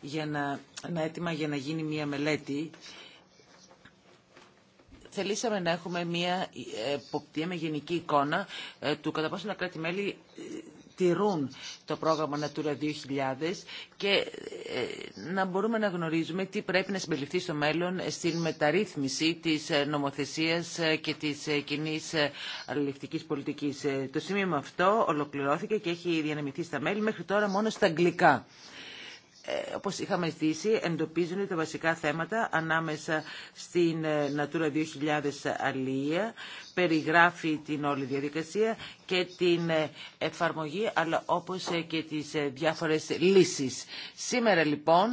για να, ένα αίτημα για να γίνει μια μελέτη θελήσαμε να έχουμε μια ε, εποπτεία με γενική εικόνα ε, του κατά πόσο να κράτη-μέλη ε, τηρούν το πρόγραμμα Natura 2000 και να μπορούμε να γνωρίζουμε τι πρέπει να συμπεριληφθεί στο μέλλον στην μεταρρύθμιση της νομοθεσίας και της κοινή αλληλευτικής πολιτικής. Το σημείο αυτό ολοκληρώθηκε και έχει διανεμηθεί στα μέλη μέχρι τώρα μόνο στα αγγλικά. Ε, όπως είχαμε στήσει, εντοπίζονται τα βασικά θέματα ανάμεσα στην ε, Natura 2000 αλία, περιγράφει την όλη διαδικασία και την ε, εφαρμογή, αλλά όπως και τις διάφορες λύσεις. Σήμερα λοιπόν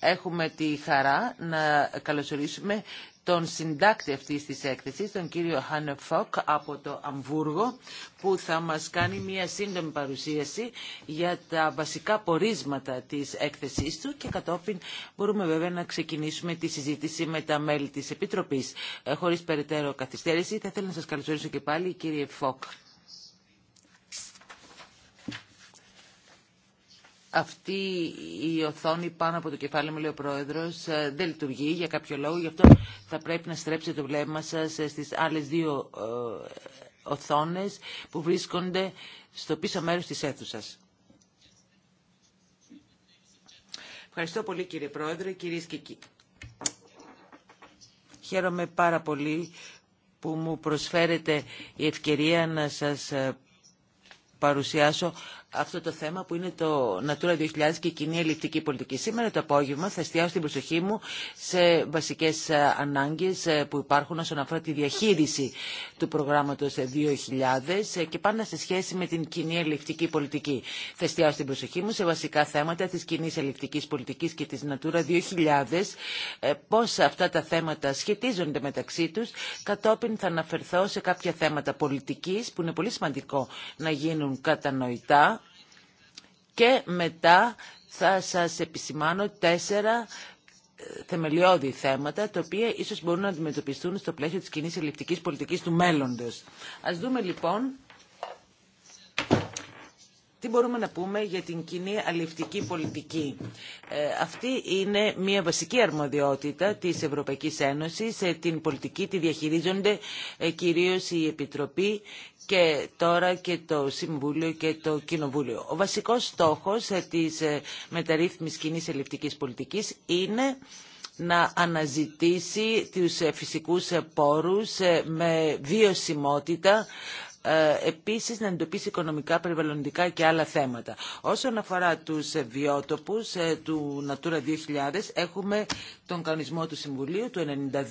έχουμε τη χαρά να καλωσορίσουμε τον συντάκτη αυτής της έκθεσης, τον κύριο Χάνε Φοκ από το Αμβούργο, που θα μας κάνει μια σύντομη παρουσίαση για τα βασικά πορίσματα της έκθεσής του και κατόπιν μπορούμε βέβαια να ξεκινήσουμε τη συζήτηση με τα μέλη της Επιτροπής. Ε, χωρίς περαιτέρω καθυστέρηση, θα ήθελα να σας καλωσορίσω και πάλι, κύριε Φοκ. αυτή η οθόνη πάνω από το κεφάλι μου, λέει ο Πρόεδρος, ε, δεν λειτουργεί για κάποιο λόγο. Γι' αυτό θα πρέπει να στρέψετε το βλέμμα σας ε, στις άλλες δύο ε, οθόνες που βρίσκονται στο πίσω μέρος της αίθουσας. Ευχαριστώ πολύ κύριε Πρόεδρε, κυρίες και κύριοι. Χαίρομαι πάρα πολύ που μου προσφέρετε η ευκαιρία να σας παρουσιάσω αυτό το θέμα που είναι το Natura 2000 και η κοινή ελληνική πολιτική. Σήμερα το απόγευμα θα εστιάσω την προσοχή μου σε βασικές ε, ανάγκες ε, που υπάρχουν όσον αφορά τη διαχείριση του προγράμματος 2000 ε, και πάντα σε σχέση με την κοινή ελληνική πολιτική. Θα εστιάσω την προσοχή μου σε βασικά θέματα της κοινή ελληνική πολιτικής και της Natura 2000, πώς αυτά τα θέματα σχετίζονται μεταξύ τους. Κατόπιν θα αναφερθώ σε κάποια θέματα πολιτικής που είναι πολύ σημαντικό να γίνουν κατανοητά και μετά θα σας επισημάνω τέσσερα ε, θεμελιώδη θέματα, τα οποία ίσως μπορούν να αντιμετωπιστούν στο πλαίσιο της κοινή ελληνικής πολιτικής του μέλλοντος. Ας δούμε λοιπόν τι μπορούμε να πούμε για την κοινή αλληλευτική πολιτική. Ε, αυτή είναι μια βασική αρμοδιότητα της Ευρωπαϊκής Ένωσης. Ε, την πολιτική τη διαχειρίζονται ε, κυρίως η Επιτροπή και τώρα και το Συμβούλιο και το Κοινοβούλιο. Ο βασικός στόχος της μεταρρύθμισης κοινή αλληλευτικής πολιτικής είναι να αναζητήσει τους φυσικούς πόρους με βιωσιμότητα ε, επίσης να εντοπίσει οικονομικά, περιβαλλοντικά και άλλα θέματα. Όσον αφορά τους βιότοπους ε, του Natura 2000, έχουμε τον κανονισμό του Συμβουλίου του 92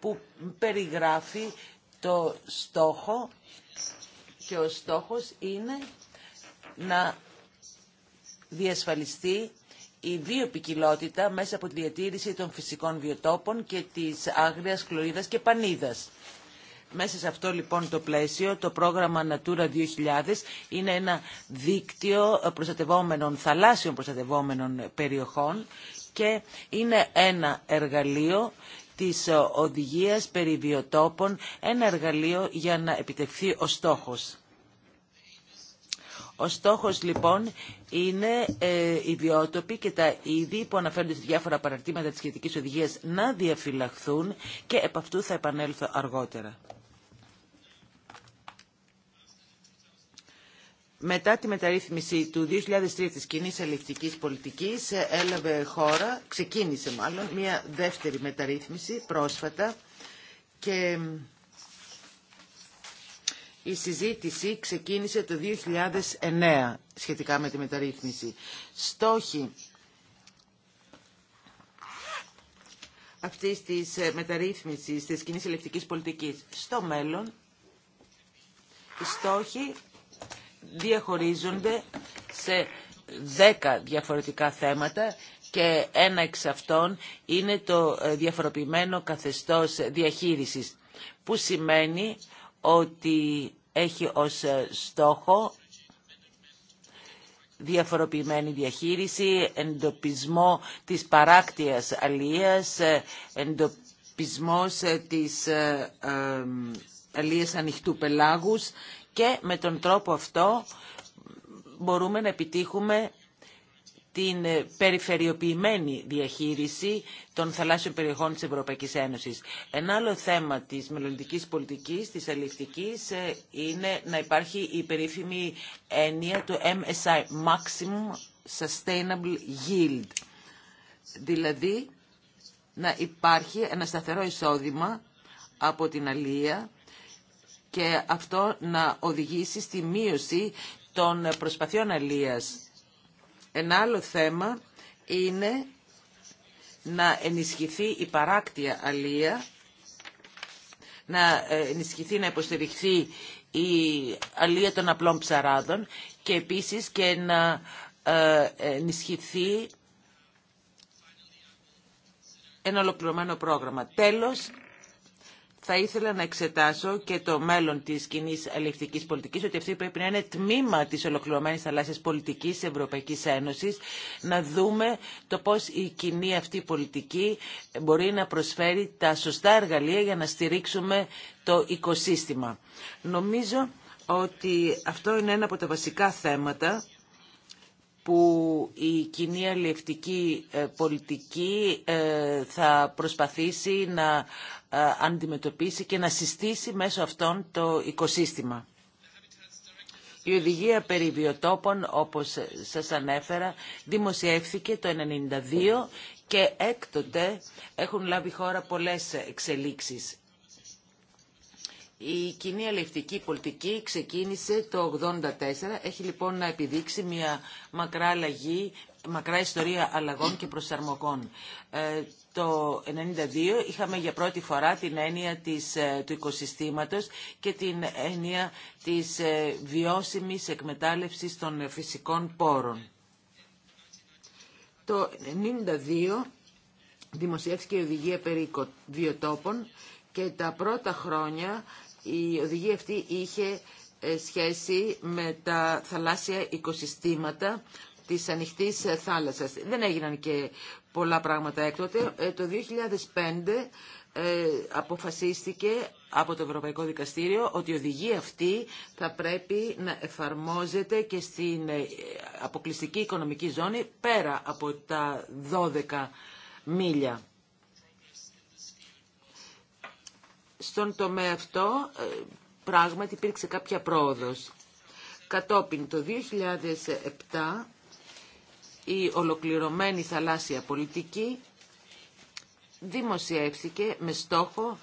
που περιγράφει το στόχο και ο στόχος είναι να διασφαλιστεί η βιοπικιλότητα μέσα από τη διατήρηση των φυσικών βιοτόπων και της άγριας κλωρίδας και πανίδας. Μέσα σε αυτό λοιπόν το πλαίσιο το πρόγραμμα Natura 2000 είναι ένα δίκτυο προστατευόμενων, θαλάσσιων προστατευόμενων περιοχών και είναι ένα εργαλείο της οδηγίας περιβιοτόπων, ένα εργαλείο για να επιτευχθεί ο στόχος. Ο στόχος λοιπόν είναι ε, οι βιότοποι και τα είδη που αναφέρονται σε διάφορα παραρτήματα της σχετικής οδηγίας να διαφυλαχθούν και επ' αυτού θα επανέλθω αργότερα. μετά τη μεταρρύθμιση του 2003 της κοινή ελεκτικής πολιτικής ε, έλαβε χώρα, ξεκίνησε μάλλον, μια δεύτερη μεταρρύθμιση πρόσφατα και η συζήτηση ξεκίνησε το 2009 σχετικά με τη μεταρρύθμιση. Στόχοι αυτής της ε, μεταρρύθμισης της κοινή ελεκτικής πολιτικής στο μέλλον, οι στόχοι διαχωρίζονται σε δέκα διαφορετικά θέματα και ένα εξ αυτών είναι το ε, διαφοροποιημένο καθεστώς διαχείρισης που σημαίνει ότι έχει ως ε, στόχο διαφοροποιημένη διαχείριση, εντοπισμό της παράκτιας αλίας, ε, εντοπισμός της αλίας ανοιχτού πελάγους και με τον τρόπο αυτό μπορούμε να επιτύχουμε την περιφερειοποιημένη διαχείριση των θαλάσσιων περιοχών της Ευρωπαϊκής Ένωσης. Ένα άλλο θέμα της μελλοντικής πολιτικής, της αλληλευτικής, ε, είναι να υπάρχει η περίφημη έννοια του MSI, Maximum Sustainable Yield. Δηλαδή, να υπάρχει ένα σταθερό εισόδημα από την αλία και αυτό να οδηγήσει στη μείωση των προσπαθειών αλίας. Ένα άλλο θέμα είναι να ενισχυθεί η παράκτια αλία, να ε, ενισχυθεί, να υποστηριχθεί η αλία των απλών ψαράδων και επίσης και να ε, ενισχυθεί ένα ολοκληρωμένο πρόγραμμα. Τέλος, θα ήθελα να εξετάσω και το μέλλον της κοινή αλληλευτικής πολιτικής, ότι αυτή πρέπει να είναι τμήμα της ολοκληρωμένης θαλάσσιας πολιτικής της Ευρωπαϊκής Ένωσης, να δούμε το πώς η κοινή αυτή πολιτική μπορεί να προσφέρει τα σωστά εργαλεία για να στηρίξουμε το οικοσύστημα. Νομίζω ότι αυτό είναι ένα από τα βασικά θέματα που η κοινή αλληλευτική ε, πολιτική ε, θα προσπαθήσει να ε, αντιμετωπίσει και να συστήσει μέσω αυτών το οικοσύστημα. Η οδηγία περί βιοτόπων, όπως σας ανέφερα, δημοσιεύθηκε το 1992 και έκτοτε έχουν λάβει χώρα πολλές εξελίξεις. Η κοινή αλληλευτική πολιτική ξεκίνησε το 1984, έχει λοιπόν να επιδείξει μια μακρά αλλαγή, μακρά ιστορία αλλαγών και προσαρμογών. Ε, το 1992 είχαμε για πρώτη φορά την έννοια της, ε, του οικοσυστήματος και την έννοια της ε, βιώσιμης εκμετάλλευσης των φυσικών πόρων. Το 1992 δημοσιεύτηκε η οδηγία περί βιοτόπων και τα πρώτα χρόνια η οδηγία αυτή είχε ε, σχέση με τα θαλάσσια οικοσυστήματα της ανοιχτής ε, θάλασσας. Δεν έγιναν και πολλά πράγματα έκτοτε. Ε, το 2005 αποφασίστηκε από το Ευρωπαϊκό Δικαστήριο ότι η οδηγία αυτή θα πρέπει να εφαρμόζεται και στην αποκλειστική οικονομική ζώνη πέρα από τα 12 μίλια. Στον τομέα αυτό ε, πράγματι υπήρξε κάποια πρόοδος. Κατόπιν το 2007 η ολοκληρωμένη θαλάσσια πολιτική δημοσιεύθηκε με στόχο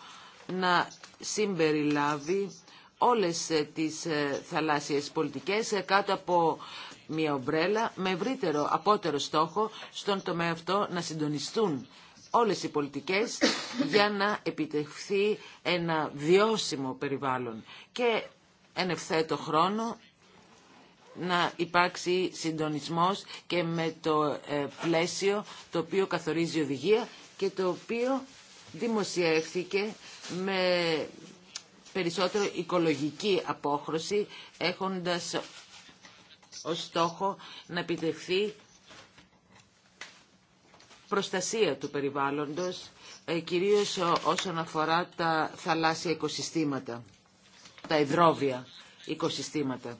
να συμπεριλάβει όλες ε, τις ε, θαλάσσιες πολιτικές κάτω από μια ομπρέλα με ευρύτερο απότερο στόχο στον τομέα αυτό να συντονιστούν όλες οι πολιτικές για να επιτευχθεί ένα βιώσιμο περιβάλλον και εν ευθέτω χρόνο να υπάρξει συντονισμός και με το ε, πλαίσιο το οποίο καθορίζει η οδηγία και το οποίο δημοσιεύθηκε με περισσότερο οικολογική απόχρωση έχοντας ως στόχο να επιτευχθεί προστασία του περιβάλλοντος, ε, κυρίως όσον αφορά τα θαλάσσια οικοσυστήματα, τα υδρόβια οικοσυστήματα.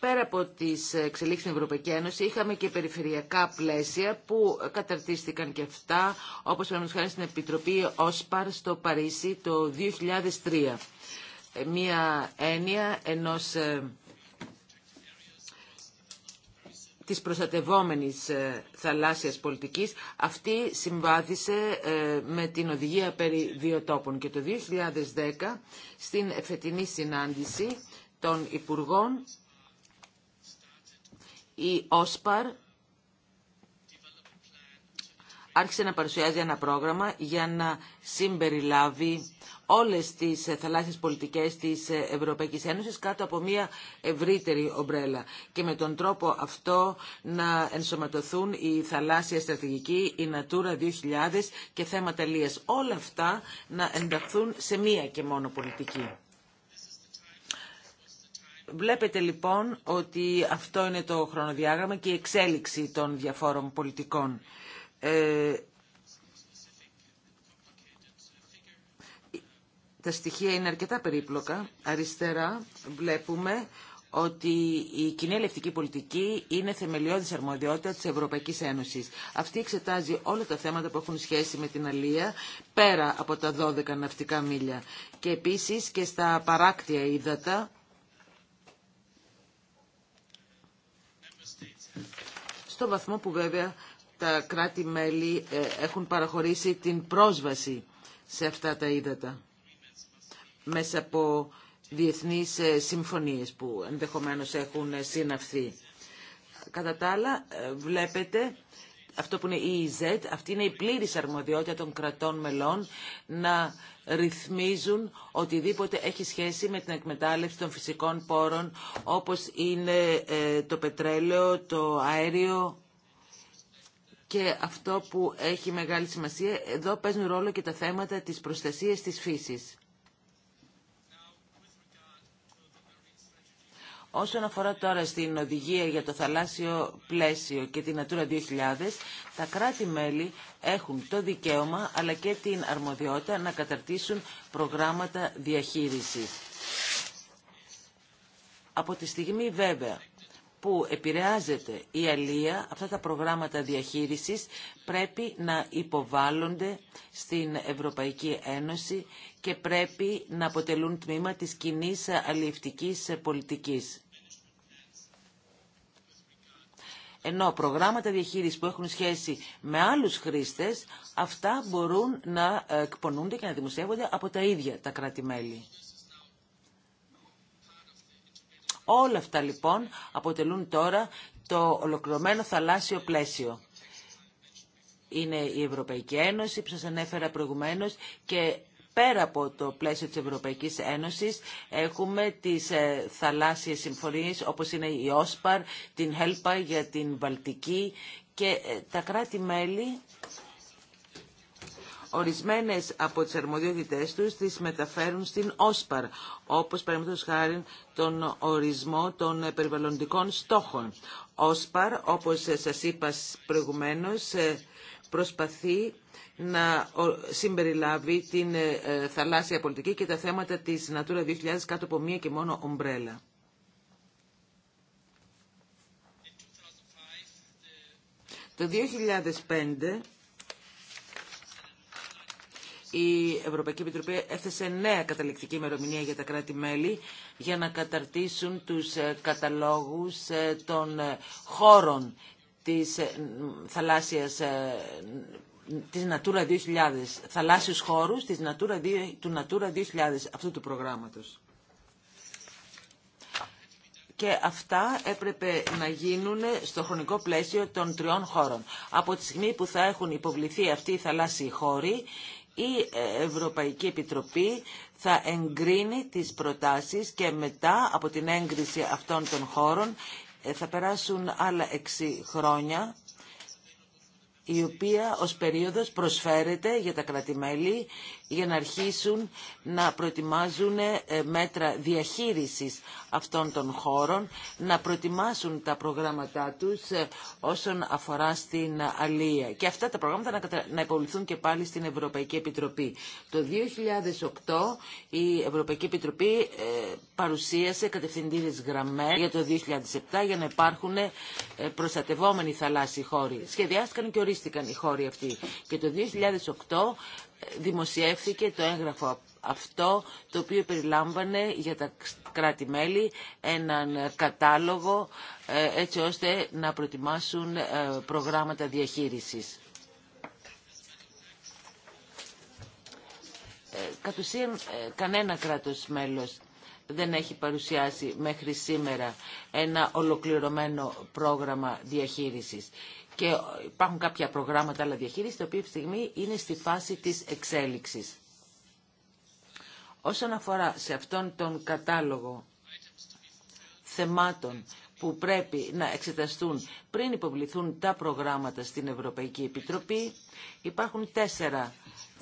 Πέρα από τις εξελίξεις στην Ευρωπαϊκή Ένωση, είχαμε και περιφερειακά πλαίσια που καταρτίστηκαν και αυτά, όπως παραδείγματος στην Επιτροπή ΟΣΠΑΡ στο Παρίσι το 2003. Ε, μία έννοια ενός ε, της προστατευόμενης ε, θαλάσσιας πολιτικής, αυτή συμβάδισε ε, με την οδηγία περί τόπων. Και το 2010, στην εφετινή συνάντηση των Υπουργών, η ΟΣΠΑΡ άρχισε να παρουσιάζει ένα πρόγραμμα για να συμπεριλάβει όλες τις ε, θαλάσσιες πολιτικές της ε, Ευρωπαϊκής Ένωσης κάτω από μια ευρύτερη ομπρέλα και με τον τρόπο αυτό να ενσωματωθούν η θαλάσσια στρατηγική, η Natura 2000 και θέματα λίας. Όλα αυτά να ενταχθούν σε μία και μόνο πολιτική. Βλέπετε λοιπόν ότι αυτό είναι το χρονοδιάγραμμα και η εξέλιξη των διαφόρων πολιτικών τα στοιχεία είναι αρκετά περίπλοκα. Αριστερά βλέπουμε ότι η κοινή ελευτική πολιτική είναι θεμελιώδης αρμοδιότητα της Ευρωπαϊκής Ένωσης. Αυτή εξετάζει όλα τα θέματα που έχουν σχέση με την αλία πέρα από τα 12 ναυτικά μίλια και επίσης και στα παράκτια ύδατα στο βαθμό που βέβαια τα κράτη-μέλη ε, έχουν παραχωρήσει την πρόσβαση σε αυτά τα ύδατα μέσα από διεθνείς ε, συμφωνίες που ενδεχομένως έχουν ε, συναυθεί. Κατά τα άλλα, βλέπετε αυτό που είναι η EZ, αυτή είναι η πλήρης αρμοδιότητα των κρατών μελών να ρυθμίζουν οτιδήποτε έχει σχέση με την εκμετάλλευση των φυσικών πόρων όπως είναι το πετρέλαιο, το αέριο, και αυτό που έχει μεγάλη σημασία, εδώ παίζουν ρόλο και τα θέματα της προστασίας της φύσης. Όσον αφορά τώρα στην οδηγία για το θαλάσσιο πλαίσιο και την Natura 2000, τα κράτη-μέλη έχουν το δικαίωμα αλλά και την αρμοδιότητα να καταρτήσουν προγράμματα διαχείρισης. Από τη στιγμή βέβαια που επηρεάζεται η αλία, αυτά τα προγράμματα διαχείρισης πρέπει να υποβάλλονται στην Ευρωπαϊκή Ένωση και πρέπει να αποτελούν τμήμα της κοινή αλληλευτικής πολιτικής. Ενώ προγράμματα διαχείρισης που έχουν σχέση με άλλους χρήστες, αυτά μπορούν να εκπονούνται και να δημοσιεύονται από τα ίδια τα κράτη-μέλη. Όλα αυτά λοιπόν αποτελούν τώρα το ολοκληρωμένο θαλάσσιο πλαίσιο. Είναι η Ευρωπαϊκή Ένωση που σας ανέφερα προηγουμένως και πέρα από το πλαίσιο της Ευρωπαϊκής Ένωσης έχουμε τις ε, θαλάσσιες συμφωνίες όπως είναι η ΟΣΠΑΡ, την ΧΕΛΠΑ για την Βαλτική και ε, τα κράτη-μέλη ορισμένες από τις αρμοδιότητές τους τις μεταφέρουν στην ΟΣΠΑΡ, όπως παραδείγματο χάρη τον ορισμό των περιβαλλοντικών στόχων. ΟΣΠΑΡ, όπως σας είπα προηγουμένως, προσπαθεί να συμπεριλάβει την ε, θαλάσσια πολιτική και τα θέματα της Natura 2000 κάτω από μία και μόνο ομπρέλα. Το 2005 η Ευρωπαϊκή Επιτροπή έθεσε νέα καταληκτική ημερομηνία για τα κράτη-μέλη για να καταρτήσουν τους ε, καταλόγους ε, των ε, χώρων της θαλάσσιας της Natura 2000, θαλάσσιους χώρους της Natura, του Natura 2000 αυτού του προγράμματος. Και αυτά έπρεπε να γίνουν στο χρονικό πλαίσιο των τριών χώρων. Από τη στιγμή που θα έχουν υποβληθεί αυτοί οι θαλάσσιοι χώροι, η Ευρωπαϊκή Επιτροπή θα εγκρίνει τις προτάσεις και μετά από την έγκριση αυτών των χώρων ε, θα περάσουν άλλα εξι χρόνια η οποία ως περίοδος προσφέρεται για τα κρατημέλη για να αρχίσουν να προετοιμάζουν ε, μέτρα διαχείρισης αυτών των χώρων, να προετοιμάσουν τα προγράμματά τους ε, όσον αφορά στην αλία. Και αυτά τα προγράμματα να υποβληθούν και πάλι στην Ευρωπαϊκή Επιτροπή. Το 2008 η Ευρωπαϊκή Επιτροπή ε, παρουσίασε κατευθυντήριες γραμμές για το 2007 για να υπάρχουν προστατευόμενοι θαλάσσιοι χώροι. Σχεδιάστηκαν και ορίστηκαν οι χώροι αυτοί. Και το 2008 δημοσιεύθηκε το έγγραφο αυτό το οποίο περιλάμβανε για τα κράτη-μέλη έναν κατάλογο ε, έτσι ώστε να προετοιμάσουν ε, προγράμματα διαχείρισης. Ε, κατ' ουσίαν κανένα κράτος μέλος δεν έχει παρουσιάσει μέχρι σήμερα ένα ολοκληρωμένο πρόγραμμα διαχείρισης και υπάρχουν κάποια προγράμματα άλλα διαχείριση, τα οποία αυτή τη στιγμή είναι στη φάση της εξέλιξης. Όσον αφορά σε αυτόν τον κατάλογο θεμάτων που πρέπει να εξεταστούν πριν υποβληθούν τα προγράμματα στην Ευρωπαϊκή Επιτροπή, υπάρχουν τέσσερα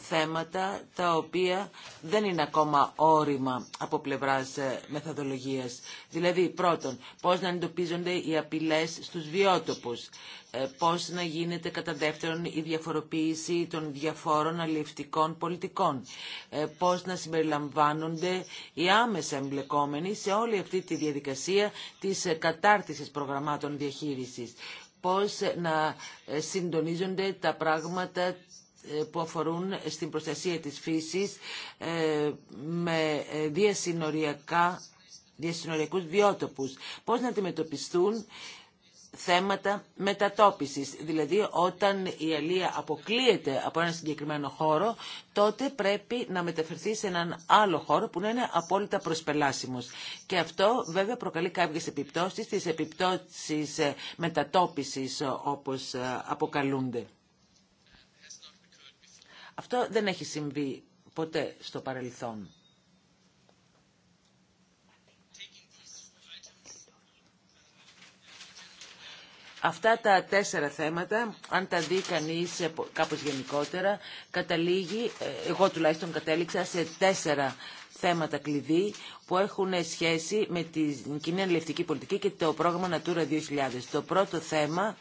θέματα τα οποία δεν είναι ακόμα όριμα από πλευράς ε, μεθοδολογίας. Δηλαδή, πρώτον, πώς να εντοπίζονται οι απειλές στους βιότοπους, ε, πώς να γίνεται κατά δεύτερον η διαφοροποίηση των διαφόρων αλληλευτικών πολιτικών, ε, πώς να συμπεριλαμβάνονται οι άμεσα εμπλεκόμενοι σε όλη αυτή τη διαδικασία της κατάρτισης προγραμμάτων διαχείρισης, πώς να συντονίζονται τα πράγματα που αφορούν στην προστασία της φύσης ε, με ε, διασυνοριακά, διασυνοριακούς βιότοπους. Πώς να αντιμετωπιστούν θέματα μετατόπισης. Δηλαδή όταν η αλία αποκλείεται από ένα συγκεκριμένο χώρο, τότε πρέπει να μεταφερθεί σε έναν άλλο χώρο που να είναι απόλυτα προσπελάσιμος. Και αυτό βέβαια προκαλεί κάποιες επιπτώσεις, τις επιπτώσεις ε, μετατόπισης όπως αποκαλούνται. Αυτό δεν έχει συμβεί ποτέ στο παρελθόν. Αυτά τα τέσσερα θέματα, αν τα δει κανείς κάπως γενικότερα, καταλήγει, ε, εγώ τουλάχιστον κατέληξα, σε τέσσερα θέματα κλειδί που έχουν σχέση με την κοινή πολιτική και το πρόγραμμα Natura 2000. Το πρώτο θέμα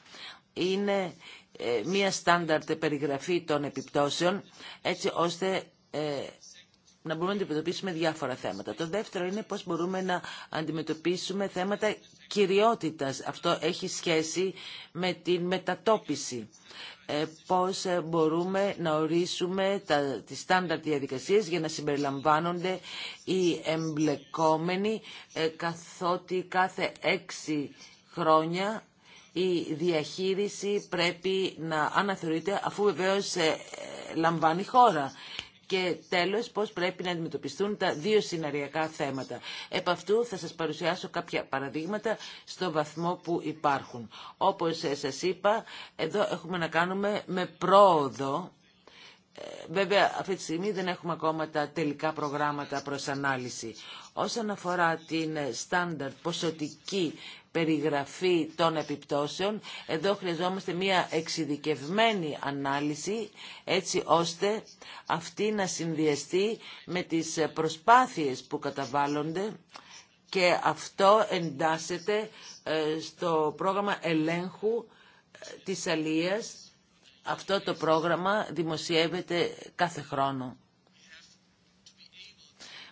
είναι ε, μία στάνταρτ περιγραφή των επιπτώσεων, έτσι ώστε ε, να μπορούμε να αντιμετωπίσουμε διάφορα θέματα. Το δεύτερο είναι πώς μπορούμε να αντιμετωπίσουμε θέματα κυριότητας. Αυτό έχει σχέση με την μετατόπιση. Ε, πώς μπορούμε να ορίσουμε τα, τις στάνταρτ διαδικασίες για να συμπεριλαμβάνονται οι εμπλεκόμενοι καθότι κάθε έξι χρόνια η διαχείριση πρέπει να αναθεωρείται αφού βεβαίως ε, λαμβάνει χώρα. Και τέλος, πώς πρέπει να αντιμετωπιστούν τα δύο συναριακά θέματα. Επ' αυτού θα σας παρουσιάσω κάποια παραδείγματα στο βαθμό που υπάρχουν. Όπως ε, σας είπα, εδώ έχουμε να κάνουμε με πρόοδο. Ε, βέβαια, αυτή τη στιγμή δεν έχουμε ακόμα τα τελικά προγράμματα προς ανάλυση. Όσον αφορά την στάνταρτ ποσοτική περιγραφή των επιπτώσεων. Εδώ χρειαζόμαστε μια εξειδικευμένη ανάλυση έτσι ώστε αυτή να συνδυαστεί με τις προσπάθειες που καταβάλλονται και αυτό εντάσσεται ε, στο πρόγραμμα ελέγχου ε, της αλίας. Αυτό το πρόγραμμα δημοσιεύεται κάθε χρόνο.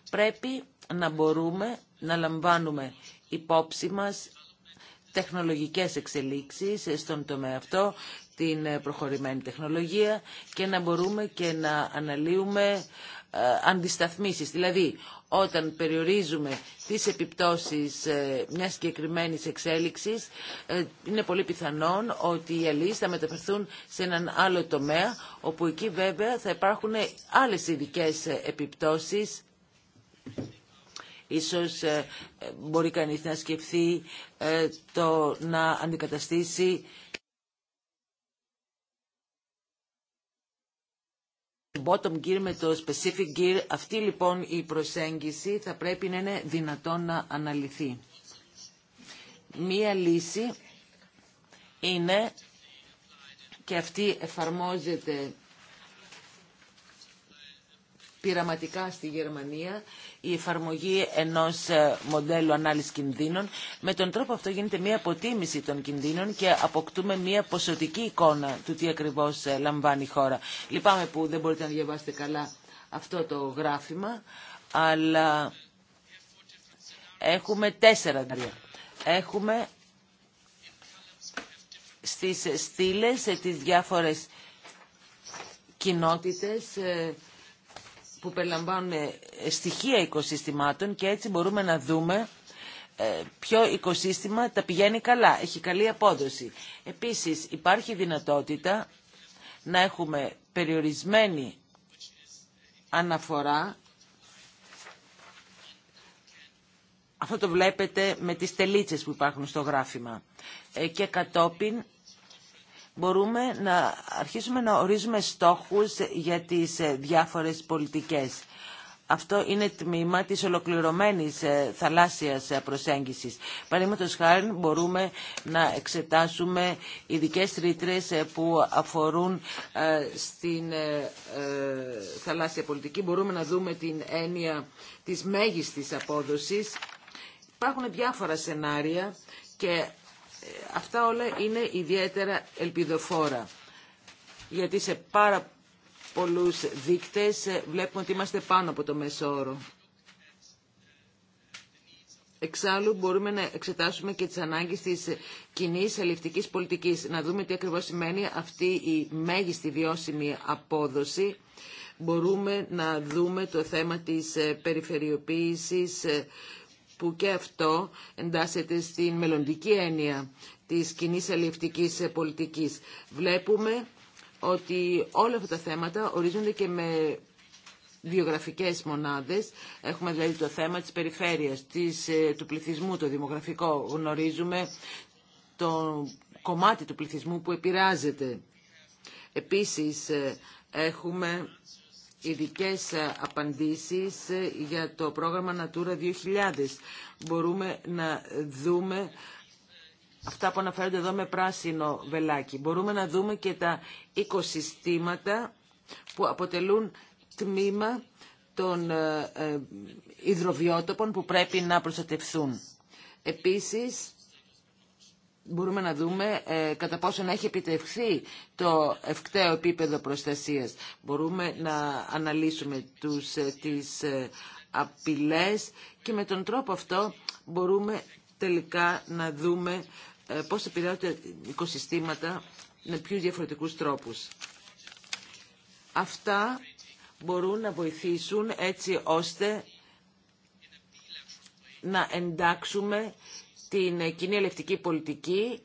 Πρέπει να μπορούμε να λαμβάνουμε υπόψη μας τεχνολογικές εξελίξεις στον τομέα αυτό, την ε, προχωρημένη τεχνολογία και να μπορούμε και να αναλύουμε ε, αντισταθμίσεις. Δηλαδή, όταν περιορίζουμε τις επιπτώσεις ε, μιας συγκεκριμένη εξέλιξης, είναι πολύ πιθανόν ότι οι αλληλείς θα μεταφερθούν σε έναν άλλο τομέα, όπου εκεί βέβαια θα υπάρχουν άλλες ειδικέ επιπτώσεις Ίσως ε, μπορεί κανείς να σκεφτεί ε, το να αντικαταστήσει το bottom gear με το specific gear. Αυτή λοιπόν η προσέγγιση θα πρέπει να είναι δυνατόν να αναλυθεί. Μία λύση είναι και αυτή εφαρμόζεται πειραματικά στη Γερμανία η εφαρμογή ενός ε, μοντέλου ανάλυσης κινδύνων. Με τον τρόπο αυτό γίνεται μια αποτίμηση των κινδύνων και αποκτούμε μια ποσοτική εικόνα του τι ακριβώς ε, λαμβάνει η χώρα. Λυπάμαι που δεν μπορείτε να διαβάσετε καλά αυτό το γράφημα, αλλά έχουμε τέσσερα Έχουμε στις στήλες, ε, τις διάφορες κοινότητες, που περιλαμβάνουν ε, στοιχεία οικοσύστημάτων και έτσι μπορούμε να δούμε ε, ποιο οικοσύστημα τα πηγαίνει καλά, έχει καλή απόδοση. Επίσης υπάρχει δυνατότητα να έχουμε περιορισμένη αναφορά. Αυτό το βλέπετε με τις τελίτσες που υπάρχουν στο γράφημα. Ε, και κατόπιν μπορούμε να αρχίσουμε να ορίζουμε στόχους για τις ε, διάφορες πολιτικές. Αυτό είναι τμήμα της ολοκληρωμένης ε, θαλάσσιας ε, προσέγγισης. Παραδείγματος χάρη μπορούμε να εξετάσουμε ειδικέ ρήτρε που αφορούν στην θαλάσσια πολιτική. Μπορούμε να δούμε την έννοια της μέγιστης απόδοσης. Υπάρχουν διάφορα σενάρια και αυτά όλα είναι ιδιαίτερα ελπιδοφόρα. Γιατί σε πάρα πολλούς δείκτες ε, βλέπουμε ότι είμαστε πάνω από το μέσο όρο. Εξάλλου μπορούμε να εξετάσουμε και τις ανάγκες της κοινή αλληλευτικής πολιτικής. Να δούμε τι ακριβώς σημαίνει αυτή η μέγιστη βιώσιμη απόδοση. Μπορούμε να δούμε το θέμα της ε, περιφερειοποίησης ε, που και αυτό εντάσσεται στην μελλοντική έννοια της κοινή αλληλευτικής πολιτικής. Βλέπουμε ότι όλα αυτά τα θέματα ορίζονται και με βιογραφικές μονάδες. Έχουμε δηλαδή το θέμα της περιφέρειας, της, ε, του πληθυσμού, το δημογραφικό. Γνωρίζουμε το κομμάτι του πληθυσμού που επηρεάζεται. Επίσης ε, έχουμε ειδικέ ε, απαντήσεις ε, για το πρόγραμμα Natura 2000. Μπορούμε να δούμε αυτά που αναφέρονται εδώ με πράσινο βελάκι. Μπορούμε να δούμε και τα οικοσυστήματα που αποτελούν τμήμα των ε, υδροβιότοπων που πρέπει να προστατευθούν. Επίσης, μπορούμε να δούμε ε, κατά να έχει επιτευχθεί το ευκταίο επίπεδο προστασίας. Μπορούμε να αναλύσουμε τους, ε, τις ε, απειλές και με τον τρόπο αυτό μπορούμε τελικά να δούμε ε, πώς τα οικοσυστήματα με πιο διαφορετικούς τρόπους. Αυτά μπορούν να βοηθήσουν έτσι ώστε να εντάξουμε στην ε, κοινή ελευτική πολιτική,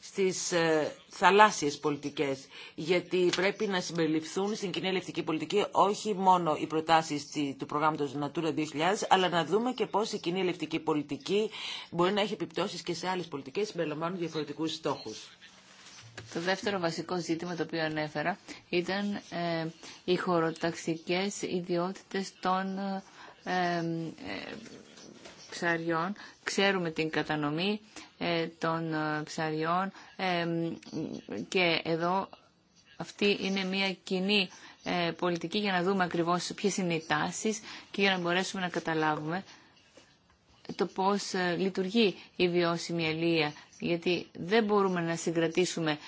στις ε, θαλάσσιες πολιτικές, γιατί πρέπει να συμπεριληφθούν στην κοινή ελευτική πολιτική όχι μόνο οι προτάσεις του προγράμματος Natura 2000, αλλά να δούμε και πώς η κοινή ελευτική πολιτική μπορεί να έχει επιπτώσεις και σε άλλες πολιτικές, συμπεριλαμβάνουν διαφορετικούς στόχους. Το δεύτερο βασικό ζήτημα το οποίο ανέφερα ήταν ε, οι χωροταξικές ιδιότητες των ψαριών. Ξέρουμε την κατανομή ε, των ε, ψαριών και εδώ αυτή είναι μια κοινή ε, πολιτική για να δούμε ακριβώς ποιες είναι οι τάσεις και για να μπορέσουμε να καταλάβουμε το πώς λειτουργεί η βιώσιμη ελεία. Γιατί δεν μπορούμε να συγκρατήσουμε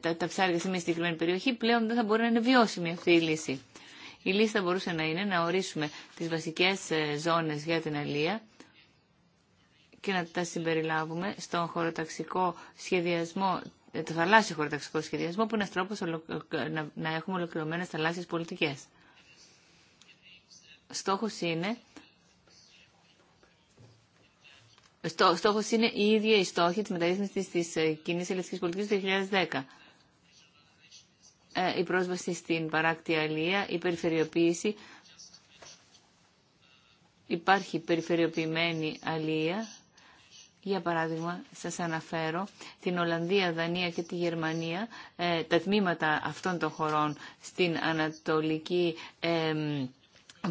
τα, τα ψάρια σε μια συγκεκριμένη περιοχή, πλέον δεν θα μπορεί να είναι βιώσιμη αυτή η λύση. Η λίστα μπορούσε να είναι να ορίσουμε τις βασικές ε, ζώνες για την αλία και να τα συμπεριλάβουμε στον χωροταξικό σχεδιασμό ε, το θαλάσσιο χωροταξικό σχεδιασμό που είναι τρόπο ε, να έχουμε ολοκληρωμένε θαλάσσιε πολιτικέ. Στόχο είναι. Στόχος είναι η ίδια η στόχη τη μεταρρύθμιση της κοινή ελευθερική πολιτική του 2010. Ε, η πρόσβαση στην παράκτη αλία, η περιφερειοποίηση. Υπάρχει περιφερειοποιημένη αλία. Για παράδειγμα, σας αναφέρω την Ολλανδία, Δανία και τη Γερμανία, ε, τα τμήματα αυτών των χωρών στην Ανατολική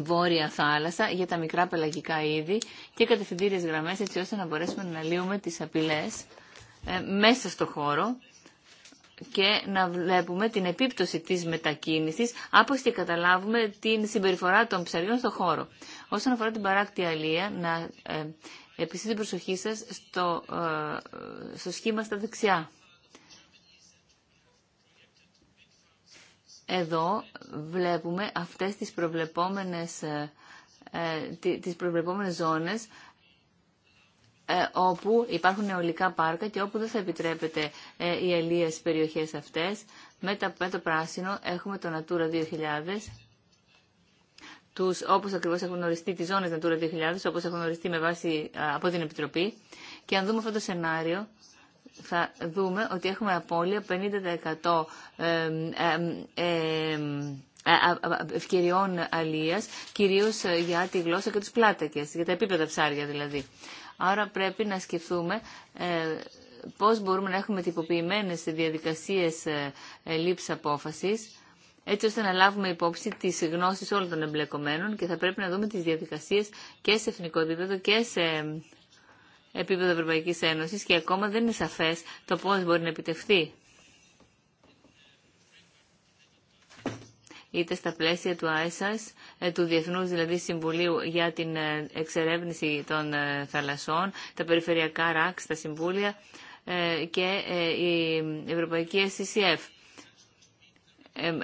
Βόρεια Θάλασσα για τα μικρά πελαγικά είδη και κατευθυντήριες γραμμές έτσι ώστε να μπορέσουμε να λύουμε τις απειλές ε, μέσα στο χώρο και να βλέπουμε την επίπτωση της μετακίνησης, άπως και καταλάβουμε την συμπεριφορά των ψαριών στο χώρο. Όσον αφορά την παράκτη αλία, να ε, επιστήσω την προσοχή σας στο, ε, στο σχήμα στα δεξιά. Εδώ βλέπουμε αυτές τις προβλεπόμενες, ε, τις προβλεπόμενες ζώνες ε, όπου υπάρχουν νεολικά πάρκα και όπου δεν θα επιτρέπεται η ε, ελίες στις περιοχές αυτές. Μετά με το πράσινο έχουμε το Natura 2000, τους, όπως ακριβώς έχουν οριστεί τις ζώνες Natura 2000, όπως έχουν οριστεί με βάση από την Επιτροπή. Και αν δούμε αυτό το σενάριο, θα δούμε ότι έχουμε απώλεια 50% ε, ε, ευκαιριών αλίας, κυρίως ε, για τη γλώσσα και τους πλάτακες, για τα επίπεδα ψάρια δηλαδή. Άρα πρέπει να σκεφτούμε ε, πώς μπορούμε να έχουμε τυποποιημένες διαδικασίες ε, ε, λήψης απόφασης, έτσι ώστε να λάβουμε υπόψη τις γνώσεις όλων των εμπλεκομένων και θα πρέπει να δούμε τις διαδικασίες και σε εθνικό επίπεδο και σε επίπεδο Ευρωπαϊκής Ένωσης και ακόμα δεν είναι σαφές το πώς μπορεί να επιτευχθεί είτε στα πλαίσια του ΆΕΣΑΣ, ε, του Διεθνούς δηλαδή Συμβουλίου για την ε, εξερεύνηση των ε, θαλασσών, τα περιφερειακά ράξ, τα συμβούλια και η Ευρωπαϊκή SCCF.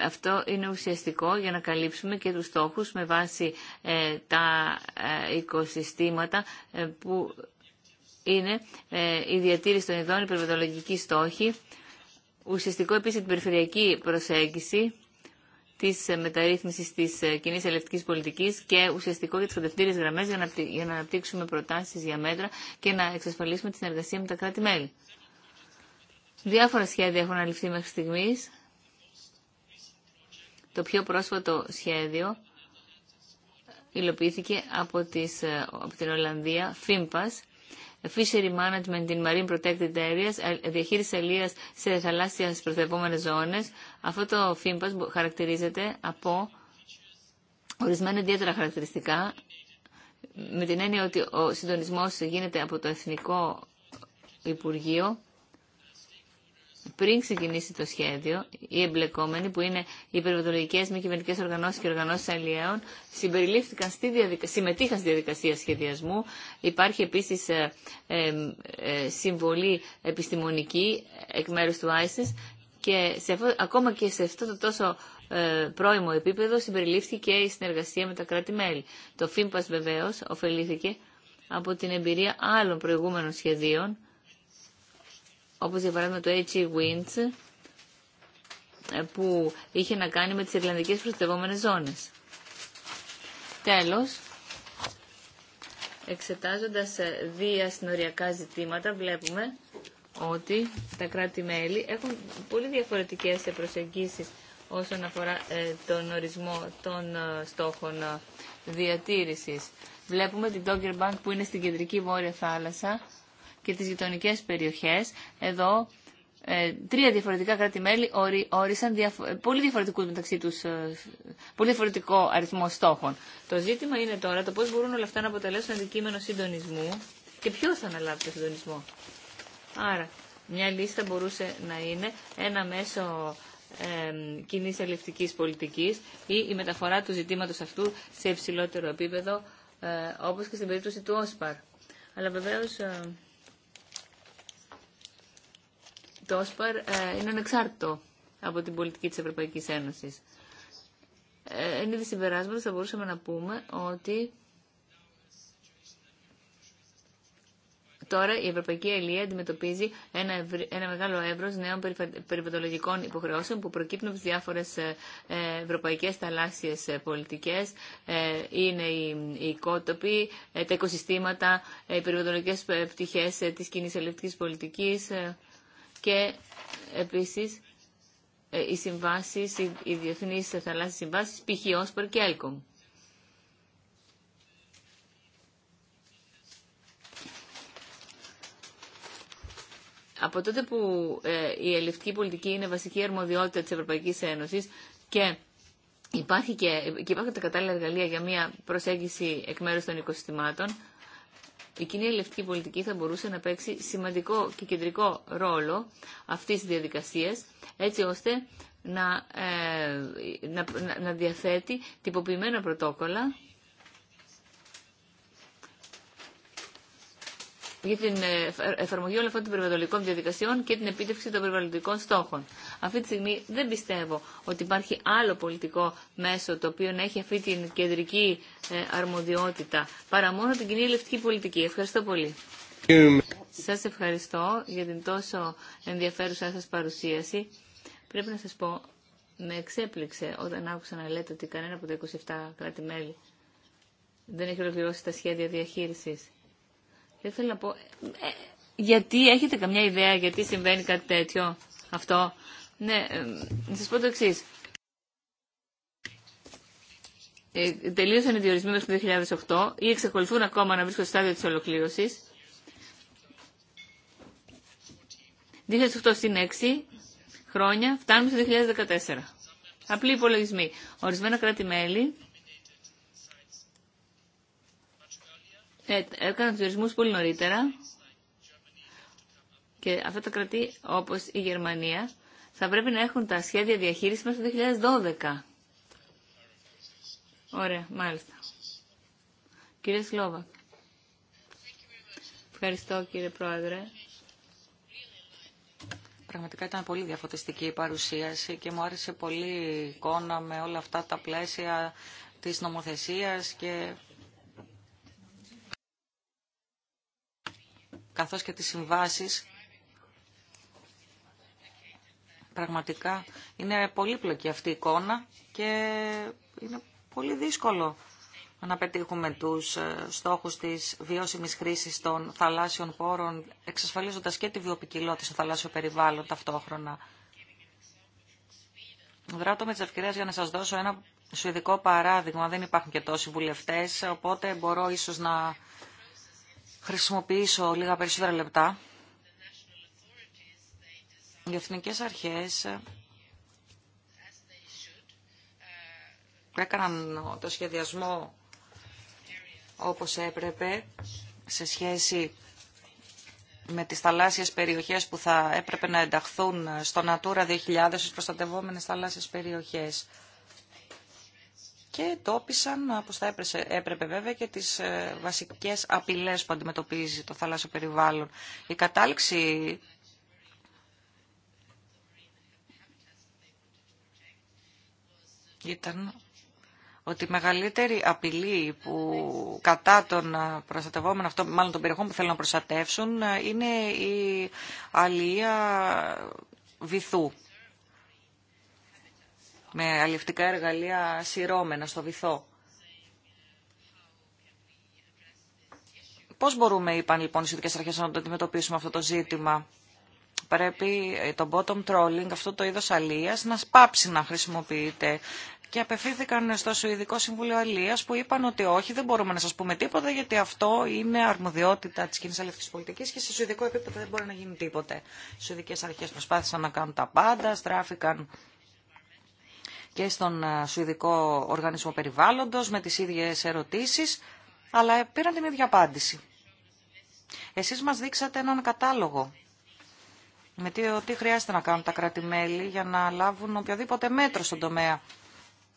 Αυτό είναι ουσιαστικό για να καλύψουμε και τους στόχους με βάση τα οικοσυστήματα που είναι η διατήρηση των ειδών, η περιβαλλοντική στόχη, ουσιαστικό επίσης την περιφερειακή προσέγγιση τη μεταρρύθμιση τη ε, κοινή ελευτική πολιτική και ουσιαστικό για τι κατευθύνσει γραμμέ για να αναπτύξουμε προτάσει για μέτρα και να εξασφαλίσουμε τη συνεργασία με τα κράτη-μέλη. Διάφορα σχέδια έχουν αληφθεί μέχρι στιγμή. Το πιο πρόσφατο σχέδιο υλοποιήθηκε από, τις, ε, από την Ολλανδία, ΦΥΜΠΑΣ, fishery management in marine protected areas, ε, διαχείριση αλίας σε θαλάσσια προστατευόμενε ζώνες. Αυτό το φύμπας χαρακτηρίζεται από ορισμένα ιδιαίτερα χαρακτηριστικά, με την έννοια ότι ο συντονισμός γίνεται από το Εθνικό Υπουργείο πριν ξεκινήσει το σχέδιο, οι εμπλεκόμενοι που είναι οι περιβαλλοντικές μη κυβερνητικέ οργανώσει και οργανώσει αλλιέων συμπεριλήφθηκαν στη διαδικα... συμμετείχαν στη διαδικασία σχεδιασμού. Υπάρχει επίση ε, ε, ε, συμβολή επιστημονική εκ μέρου του ISIS και σε, ακόμα και σε αυτό το τόσο ε, πρώιμο επίπεδο συμπεριλήφθηκε η συνεργασία με τα κράτη-μέλη. Το ΦΥΜΠΑΣ βεβαίω ωφελήθηκε από την εμπειρία άλλων προηγούμενων σχεδίων όπως για παράδειγμα το H.E. Winds, ε, που είχε να κάνει με τις Ιρλανδικές προστατευόμενες ζώνες. Τέλος, εξετάζοντας ε, συνοριακά ζητήματα, βλέπουμε ότι τα κράτη-μέλη έχουν πολύ διαφορετικές ε, προσεγγίσεις όσον αφορά τον ορισμό των στόχων διατήρησης. Βλέπουμε την Dogger Bank που είναι στην κεντρική βόρεια θάλασσα, και τις γειτονικές περιοχές. Εδώ ε, τρία διαφορετικά κράτη-μέλη όρισαν ε, πολύ διαφορετικούς μεταξύ τους, ε, πολύ διαφορετικό αριθμό στόχων. Το ζήτημα είναι τώρα το πώς μπορούν όλα αυτά να αποτελέσουν αντικείμενο συντονισμού και ποιο θα αναλάβει το συντονισμό. Άρα, μια λίστα μπορούσε να είναι ένα μέσο ε, κοινή αλληλευτικής πολιτικής ή η μεταφορά του ζητήματος αυτού σε υψηλότερο επίπεδο, όπως και στην περίπτωση του ΟΣΠΑΡ. Αλλά βεβαίως το ΟΣΠΑΡ ε, είναι ανεξάρτητο από την πολιτική της Ευρωπαϊκής Ένωσης. Ε, εν είδη συμπεράσματος θα μπορούσαμε να πούμε ότι Τώρα η Ευρωπαϊκή Ελία αντιμετωπίζει ένα, ένα μεγάλο έυρος νέων περιβαλλοντικών υποχρεώσεων που προκύπτουν από τι διάφορε ε, ευρωπαϊκέ θαλάσσιε πολιτικέ. Είναι οι, οι κότοποι, τα οικοσυστήματα, οι περιβαλλοντικέ πτυχέ τη κοινή ελευθερική πολιτική και επίσης ε, οι συμβάσεις, οι διεθνείς θαλάσσιες συμβάσεις, π.χ. Όσπορ και Έλκομ. Από τότε που ε, η ελληνική πολιτική είναι βασική αρμοδιότητα της Ευρωπαϊκής Ένωσης και υπάρχει και, ε, και υπάρχουν τα κατάλληλα εργαλεία για μια προσέγγιση εκ μέρους των οικοσυστημάτων, η κοινή ελευτική πολιτική θα μπορούσε να παίξει σημαντικό και κεντρικό ρόλο αυτής της διαδικασίας, έτσι ώστε να, ε, να, να διαθέτει τυποποιημένα πρωτόκολλα για την ε, ε, εφαρμογή όλων αυτών των περιβαλλοντικών διαδικασιών και την επίτευξη των περιβαλλοντικών στόχων. Αυτή τη στιγμή δεν πιστεύω ότι υπάρχει άλλο πολιτικό μέσο το οποίο να έχει αυτή την κεντρική ε, αρμοδιότητα παρά μόνο την κοινή ελευτική πολιτική. Ευχαριστώ πολύ. Σα ευχαριστώ για την τόσο ενδιαφέρουσα σα παρουσίαση. Πρέπει να σα πω, με εξέπληξε όταν άκουσα να λέτε ότι κανένα από τα 27 κράτη-μέλη δεν έχει ολοκληρώσει τα σχέδια διαχείρισης. Δεν θέλω να πω, ε, γιατί έχετε καμιά ιδέα γιατί συμβαίνει κάτι τέτοιο αυτό. Ναι, ε, να σα πω το εξή. Ε, τελείωσαν οι διορισμοί μέχρι το 2008 ή εξακολουθούν ακόμα να βρίσκονται στο στάδιο της ολοκλήρωσης. 2008 στην 6 χρόνια φτάνουμε στο 2014. Απλή υπολογισμοι υπολογισμοί. Ορισμένα κράτη-μέλη Ε, έκαναν τους ορισμούς πολύ νωρίτερα και αυτά τα κρατή όπως η Γερμανία θα πρέπει να έχουν τα σχέδια διαχείρισης μέσα το 2012. Ωραία, μάλιστα. Κύριε Σλόβα. Ευχαριστώ κύριε Πρόεδρε. Πραγματικά ήταν πολύ διαφωτιστική η παρουσίαση και μου άρεσε πολύ η εικόνα με όλα αυτά τα πλαίσια της νομοθεσίας και καθώς και τις συμβάσεις πραγματικά είναι πολύπλοκη αυτή η εικόνα και είναι πολύ δύσκολο να πετύχουμε τους ε, στόχους της βιώσιμης χρήσης των θαλάσσιων πόρων, εξασφαλίζοντας και τη βιοπικιλότητα στο θαλάσσιο περιβάλλον ταυτόχρονα. Βράτω με τις ευκαιρίες για να σας δώσω ένα ειδικό παράδειγμα. Δεν υπάρχουν και τόσοι βουλευτές, οπότε μπορώ ίσως να χρησιμοποιήσω λίγα περισσότερα λεπτά. Οι εθνικές αρχές έκαναν το σχεδιασμό όπως έπρεπε σε σχέση με τις θαλάσσιες περιοχές που θα έπρεπε να ενταχθούν στο Natura 2000 στις προστατευόμενες θαλάσσιες περιοχές και τοπίσαν, όπως θα έπρεπε, βέβαια, και τις ε, βασικές απειλές που αντιμετωπίζει το θαλάσσιο περιβάλλον. Η κατάληξη ήταν ότι η μεγαλύτερη απειλή που κατά των προστατευόμενων αυτό, μάλλον των περιοχών που θέλουν να προστατεύσουν, ε, είναι η αλία βυθού με αλληλευτικά εργαλεία σειρώμενα στο βυθό. Πώς μπορούμε, είπαν λοιπόν οι σχετικές αρχές, να το αντιμετωπίσουμε αυτό το ζήτημα. Πρέπει ε, το bottom trolling, αυτό το είδος αλίας, να σπάψει να χρησιμοποιείται και απευθύνθηκαν στο Σουηδικό Συμβούλιο Αλία που είπαν ότι όχι, δεν μπορούμε να σα πούμε τίποτα γιατί αυτό είναι αρμοδιότητα τη κοινή αλευτική πολιτική και σε σουηδικό επίπεδο δεν μπορεί να γίνει τίποτα Οι σουηδικέ αρχέ προσπάθησαν να κάνουν τα πάντα, στράφηκαν και στον ε, Σουηδικό Οργανισμό Περιβάλλοντος με τις ίδιες ερωτήσεις, αλλά ε, πήραν την ίδια απάντηση. Εσείς μας δείξατε έναν κατάλογο με τι, τι χρειάζεται να κάνουν τα κράτη-μέλη για να λάβουν οποιοδήποτε μέτρο στον τομέα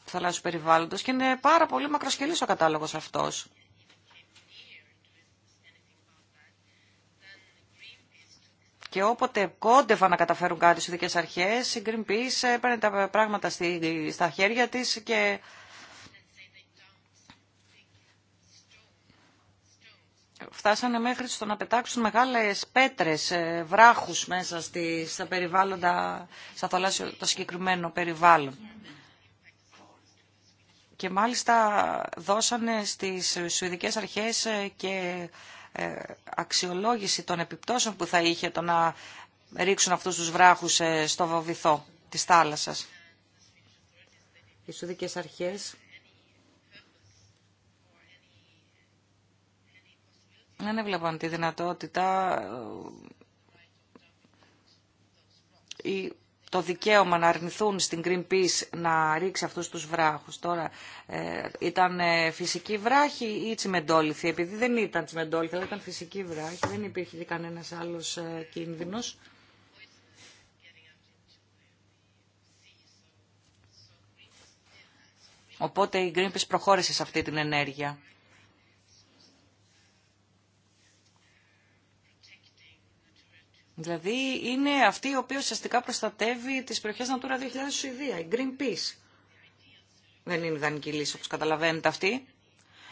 του θαλάσσιου περιβάλλοντος και είναι πάρα πολύ μακροσκελής ο κατάλογος αυτός. Και όποτε κόντευαν να καταφέρουν κάτι στις δικέ αρχές, η Greenpeace έπαιρνε τα πράγματα στα χέρια τη και φτάσανε μέχρι στο να πετάξουν μεγάλες πέτρες, ε, βράχους μέσα στη, στα περιβάλλοντα, στα θαλάσσια, το συγκεκριμένο περιβάλλον. Και μάλιστα δώσανε στις Σουηδικές Αρχές ε, και ε, αξιολόγηση των επιπτώσεων που θα είχε το να ρίξουν αυτούς τους βράχους ε, στο βοβηθό της θάλασσας. Οι Σουδικές Αρχές δεν έβλεπαν τη δυνατότητα ε, το δικαίωμα να αρνηθούν στην Greenpeace να ρίξει αυτούς τους βράχους. Τώρα ε, ήταν ε, φυσική βράχη ή τσιμεντόληθη. Επειδή δεν ήταν τσιμεντόληθη, αλλά ήταν φυσική βράχη, δεν υπήρχε και κανένας άλλος ε, κίνδυνος. Οπότε η Greenpeace προχώρησε σε αυτή την ενέργεια. Δηλαδή είναι αυτή η οποία ουσιαστικά προστατεύει τις περιοχές Natura 2000 Σουηδία, η Greenpeace. Δεν είναι ιδανική λύση όπως καταλαβαίνετε αυτή.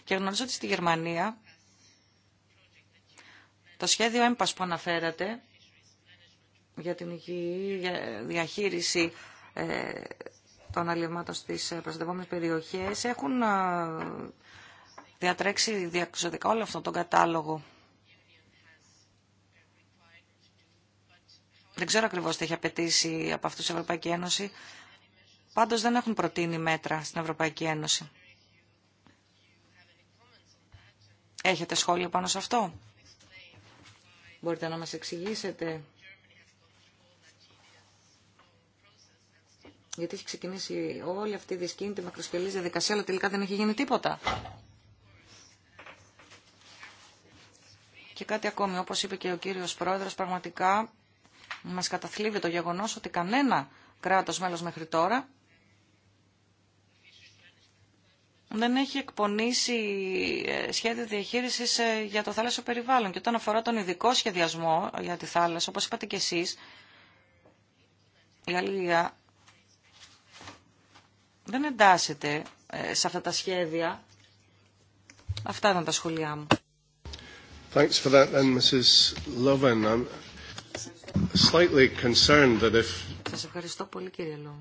Και γνωρίζω ότι στη Γερμανία το σχέδιο έμπας που αναφέρατε για την υγιή διαχείριση ε, των αλλημάτων στις ε, προστατευόμενες περιοχές έχουν ε, διατρέξει διαξοδικά όλο αυτόν τον κατάλογο Δεν ξέρω ακριβώ τι έχει απαιτήσει από αυτού η Ευρωπαϊκή Ένωση. Πάντως δεν έχουν προτείνει μέτρα στην Ευρωπαϊκή Ένωση. Έχετε σχόλιο πάνω σε αυτό. Μπορείτε να μας εξηγήσετε. Γιατί έχει ξεκινήσει όλη αυτή η δυσκίνητη μακροσκελή διαδικασία, αλλά τελικά δεν έχει γίνει τίποτα. Και κάτι ακόμη, όπως είπε και ο κύριος Πρόεδρος, πραγματικά μας καταθλίβει το γεγονός ότι κανένα κράτος μέλος μέχρι τώρα δεν έχει εκπονήσει ε, σχέδιο διαχείρισης ε, για το θάλασσο περιβάλλον. Και όταν αφορά τον ειδικό σχεδιασμό για τη θάλασσα, όπως είπατε και εσείς, η Γαλλία δεν εντάσσεται ε, σε αυτά τα σχέδια. Αυτά ήταν τα σχολιά μου. Thanks for that, then, Mrs. Slightly concerned that if... Σας ευχαριστώ πολύ κύριε Λόμ.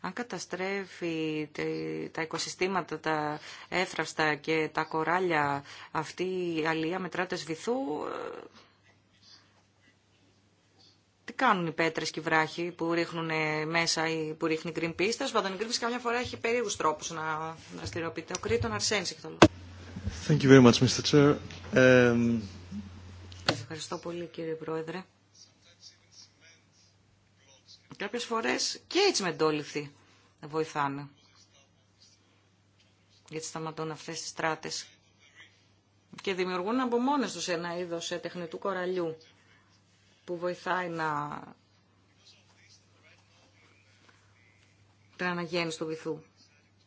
Αν καταστρέφει τα οικοσυστήματα, τα έφραυστα και τα κοράλια αυτή η αλία μετράτες βυθού, ε, τι κάνουν οι πέτρες και οι βράχοι που ρίχνουν μέσα ή που ρίχνει η Greenpeace. Τέλος πάντων, η Greenpeace καμιά φορά έχει περίεργους τρόπους να δραστηριοποιείται. Ο Κρήτον Αρσένης έχει το λόγο. Thank you very much, Mr. Chair. Um, ευχαριστώ πολύ κύριε Πρόεδρε. Κάποιες φορές και έτσι εντόληθη βοηθάνε. Γιατί σταματούν αυτές τις στράτες. Και δημιουργούν από μόνες τους ένα είδος ε, τεχνητού κοραλιού που βοηθάει να την στο βυθού.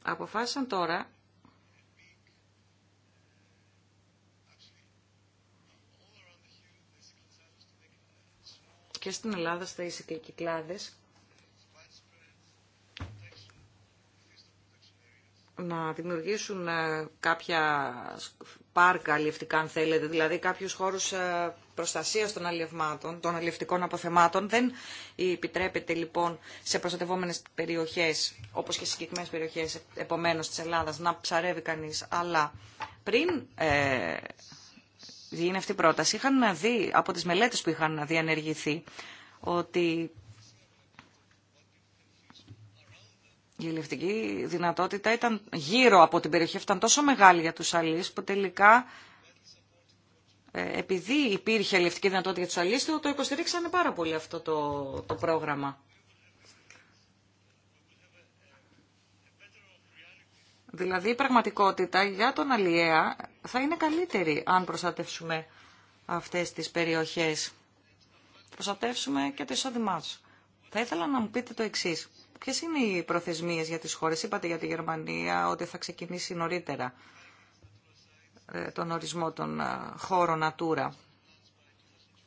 Αποφάσισαν τώρα και στην Ελλάδα στα οι κυκλάδες να δημιουργήσουν ε, κάποια πάρκα αλλιευτικά αν θέλετε, δηλαδή κάποιους χώρους ε, προστασίας των αλλιευμάτων, των αλλιευτικών αποθεμάτων. Δεν επιτρέπεται λοιπόν σε προστατευόμενες περιοχές, όπως και σε συγκεκριμένες περιοχές επομένως της Ελλάδας, να ψαρεύει κανείς. Αλλά πριν ε, γίνει αυτή η πρόταση, είχαν δει από τις μελέτες που είχαν να διανεργηθεί ότι η ελευτική δυνατότητα ήταν γύρω από την περιοχή, ήταν τόσο μεγάλη για τους αλείς που τελικά ε, επειδή υπήρχε ελευτική δυνατότητα για τους αλείς, το υποστηρίξανε πάρα πολύ αυτό το, το πρόγραμμα. Δηλαδή η πραγματικότητα για τον Αλιέα θα είναι καλύτερη αν προστατεύσουμε αυτές τις περιοχές. Προστατεύσουμε και το εισόδημά του. Θα ήθελα να μου πείτε το εξή. Ποιε είναι οι προθεσμίε για τι χώρε, είπατε για τη Γερμανία ότι θα ξεκινήσει νωρίτερα ε, τον ορισμό των ε, χώρων Natura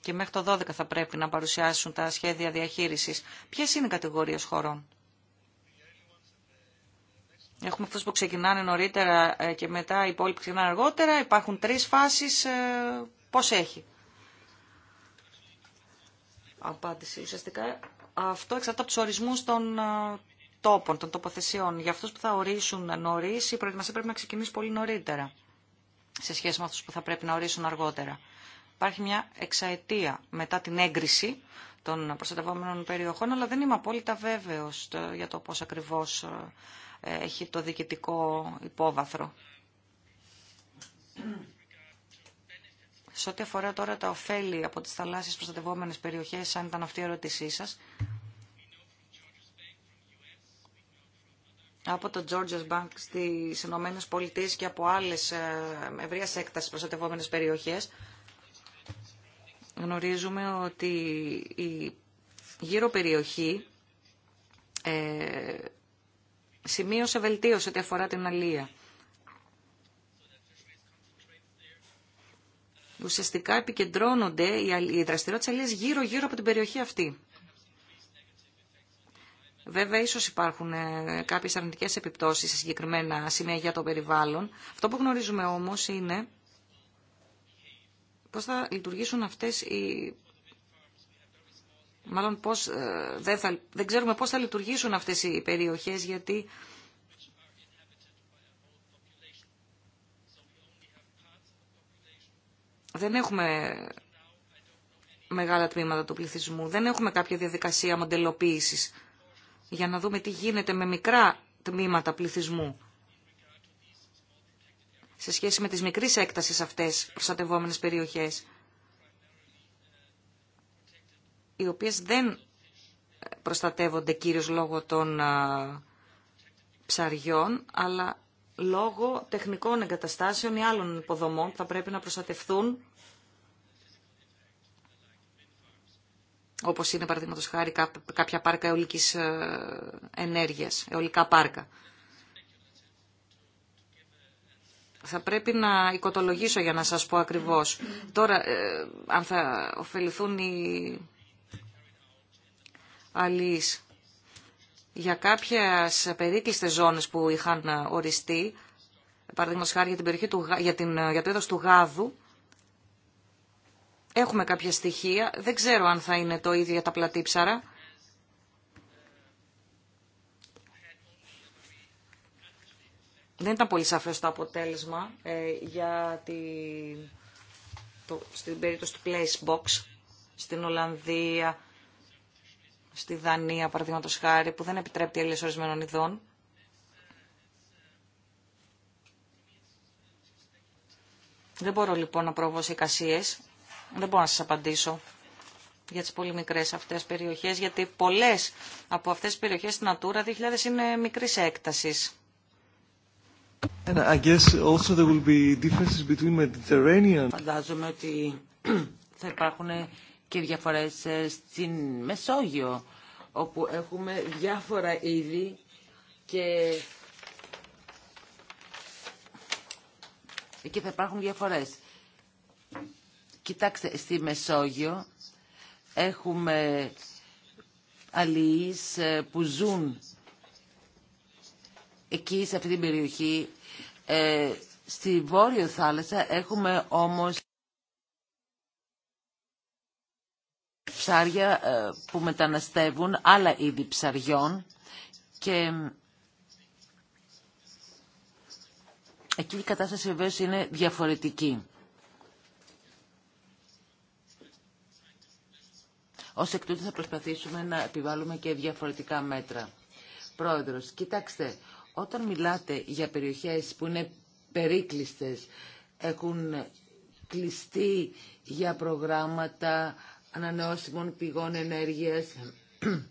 και μέχρι το 12 θα πρέπει να παρουσιάσουν τα σχέδια διαχείρισης. Ποιες είναι οι κατηγορίες χωρών. Έχουμε αυτούς που ξεκινάνε νωρίτερα ε, και μετά οι υπόλοιποι ξεκινάνε αργότερα. Υπάρχουν τρεις φάσεις. Ε, πώς έχει. Απάντηση. Ουσιαστικά αυτό εξαρτάται από τους ορισμούς των ε, τόπων, των τοποθεσιών. Για αυτούς που θα ορίσουν νωρί, η προετοιμασία πρέπει να ξεκινήσει πολύ νωρίτερα σε σχέση με αυτούς που θα πρέπει να ορίσουν αργότερα. Υπάρχει μια εξαετία μετά την έγκριση των προστατευόμενων περιοχών, αλλά δεν είμαι απόλυτα βέβαιος για το πώς ακριβώς έχει το διοικητικό υπόβαθρο. Σε ό,τι αφορά τώρα τα ωφέλη από τις θαλάσσιες προστατευόμενες περιοχές, αν ήταν αυτή η ερώτησή σας, από το Georgia's Bank στις Ηνωμένες Πολιτείες και από άλλες ε, ευρείας έκτασης προστατευόμενες περιοχές, γνωρίζουμε ότι η γύρω περιοχή ε, σημείωσε βελτίωση ό,τι αφορά την αλία. Ουσιαστικά επικεντρώνονται οι δραστηριότητες αλίας γύρω-γύρω από την περιοχή αυτή. Βέβαια, ίσως υπάρχουν ε, κάποιες αρνητικές επιπτώσεις σε συγκεκριμένα σημεία για το περιβάλλον. Αυτό που γνωρίζουμε όμως είναι πώς θα λειτουργήσουν αυτές οι μάλλον πώς, ε, δεν, θα, δεν ξέρουμε πώς θα λειτουργήσουν αυτές οι περιοχές, γιατί δεν έχουμε μεγάλα τμήματα του πληθυσμού, δεν έχουμε κάποια διαδικασία μοντελοποίησης για να δούμε τι γίνεται με μικρά τμήματα πληθυσμού σε σχέση με τις μικρές έκτασης αυτές προστατευόμενες περιοχές οι οποίες δεν προστατεύονται κυρίως λόγω των ψαριών, αλλά λόγω τεχνικών εγκαταστάσεων ή άλλων υποδομών που θα πρέπει να προστατευθούν, όπως είναι παραδείγματος χάρη κάποια πάρκα αιωλικής ε, ενέργειας, αιωλικά πάρκα. Θα πρέπει να οικοτολογήσω για να σας πω ακριβώς. Τώρα, ε, αν θα ωφεληθούν οι αλής Για κάποιες περίκλειστες ζώνες που είχαν οριστεί, παραδείγματος χάρη για, την περιοχή του, για, την, ε, για του Γάδου, έχουμε κάποια στοιχεία. Δεν ξέρω αν θα είναι το ίδιο για τα πλατήψαρα. Δεν ήταν πολύ σαφέ το αποτέλεσμα ε, για τη, το, στην περίπτωση του Place Box στην Ολλανδία στη Δανία, παραδείγματο χάρη, που δεν επιτρέπει έλλειψη ορισμένων ειδών. Δεν μπορώ λοιπόν να προβώ σε Δεν μπορώ να σα απαντήσω για τι πολύ μικρές αυτές περιοχές, γιατί πολλέ από αυτές τις περιοχές στην Ατούρα 2000 είναι μικρή έκταση. Φαντάζομαι ότι θα υπάρχουν και διαφορές ε, στην Μεσόγειο, όπου έχουμε διάφορα είδη και εκεί θα υπάρχουν διαφορές. Κοιτάξτε, στη Μεσόγειο έχουμε αλληλείς ε, που ζουν εκεί, σε αυτή την περιοχή. Ε, στη Βόρειο Θάλασσα έχουμε όμως ψάρια ε, που μεταναστεύουν άλλα είδη ψαριών και εκεί η κατάσταση βεβαίω είναι διαφορετική. Ως εκ τούτου θα προσπαθήσουμε να επιβάλλουμε και διαφορετικά μέτρα. Πρόεδρος, κοιτάξτε, όταν μιλάτε για περιοχές που είναι περίκλειστες, έχουν κλειστεί για προγράμματα ανανεώσιμων πηγών ενέργειας.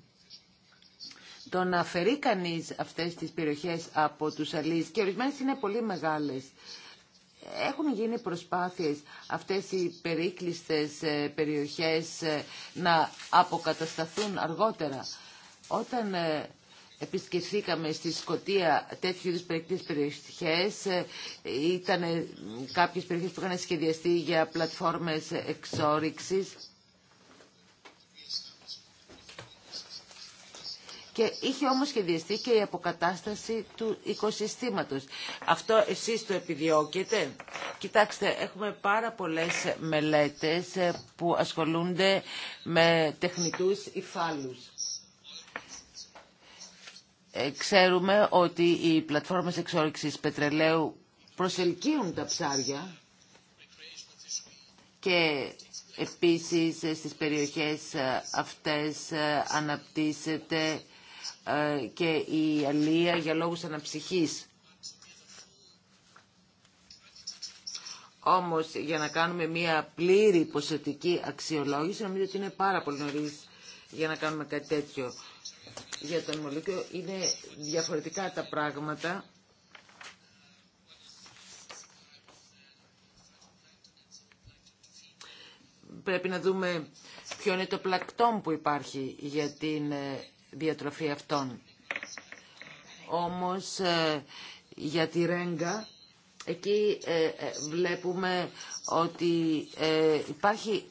Το να αφαιρεί κανείς αυτές τις περιοχές από τους αλείς και ορισμένε είναι πολύ μεγάλες. Έχουν γίνει προσπάθειες αυτές οι περίκλειστες ε, περιοχές ε, να αποκατασταθούν αργότερα. Όταν ε, επισκεφθήκαμε στη Σκοτία τέτοιου είδους περίκλειστες περιοχές. Ήταν κάποιες περιοχές που είχαν σχεδιαστεί για πλατφόρμες εξόριξης. Και είχε όμως σχεδιαστεί και η αποκατάσταση του οικοσυστήματος. Αυτό εσείς το επιδιώκετε. Κοιτάξτε, έχουμε πάρα πολλές μελέτες ε, που ασχολούνται με τεχνητούς υφάλους. Ε, ξέρουμε ότι οι πλατφόρμες εξόρυξης πετρελαίου προσελκύουν τα ψάρια και επίσης ε, στις περιοχές αυτές αναπτύσσεται και η αλληλεία για λόγους αναψυχής. Όμως για να κάνουμε μια πλήρη ποσοτική αξιολόγηση νομίζω ότι είναι πάρα πολύ νωρίς για να κάνουμε κάτι τέτοιο. Για τον Μολύκιο είναι διαφορετικά τα πράγματα. Πρέπει να δούμε ποιο είναι το πλακτόν που υπάρχει για την ε, διατροφή αυτών. Όμως ε, για τη Ρέγκα εκεί ε, ε, βλέπουμε ότι υπάρχει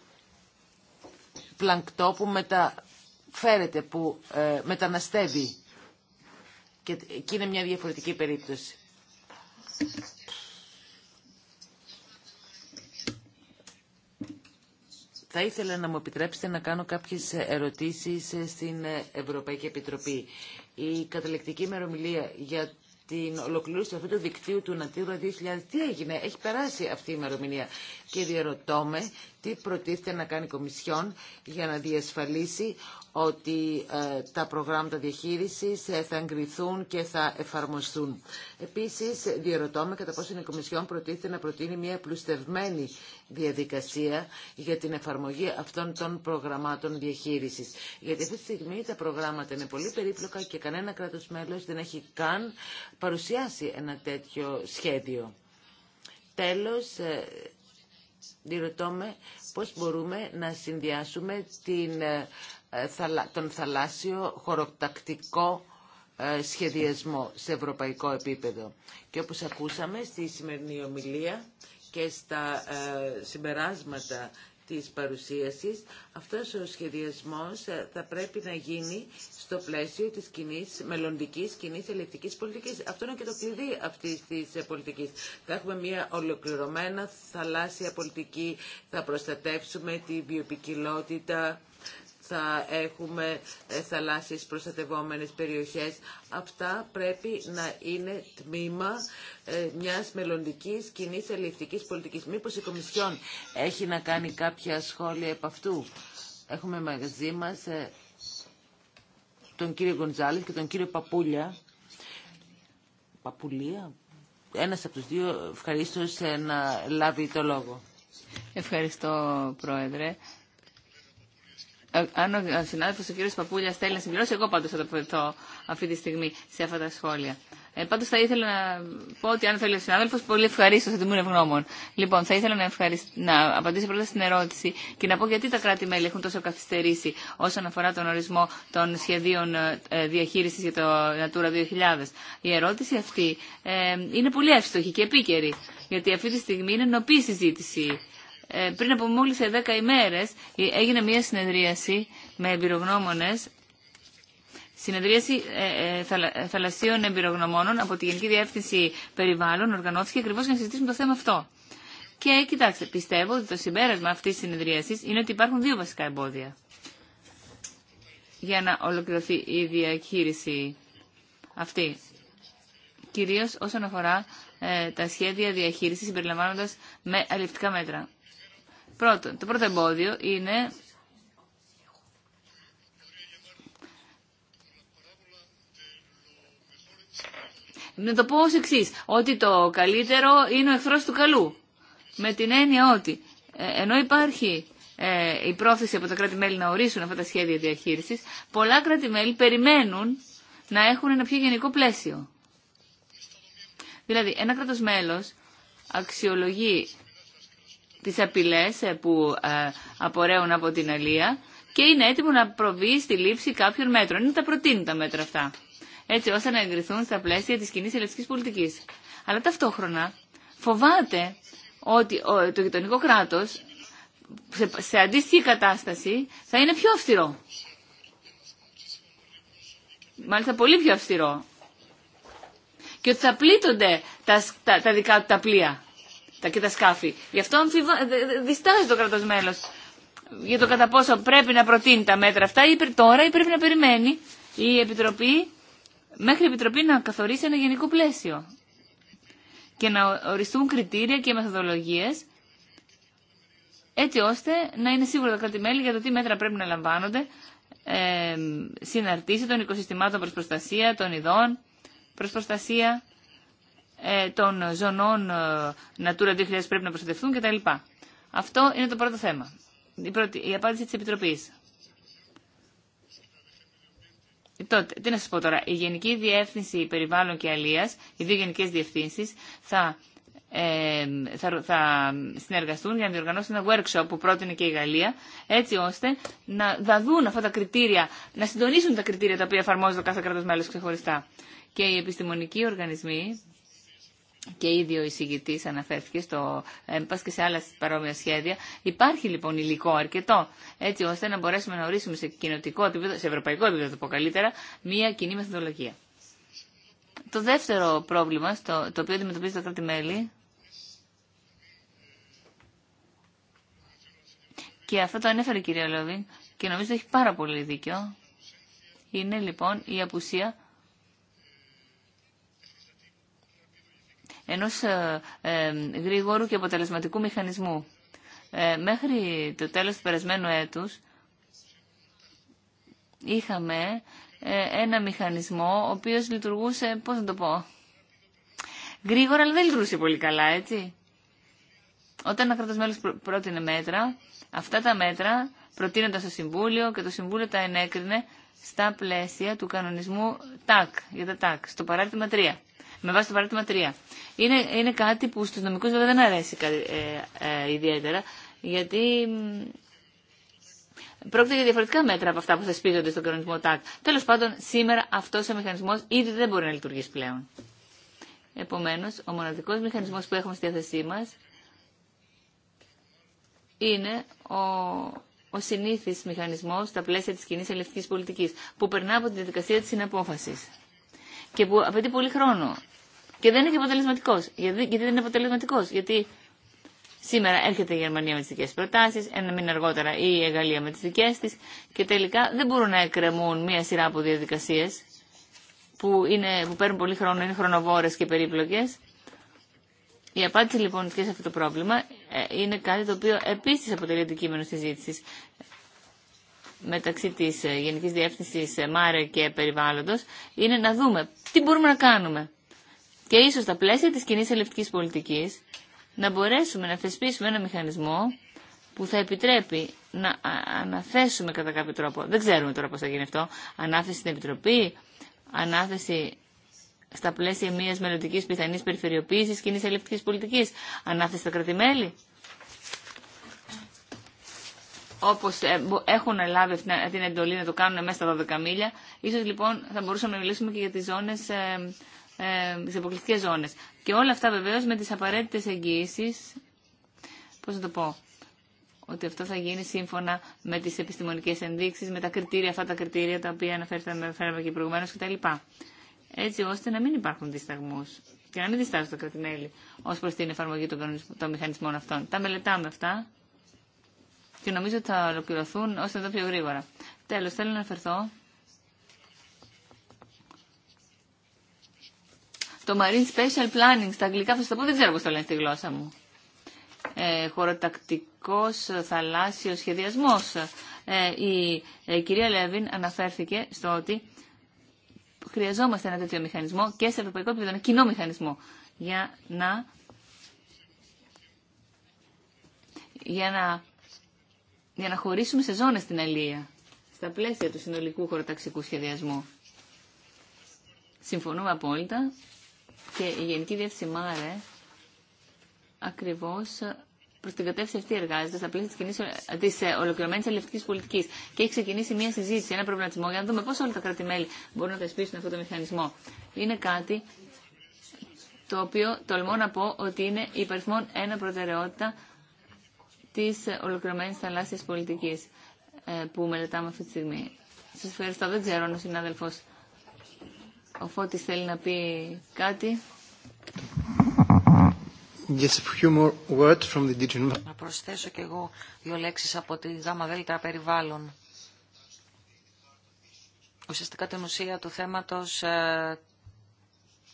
πλανκτό που μεταφέρεται, που μεταναστεύει. Και εκεί είναι μια διαφορετική περίπτωση. Θα ήθελα να μου επιτρέψετε να κάνω κάποιες ερωτήσεις ε, στην ε, Ευρωπαϊκή Επιτροπή. Η καταληκτική ημερομιλία για την ολοκλήρωση αυτού του δικτύου του Natura 2000. Τι έγινε, έχει περάσει αυτή η ημερομηνία και διαρωτώ τι προτίθεται να κάνει η Κομισιόν για να διασφαλίσει ότι ε, τα προγράμματα διαχείρισης ε, θα εγκριθούν και θα εφαρμοστούν. Επίσης, διαρωτώ κατά πόσο η Κομισιόν προτίθεται να προτείνει μια πλουστευμένη διαδικασία για την εφαρμογή αυτών των προγραμμάτων διαχείρισης. Γιατί αυτή τη στιγμή τα προγράμματα είναι πολύ περίπλοκα και κανένα κράτος μέλος δεν έχει καν παρουσιάσει ένα τέτοιο σχέδιο. Τέλος, ε, διρωτώμε πώς μπορούμε να συνδυάσουμε την, ε, ε, τον θαλάσσιο χωροτακτικό ε, σχεδιασμό σε ευρωπαϊκό επίπεδο. Και όπως ακούσαμε στη σημερινή ομιλία και στα συμπεράσματα της παρουσίασης, αυτός ο σχεδιασμός ε, θα πρέπει να γίνει στο πλαίσιο της κοινής, μελλοντικής κοινή ελεκτικής πολιτικής. Αυτό είναι και το κλειδί αυτής της ε, πολιτικής. Θα έχουμε μια ολοκληρωμένα θαλάσσια πολιτική, θα προστατεύσουμε τη βιοπικιλότητα, θα έχουμε ε, θαλάσσιες προστατευόμενες περιοχές. Αυτά πρέπει να είναι τμήμα ε, μιας μελλοντικής κοινή ελληνικής πολιτικής. Μήπως η Κομισιόν έχει να κάνει κάποια σχόλια επ' αυτού. Έχουμε μαζί μας ε, τον κύριο Γκοντζάλη και τον κύριο Παπούλια. Παπουλία. Ένας από τους δύο ευχαρίστως να λάβει το λόγο. Ευχαριστώ, Πρόεδρε. Ε, αν ο συνάδελφο ο κ. Παπούλια θέλει να συμπληρώσει, εγώ πάντω θα τοποθετηθώ αυτή τη στιγμή σε αυτά τα σχόλια. Ε, πάντω θα ήθελα να πω ότι αν θέλει ο συνάδελφο, πολύ ευχαρίστω θα τιμούν ευγνώμων. Λοιπόν, θα ήθελα να, να απαντήσω πρώτα στην ερώτηση και να πω γιατί τα κράτη-μέλη έχουν τόσο καθυστερήσει όσον αφορά τον ορισμό των σχεδίων ε, ε, διαχείριση για το Natura 2000. Η ερώτηση αυτή ε, είναι πολύ εύστοχη και επίκαιρη, γιατί αυτή τη στιγμή είναι νοπή συζήτηση ε, πριν από μόλις 10 ημέρες ε, έγινε μια συνεδρίαση με εμπειρογνώμονες Συνεδρίαση ε, ε, ε, θαλασσίων εμπειρογνωμόνων από τη Γενική Διεύθυνση Περιβάλλων, οργανώθηκε ακριβώ για να συζητήσουμε το θέμα αυτό. Και κοιτάξτε, πιστεύω ότι το συμπέρασμα αυτή τη συνεδρίαση είναι ότι υπάρχουν δύο βασικά εμπόδια για να ολοκληρωθεί η διαχείριση αυτή. Κυρίω όσον αφορά τα σχέδια διαχείριση συμπεριλαμβάνοντα με αλληλεπτικά μέτρα. Πρώτον, το πρώτο εμπόδιο είναι Να το πω ως εξή, ότι το καλύτερο είναι ο εχθρός του καλού. Με την έννοια ότι ε, ενώ υπάρχει ε, η πρόθεση από τα κράτη-μέλη να ορίσουν αυτά τα σχέδια διαχείρισης, πολλά κράτη-μέλη περιμένουν να έχουν ένα πιο γενικό πλαίσιο. Δηλαδή, ένα κράτος μέλος αξιολογεί τις απειλές ε, που ε, απορρέουν από την αλία και είναι έτοιμο να προβεί στη λήψη κάποιων μέτρων. Είναι τα προτείνει τα μέτρα αυτά. Έτσι ώστε να εγκριθούν στα πλαίσια της κοινή ελευθερικής πολιτικής. Αλλά ταυτόχρονα φοβάται ότι το γειτονικό κράτος σε αντίστοιχη κατάσταση θα είναι πιο αυστηρό. Μάλιστα πολύ πιο αυστηρό. Και ότι θα πλήττονται τα, τα, τα δικά του τα πλοία τα, και τα σκάφη. Γι' αυτό αμφιβα... διστάζει το κράτο για το κατά πόσο πρέπει να προτείνει τα μέτρα αυτά ή τώρα ή πρέπει να περιμένει η Επιτροπή, μέχρι η Επιτροπή να καθορίσει ένα γενικό πλαίσιο και να οριστούν κριτήρια και μεθοδολογίες έτσι ώστε να είναι σίγουρο τα κρατη για το τι μέτρα πρέπει να λαμβάνονται ε, συναρτήσει των οικοσυστημάτων προς προστασία, των ειδών προς προστασία ε, των ζωνών ε, Natura 2000 πρέπει να προστατευτούν κτλ. Αυτό είναι το πρώτο θέμα. Η, πρώτη, η απάντηση της Επιτροπής. Τότε, τι να σας πω τώρα. Η Γενική Διεύθυνση Περιβάλλον και Αλίας, οι δύο γενικές διευθύνσεις, θα, ε, θα, συνεργαστούν για να διοργανώσουν ένα workshop που πρότεινε και η Γαλλία, έτσι ώστε να δαδούν αυτά τα κριτήρια, να συντονίσουν τα κριτήρια τα οποία εφαρμόζεται κάθε κράτος μέλος ξεχωριστά. Και οι επιστημονικοί οργανισμοί και ήδη ο εισηγητή αναφέρθηκε στο ΕΜΠΑΣ και σε άλλα παρόμοια σχέδια. Υπάρχει λοιπόν υλικό αρκετό, έτσι ώστε να μπορέσουμε να ορίσουμε σε κοινοτικό επίπεδο, σε ευρωπαϊκό επίπεδο το πω καλύτερα, μία κοινή μεθοδολογία. Το δεύτερο πρόβλημα, στο, το οποίο αντιμετωπίζει τα κράτη-μέλη, και αυτό το ανέφερε η κυρία Λόβιν και νομίζω έχει πάρα πολύ δίκιο, είναι λοιπόν η απουσία ενός ε, ε, γρήγορου και αποτελεσματικού μηχανισμού. Ε, μέχρι το τέλος του περασμένου έτους είχαμε ένα μηχανισμό ο οποίος λειτουργούσε, πώς να το πω, γρήγορα αλλά δεν λειτουργούσε πολύ καλά, έτσι. Όταν ένα κράτος πρότεινε μέτρα, αυτά τα μέτρα προτείνονταν στο Συμβούλιο και το Συμβούλιο τα ενέκρινε στα πλαίσια του κανονισμού ΤΑΚ, για τα ΤΑΚ, στο παράρτημα 3 με βάση το παράδειγμα 3. Είναι, κάτι που στους νομικούς βέβαια δεν αρέσει ε, ε, ιδιαίτερα, γιατί πρόκειται για διαφορετικά μέτρα από αυτά που θεσπίζονται στον κανονισμό ΤΑΚ. Τέλος πάντων, σήμερα αυτός ο μηχανισμός ήδη δεν μπορεί να λειτουργήσει πλέον. Επομένως, ο μοναδικός μηχανισμός που έχουμε στη διάθεσή μας είναι ο, ο συνήθις μηχανισμός στα πλαίσια της κοινή ελευθερικής πολιτικής, που περνά από τη διαδικασία της συναπόφασης και που απαιτεί πολύ χρόνο. Και δεν είναι και αποτελεσματικό. Γιατί, γιατί δεν είναι αποτελεσματικό. Γιατί σήμερα έρχεται η Γερμανία με τι δικέ προτάσει, ένα μήνα αργότερα ή η γαλλια με τι δικέ τη και τελικά δεν μπορούν να εκκρεμούν μία σειρά από διαδικασίε που, είναι, που παίρνουν πολύ χρόνο, είναι χρονοβόρε και περίπλοκε. Η απάντηση λοιπόν και σε αυτό το πρόβλημα ε, είναι κάτι το οποίο επίση αποτελεί αντικείμενο συζήτηση μεταξύ της ε, Γενικής Διεύθυνσης ε, ΜΑΡΕ και Περιβάλλοντος είναι να δούμε τι μπορούμε να κάνουμε. Και ίσως στα πλαίσια της κοινή ελευτικής πολιτικής να μπορέσουμε να θεσπίσουμε ένα μηχανισμό που θα επιτρέπει να αναθέσουμε κατά κάποιο τρόπο. Δεν ξέρουμε τώρα πώς θα γίνει αυτό. Ανάθεση στην Επιτροπή, ανάθεση στα πλαίσια μιας μελλοντική πιθανής περιφερειοποίησης κοινή ελευτικής πολιτικής, ανάθεση στα κρατημέλη. Όπω ε, έχουν λάβει την εντολή να το κάνουν μέσα στα 12 μίλια. Ίσως λοιπόν θα μπορούσαμε να μιλήσουμε και για τι ζώνες, ε, ε τις ζώνε. Και όλα αυτά βεβαίω με τι απαραίτητε εγγύησει. Πώ να το πω, ότι αυτό θα γίνει σύμφωνα με τι επιστημονικέ ενδείξει, με τα κριτήρια, αυτά τα κριτήρια τα οποία αναφέραμε και προηγουμένω κτλ. Έτσι ώστε να μην υπάρχουν δισταγμού και να μην διστάζουν τα κρατημέλη ω προ την εφαρμογή των, των μηχανισμών αυτών. Τα μελετάμε αυτά και νομίζω ότι θα ολοκληρωθούν ώστε εδώ πιο γρήγορα. Τέλος, θέλω να αναφερθώ το Marine Special Planning στα αγγλικά θα σας το πω, δεν ξέρω πώς το λένε στη γλώσσα μου. Ε, χωροτακτικός θαλάσσιος σχεδιασμός. Ε, η ε, κυρία Λέβιν αναφέρθηκε στο ότι χρειαζόμαστε ένα τέτοιο μηχανισμό και σε ευρωπαϊκό επίπεδο, ένα κοινό μηχανισμό για να, για να για να χωρίσουμε σε ζώνες την αλία, στα πλαίσια του συνολικού χωροταξικού σχεδιασμού. Συμφωνούμε απόλυτα και η Γενική Διεύθυνση ΜΑΡΕ ακριβώς προ την κατεύθυνση αυτή εργάζεται στα πλαίσια τη ε, ολοκληρωμένη αλληλευτική πολιτική. Και έχει ξεκινήσει μια συζήτηση, ένα προβληματισμό για να δούμε πώ όλα τα κράτη-μέλη μπορούν να θεσπίσουν αυτό το μηχανισμό. Είναι κάτι το οποίο τολμώ να πω ότι είναι υπερθμόν ένα προτεραιότητα της ολοκληρωμένης θαλάσσιας πολιτικής ε, που μελετάμε αυτή τη στιγμή. Σας ευχαριστώ. Δεν ξέρω αν ο συνάδελφος ο Φώτης θέλει να πει κάτι. a few from the να προσθέσω κι εγώ δύο λέξεις από τη ΓΑΜΑ περιβάλλον. Ουσιαστικά την ουσία του θέματος ε,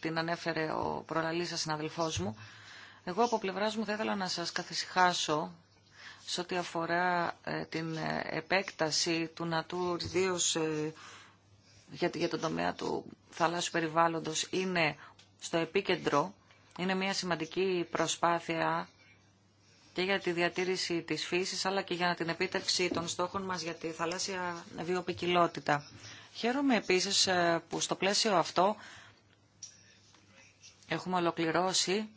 την ανέφερε ο προλαλής σας συναδελφός μου. Εγώ από πλευράς μου θα ήθελα να σας καθησυχάσω σε ό,τι αφορά ε, την ε, επέκταση του Natur 2 ε, για τον τομέα του θαλάσσιου περιβάλλοντος είναι στο επίκεντρο. Είναι μια σημαντική προσπάθεια και για τη διατήρηση της φύσης αλλά και για την επίτευξη των στόχων μας για τη θαλάσσια βιοπικιλότητα. Χαίρομαι επίσης που στο πλαίσιο αυτό έχουμε ολοκληρώσει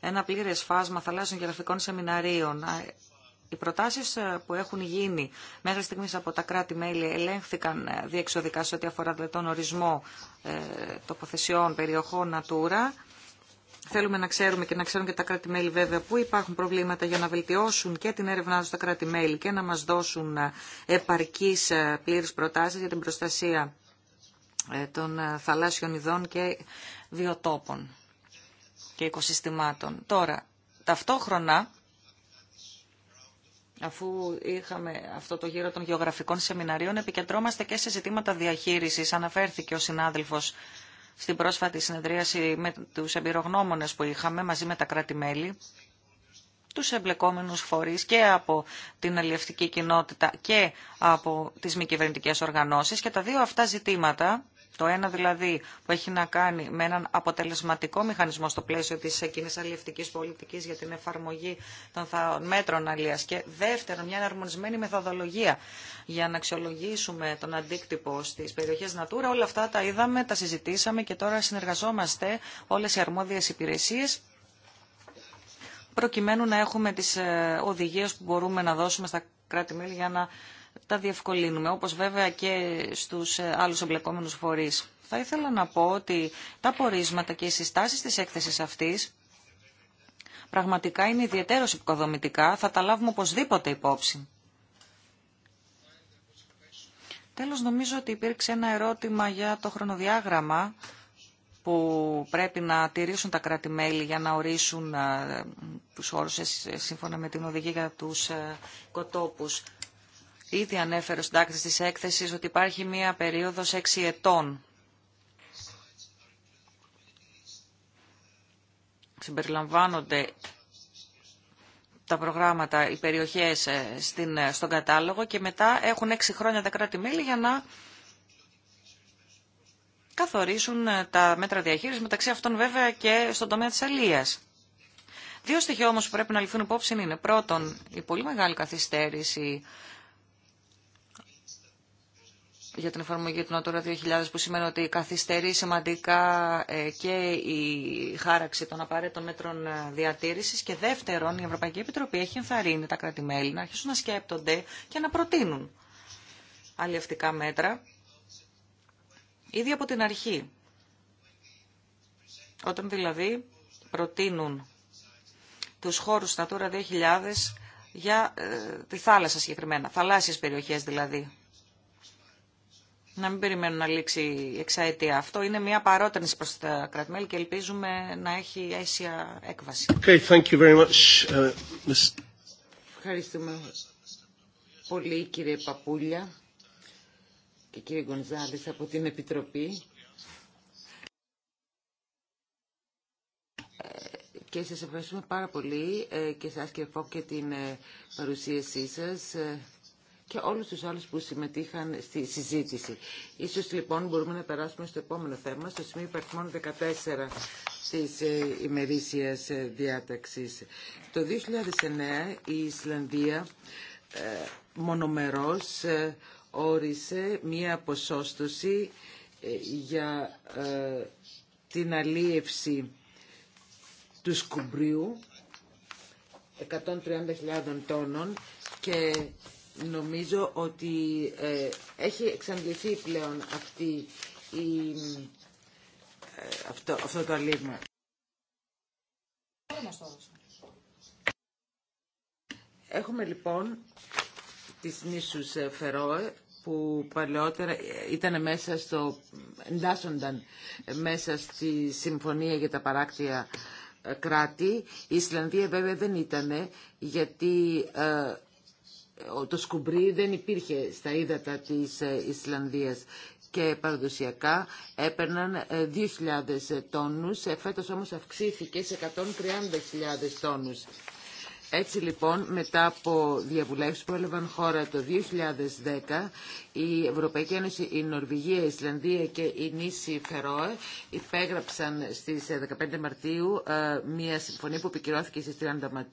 ένα πλήρες φάσμα θαλάσσιων γεωγραφικών σεμιναρίων. Οι προτάσεις ε, που έχουν γίνει μέχρι στιγμής από τα κράτη-μέλη ελέγχθηκαν ε, διεξοδικά σε ό,τι αφορά δηλαδή, τον ορισμό ε, τοποθεσιών περιοχών Natura. Θέλουμε να ξέρουμε και να ξέρουν και τα κράτη-μέλη βέβαια που υπάρχουν προβλήματα για να βελτιώσουν και την έρευνά του τα κράτη-μέλη και να μα δώσουν επαρκή πλήρε προτάσει για την προστασία των θαλάσσιων ειδών και βιοτόπων και οικοσυστημάτων. Τώρα, ταυτόχρονα, αφού είχαμε αυτό το γύρο των γεωγραφικών σεμιναρίων, επικεντρώμαστε και σε ζητήματα διαχείρισης. Αναφέρθηκε ο συνάδελφος στην πρόσφατη συνεδρίαση με τους εμπειρογνώμονες που είχαμε μαζί με τα κράτη-μέλη, τους εμπλεκόμενους φορείς και από την αλληλευτική κοινότητα και από τις μη κυβερνητικέ οργανώσεις και τα δύο αυτά ζητήματα το ένα δηλαδή που έχει να κάνει με έναν αποτελεσματικό μηχανισμό στο πλαίσιο τη κοινή αλληλευτική πολιτική για την εφαρμογή των μέτρων αλληλεία. Και δεύτερον, μια εναρμονισμένη μεθοδολογία για να αξιολογήσουμε τον αντίκτυπο στι περιοχέ Natura. Όλα αυτά τα είδαμε, τα συζητήσαμε και τώρα συνεργαζόμαστε όλε οι αρμόδιε υπηρεσίε προκειμένου να έχουμε τις ε, οδηγίες που μπορούμε να δώσουμε στα κράτη-μέλη για να τα διευκολύνουμε, όπως βέβαια και στους ε, άλλους εμπλεκόμενους φορείς. Θα ήθελα να πω ότι τα πορίσματα και οι συστάσεις της έκθεσης αυτής πραγματικά είναι ιδιαίτερως υποδομητικά. θα τα λάβουμε οπωσδήποτε υπόψη. Τέλος, νομίζω ότι υπήρξε ένα ερώτημα για το χρονοδιάγραμμα που πρέπει να τηρήσουν τα κράτη-μέλη για να ορίσουν ε, τους όρους ε, σύμφωνα με την οδηγία για τους κοτόπους. Ήδη ανέφερε ο συντάκτης της έκθεσης ότι υπάρχει μία περίοδος έξι ετών. Συμπεριλαμβάνονται τα προγράμματα, οι περιοχές ε, ε, στον κατάλογο και μετά έχουν έξι χρόνια τα κράτη-μέλη για να καθορίσουν ε, τα μέτρα διαχείρισης μεταξύ αυτών βέβαια και στον τομέα της αλίας. Δύο στοιχεία όμως που πρέπει να ληφθούν υπόψη είναι πρώτον η πολύ μεγάλη καθυστέρηση για την εφαρμογή του Natura 2000 που σημαίνει ότι καθυστερεί σημαντικά ε, και η χάραξη των απαραίτητων μέτρων ε, διατήρησης και δεύτερον η Ευρωπαϊκή Επιτροπή έχει ενθαρρύνει τα κράτη-μέλη να αρχίσουν να σκέπτονται και να προτείνουν αλλιευτικά μέτρα ήδη από την αρχή. Όταν δηλαδή προτείνουν τους χώρους Natura 2000 για ε, τη θάλασσα συγκεκριμένα, θαλάσσιες περιοχές δηλαδή, να μην περιμένουν να λήξει η εξαετία. Αυτό είναι μια παρότρινση προς τα κρατημέλη και ελπίζουμε να έχει αίσια έκβαση. Okay, thank you very much, uh, Ms. Ευχαριστούμε πολύ κύριε Παπούλια και κύριε Γκονζάλης από την Επιτροπή. Ε, και σας ευχαριστούμε πάρα πολύ ε, και σας κύριε και την ε, παρουσίασή σας και όλους τους άλλους που συμμετείχαν στη συζήτηση. Ίσως λοιπόν μπορούμε να περάσουμε στο επόμενο θέμα, στο σημείο υπαρχμών 14 της ε, ημερήσιας ε, διάταξης. Το 2009 η Ισλανδία ε, μονομερός όρισε μία ποσόστοση για την αλίευση του σκουμπρίου 130.000 τόνων και νομίζω ότι ε, έχει εξαντληθεί πλέον αυτή η, ε, αυτό, αυτό το αλήθεια. Έχουμε λοιπόν τις νήσους ε, Φερόε που παλαιότερα ήταν μέσα στο, εντάσσονταν μέσα στη Συμφωνία για τα Παράκτια Κράτη. Η Ισλανδία βέβαια δεν ήταν γιατί το σκουμπρί δεν υπήρχε στα ύδατα της ε, Ισλανδίας και παραδοσιακά έπαιρναν 2.000 ε, ε, τόνους, φέτος όμως αυξήθηκε σε 130.000 τόνους. Έτσι λοιπόν μετά από διαβουλεύσεις που έλαβαν χώρα το 2010 η Ευρωπαϊκή Ένωση, η Νορβηγία, η Ισλανδία και η Νίση Φερόε υπέγραψαν στις 15 Μαρτίου μια συμφωνία που επικυρώθηκε στις 30 Μαρτίου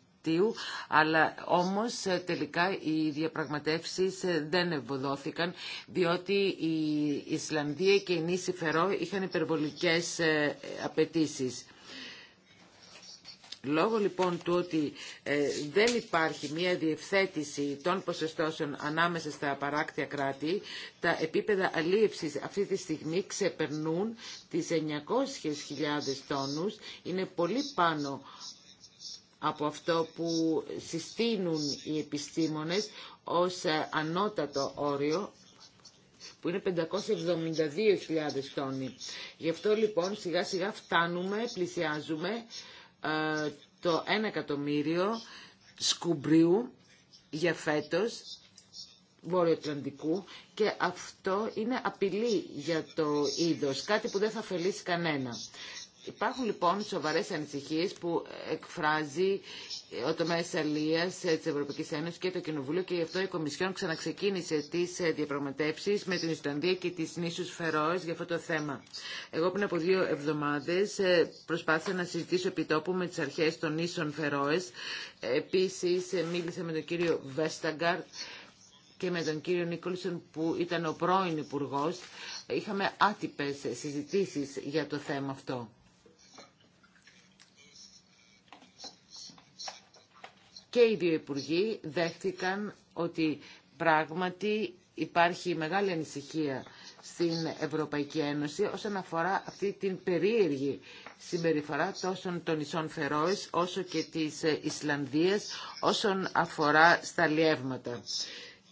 αλλά όμως ε, τελικά οι διαπραγματεύσεις ε, δεν ευβοδόθηκαν, διότι η Ισλανδία και η Νίση Φερό είχαν υπερβολικές ε, απαιτήσει. Λόγω λοιπόν του ότι δεν υπάρχει μία διευθέτηση των ποσοστώσεων ανάμεσα στα παράκτια κράτη, τα επίπεδα αλίευσης αυτή τη στιγμή ξεπερνούν τις 900.000 τόνους, είναι πολύ πάνω από αυτό που συστήνουν οι επιστήμονες ως ε, ανώτατο όριο, που είναι 572.000 τόνοι. Γι' αυτό λοιπόν σιγά σιγά φτάνουμε, πλησιάζουμε ε, το 1 εκατομμύριο σκουμπρίου για φέτος Ατλαντικού και αυτό είναι απειλή για το είδος, κάτι που δεν θα ωφελήσει κανένα. Υπάρχουν λοιπόν σοβαρές ανησυχίες που εκφράζει ο τομέα τη Αλία ε, τη Ευρωπαϊκή Ένωση και το Κοινοβούλιο και γι' αυτό η Κομισιόν ξαναξεκίνησε τι ε, διαπραγματεύσει με την Ισλανδία και τι νήσου Φερόε για αυτό το θέμα. Εγώ πριν από δύο εβδομάδε ε, προσπάθησα να συζητήσω επιτόπου με τι αρχέ των νήσων Φερόε. Επίση μίλησα με τον κύριο Βέσταγκαρτ και με τον κύριο Νίκολσον που ήταν ο πρώην υπουργό. Είχαμε άτυπε συζητήσει για το θέμα αυτό. και οι δύο υπουργοί δέχτηκαν ότι πράγματι υπάρχει μεγάλη ανησυχία στην Ευρωπαϊκή Ένωση όσον αφορά αυτή την περίεργη συμπεριφορά τόσο των Ισών Φερόης όσο και της Ισλανδίας όσον αφορά στα λιεύματα.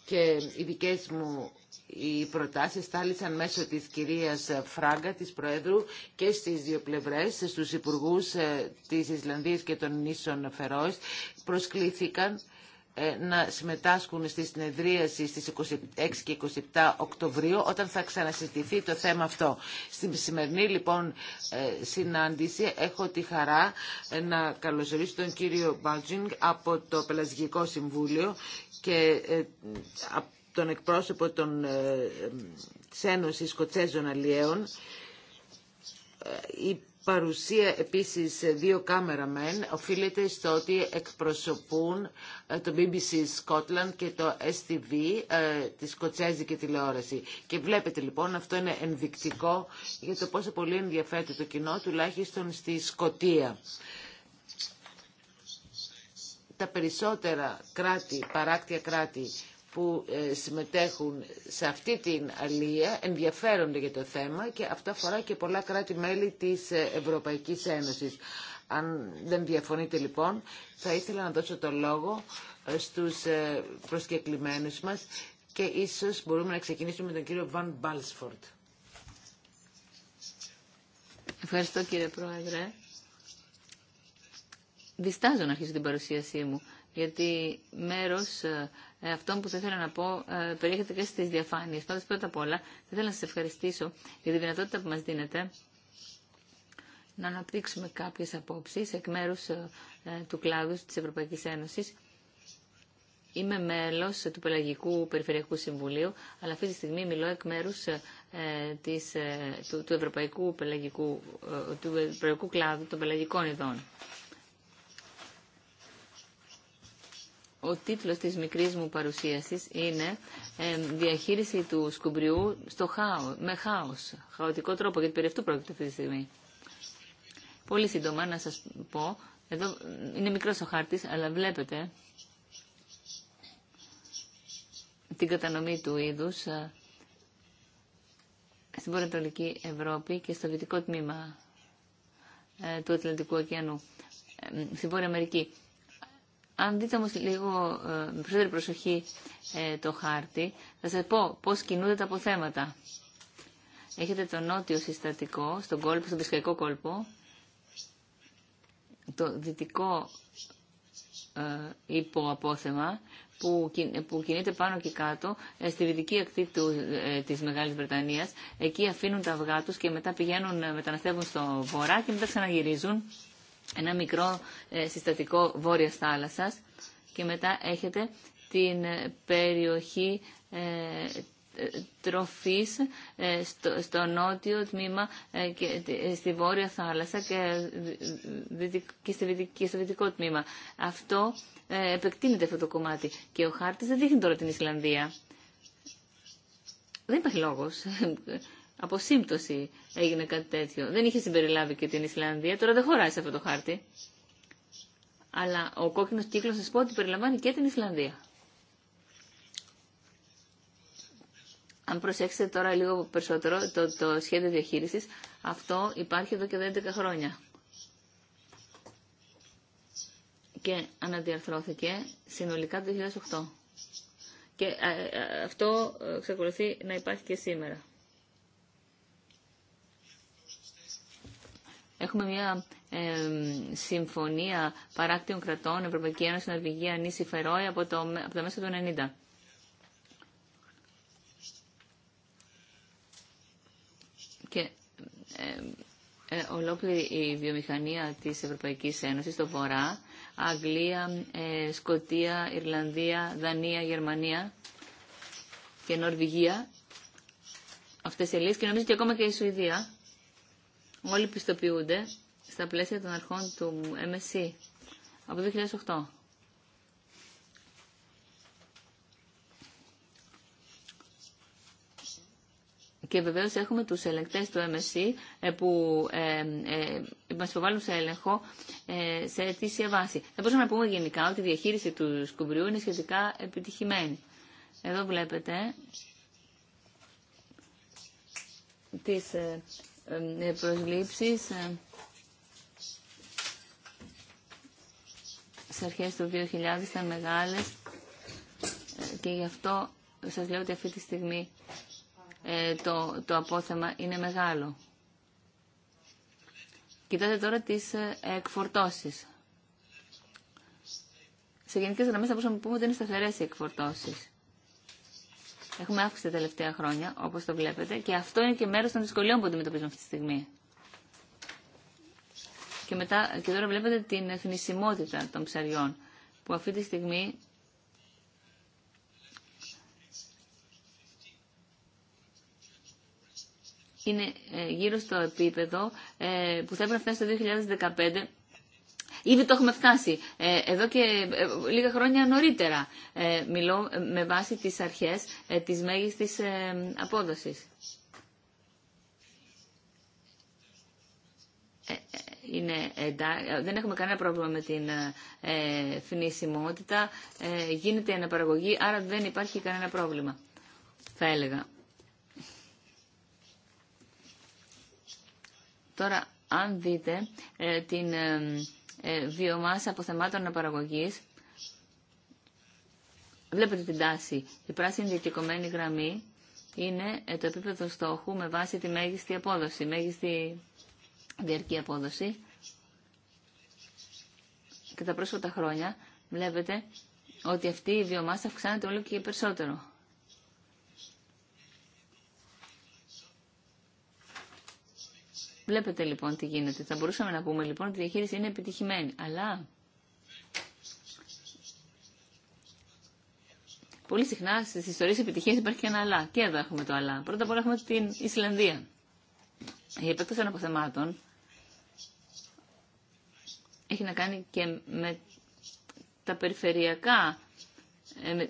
Και οι δικές μου οι προτάσεις στάλησαν μέσω της κυρίας Φράγκα, της Προέδρου, και στις δύο πλευρές, στους υπουργούς ε, της Ισλανδίας και των νήσων Φερόες, προσκλήθηκαν ε, να συμμετάσχουν στη συνεδρίαση στις 26 και 27 Οκτωβρίου όταν θα ξανασυζητηθεί το θέμα αυτό. Στην σημερινή λοιπόν ε, συνάντηση έχω τη χαρά να καλωσορίσω τον κύριο Μπάτζινγκ από το Πελασγικό Συμβούλιο και τον εκπρόσωπο των, ε, της Ένωσης Σκοτσέζων Αλλιέων. Ε, η παρουσία επίσης δύο κάμεραμεν οφείλεται στο ότι εκπροσωπούν ε, το BBC Scotland και το STV, ε, τη σκοτσέζικη τηλεόραση. Και βλέπετε λοιπόν αυτό είναι ενδεικτικό για το πόσο πολύ ενδιαφέρεται το κοινό, τουλάχιστον στη Σκοτία. Τα περισσότερα κράτη, παράκτια κράτη που ε, συμμετέχουν σε αυτή την αλία ενδιαφέρονται για το θέμα και αυτό αφορά και πολλά κράτη-μέλη της ε, Ευρωπαϊκής Ένωσης. Αν δεν διαφωνείτε λοιπόν, θα ήθελα να δώσω το λόγο ε, στους προσκεκλημένους μας και ίσως μπορούμε να ξεκινήσουμε με τον κύριο Βαν Μπάλσφορντ. Ευχαριστώ κύριε Πρόεδρε. Διστάζω να αρχίσω την παρουσίασή μου, γιατί μέρος ε, αυτό που θα ήθελα να πω ε, περιέχεται και στι διαφάνειε. Πάντως πρώτα απ' όλα θα ήθελα να σα ευχαριστήσω για τη δυνατότητα που μας δίνετε να αναπτύξουμε κάποιες απόψει εκ μέρους ε, του κλάδου της Ευρωπαϊκής Ένωσης. Είμαι μέλος του Πελαγικού Περιφερειακού Συμβουλίου, αλλά αυτή τη στιγμή μιλώ εκ μέρους της, του, του Ευρωπαϊκού Πελαγικού, του Ευρωπαϊκού Κλάδου των Πελαγικών Ειδών. Ο τίτλος της μικρής μου παρουσίασης είναι «Διαχείριση του σκουμπριού στο χάο, με χάος, χαοτικό τρόπο», γιατί περί αυτού πρόκειται αυτή τη στιγμή. Πολύ σύντομα να σας πω, εδώ είναι μικρός ο χάρτης, αλλά βλέπετε την κατανομή του είδους ε, στην Βορειοανατολική Ευρώπη και στο δυτικό τμήμα ε, του Ατλαντικού Ωκεανού, ε, στην Βόρεια Αμερική. Αν δείτε όμως λίγο ε, με περισσότερη προσοχή ε, το χάρτη, θα σας πω πώς κινούνται τα αποθέματα. Έχετε το νότιο συστατικό, στον κόλπο, στον πισκαϊκό κόλπο, το δυτικό ε, υποαπόθεμα που, που κινείται πάνω και κάτω στη δυτική ακτή του, της Μεγάλης Βρετανίας. Εκεί αφήνουν τα αυγά τους και μετά πηγαίνουν, μεταναστεύουν στο βορρά και μετά ξαναγυρίζουν ένα μικρό ε, συστατικό βόρεια θάλασσας και μετά έχετε την ε, περιοχή ε, τροφής στο, στο νότιο τμήμα και στη βόρεια θάλασσα και, και στο, βυτικό στο τμήμα. Αυτό επεκτείνεται αυτό το κομμάτι. Και ο χάρτης δεν δείχνει τώρα την Ισλανδία. Δεν υπάρχει λόγος από σύμπτωση έγινε κάτι τέτοιο. Δεν είχε συμπεριλάβει και την Ισλανδία. Τώρα δεν χωράει σε αυτό το χάρτη. Αλλά ο κόκκινος κύκλος, σας πω, ότι περιλαμβάνει και την Ισλανδία. Αν προσέξετε τώρα λίγο περισσότερο το, το σχέδιο διαχείρισης, αυτό υπάρχει εδώ και 11 χρόνια. Και αναδιαρθρώθηκε συνολικά το 2008. Και ε, ε, αυτό εξακολουθεί να υπάρχει και σήμερα. Έχουμε μια συμφωνία παρακτηων κρατών, Ευρωπαϊκή Ένωση, Νορβηγία, Νίση Φερόη από το, από τα μέσα του 90. Και ε, ολόκληρη η βιομηχανία της Ευρωπαϊκής Ένωσης, το Βορρά, Αγγλία, ε, Σκοτία, Ιρλανδία, Δανία, Γερμανία και Νορβηγία, αυτές οι λύσεις και νομίζω και ακόμα και η Σουηδία, όλοι πιστοποιούνται στα πλαίσια των αρχών του MSC από το 2008. Και βεβαίω έχουμε τους ελεγκτές του MSC ε, που ε, ε, μα υποβάλλουν σε έλεγχο ε, σε αιτήσια βάση. Θα μπορούσαμε να πούμε γενικά ότι η διαχείριση του σκουμπριού είναι σχετικά επιτυχημένη. Εδώ βλέπετε τις ε, ε, προσλήψεις ε, στις αρχές του 2000 ήταν μεγάλες ε, και γι' αυτό σας λέω ότι αυτή τη στιγμή το, το απόθεμα είναι μεγάλο. Κοιτάτε τώρα τις εκφορτώσεις. Σε γενικές γραμμές θα μπορούσαμε να πούμε ότι είναι σταθερές οι εκφορτώσεις. Έχουμε αύξηση τα τελευταία χρόνια, όπω το βλέπετε, και αυτό είναι και μέρο των δυσκολιών που αντιμετωπίζουμε αυτή τη στιγμή. Και, μετά, και τώρα βλέπετε την θνησιμότητα των ψαριών, που αυτή τη στιγμή είναι ε, γύρω στο επίπεδο ε, που θα έπρεπε να φτάσει το 2015 Ήδη το έχουμε φτάσει ε, εδώ και ε, λίγα χρόνια νωρίτερα. Ε, μιλώ με βάση τις αρχές της μέγιστης απόδοσης. Είναι, δεν έχουμε κανένα πρόβλημα με την ε, φνησιμότητα. Ε, γίνεται η αναπαραγωγή, άρα δεν υπάρχει κανένα πρόβλημα, θα έλεγα. Τώρα, αν δείτε την ε, βιομάσα αποθεμάτων αναπαραγωγής. Βλέπετε την τάση. Η πράσινη διατηκωμένη γραμμή είναι ε, το επίπεδο στόχου με βάση τη μέγιστη απόδοση, μέγιστη διαρκή απόδοση. Και τα πρόσφατα χρόνια βλέπετε ότι αυτή η βιομάσα αυξάνεται όλο και περισσότερο. Βλέπετε λοιπόν τι γίνεται. Θα μπορούσαμε να πούμε λοιπόν ότι η διαχείριση είναι επιτυχημένη. Αλλά πολύ συχνά στι ιστορίε επιτυχία υπάρχει και ένα αλλά. Και εδώ έχουμε το αλλά. Πρώτα απ' όλα έχουμε την Ισλανδία. Η επέκταση των αποθεμάτων έχει να κάνει και με τα περιφερειακά ε, ε,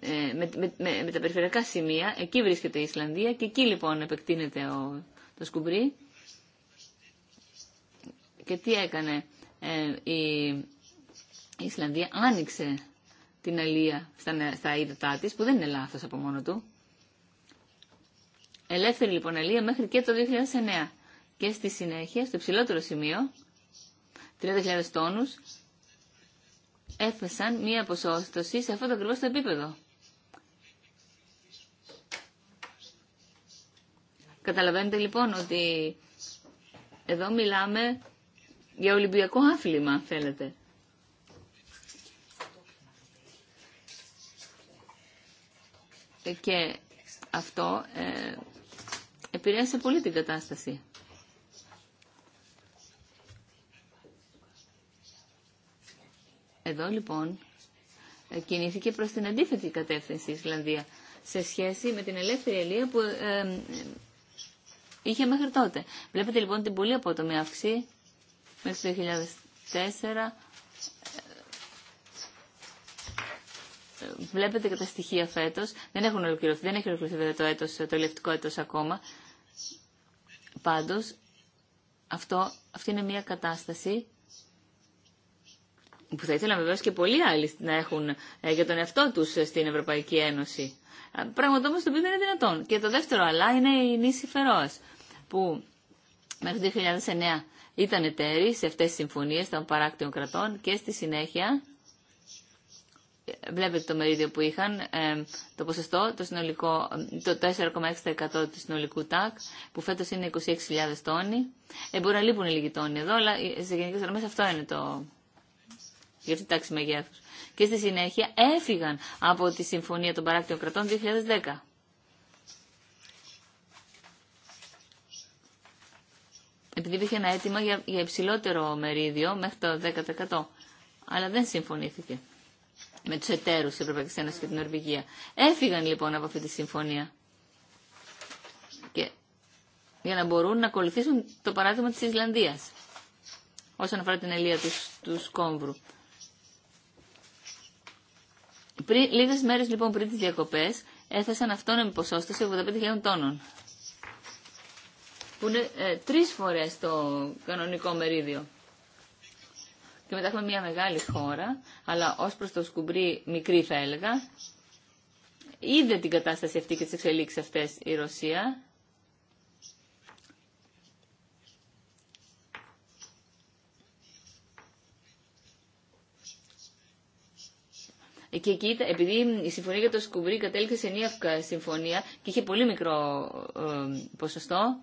ε, με, με, με, τα περιφερειακά σημεία, εκεί βρίσκεται η Ισλανδία και εκεί λοιπόν επεκτείνεται το σκουμπρί. Και τι έκανε ε, η, Ισλανδία. Άνοιξε την αλία στα, στα ύδατά της, που δεν είναι λάθος από μόνο του. Ελεύθερη λοιπόν αλία μέχρι και το 2009. Και στη συνέχεια, στο υψηλότερο σημείο, 30.000 τόνους, έφεσαν μία ποσόστοση σε αυτό το ακριβώς το επίπεδο. Καταλαβαίνετε λοιπόν ότι εδώ μιλάμε για Ολυμπιακό άφλημα, θέλετε. Ε, και αυτό ε, επηρέασε πολύ την κατάσταση. Εδώ λοιπόν ε, κινήθηκε προς την αντίθετη κατεύθυνση η Ισλανδία σε σχέση με την ελεύθερη ελεία που ε, είχε μέχρι τότε. Βλέπετε λοιπόν την πολύ απότομη αύξηση μέχρι το 2004 ε, βλέπετε και τα στοιχεία φέτο. Δεν έχουν ολοκληρωθεί, δεν έχει ολοκληρωθεί βέβαια το, έτος, το ελευτικό έτος ακόμα. Πάντως, αυτή είναι μια κατάσταση που θα ήθελα βεβαίω και πολλοί άλλοι να έχουν ε, για τον εαυτό του στην Ευρωπαϊκή Ένωση. Ε, πράγμα το οποίο δεν είναι δυνατόν. Και το δεύτερο αλλά είναι η νήση Φερόα, που μέχρι το 2009 ήταν εταίροι σε αυτές τις συμφωνίες των παράκτιων κρατών και στη συνέχεια βλέπετε το μερίδιο που είχαν, ε, το ποσοστό, το, το 4,6% του συνολικού ΤΑΚ, που φέτος είναι 26.000 τόνοι. Ε, μπορεί να λείπουν λίγοι τόνοι εδώ, αλλά σε γενικές γραμμές αυτό είναι το... για αυτή την τάξη μεγέθους. Και στη συνέχεια έφυγαν από τη Συμφωνία των Παράκτιων Κρατών 2010. επειδή υπήρχε ένα αίτημα για, για υψηλότερο μερίδιο μέχρι το 10%. Αλλά δεν συμφωνήθηκε με του εταίρου τη Ευρωπαϊκή Ένωση και την Νορβηγία. Έφυγαν λοιπόν από αυτή τη συμφωνία. Και, για να μπορούν να ακολουθήσουν το παράδειγμα της Ισλανδία, όσον αφορά την ελεία του, του σκόμβρου. Πριν, λίγες μέρες λοιπόν πριν τις διακοπές έθεσαν με ποσόστοση 85.000 τόνων που είναι ε, τρεις φορές το κανονικό μερίδιο. Και μετά έχουμε μια μεγάλη χώρα, αλλά ως προς το σκουμπρί μικρή θα έλεγα. Είδε την κατάσταση αυτή και τις εξελίξεις αυτές η Ρωσία. Και εκεί, επειδή η συμφωνία για το σκουμπρί κατέληξε σε μια συμφωνία και είχε πολύ μικρό ε, ποσοστό,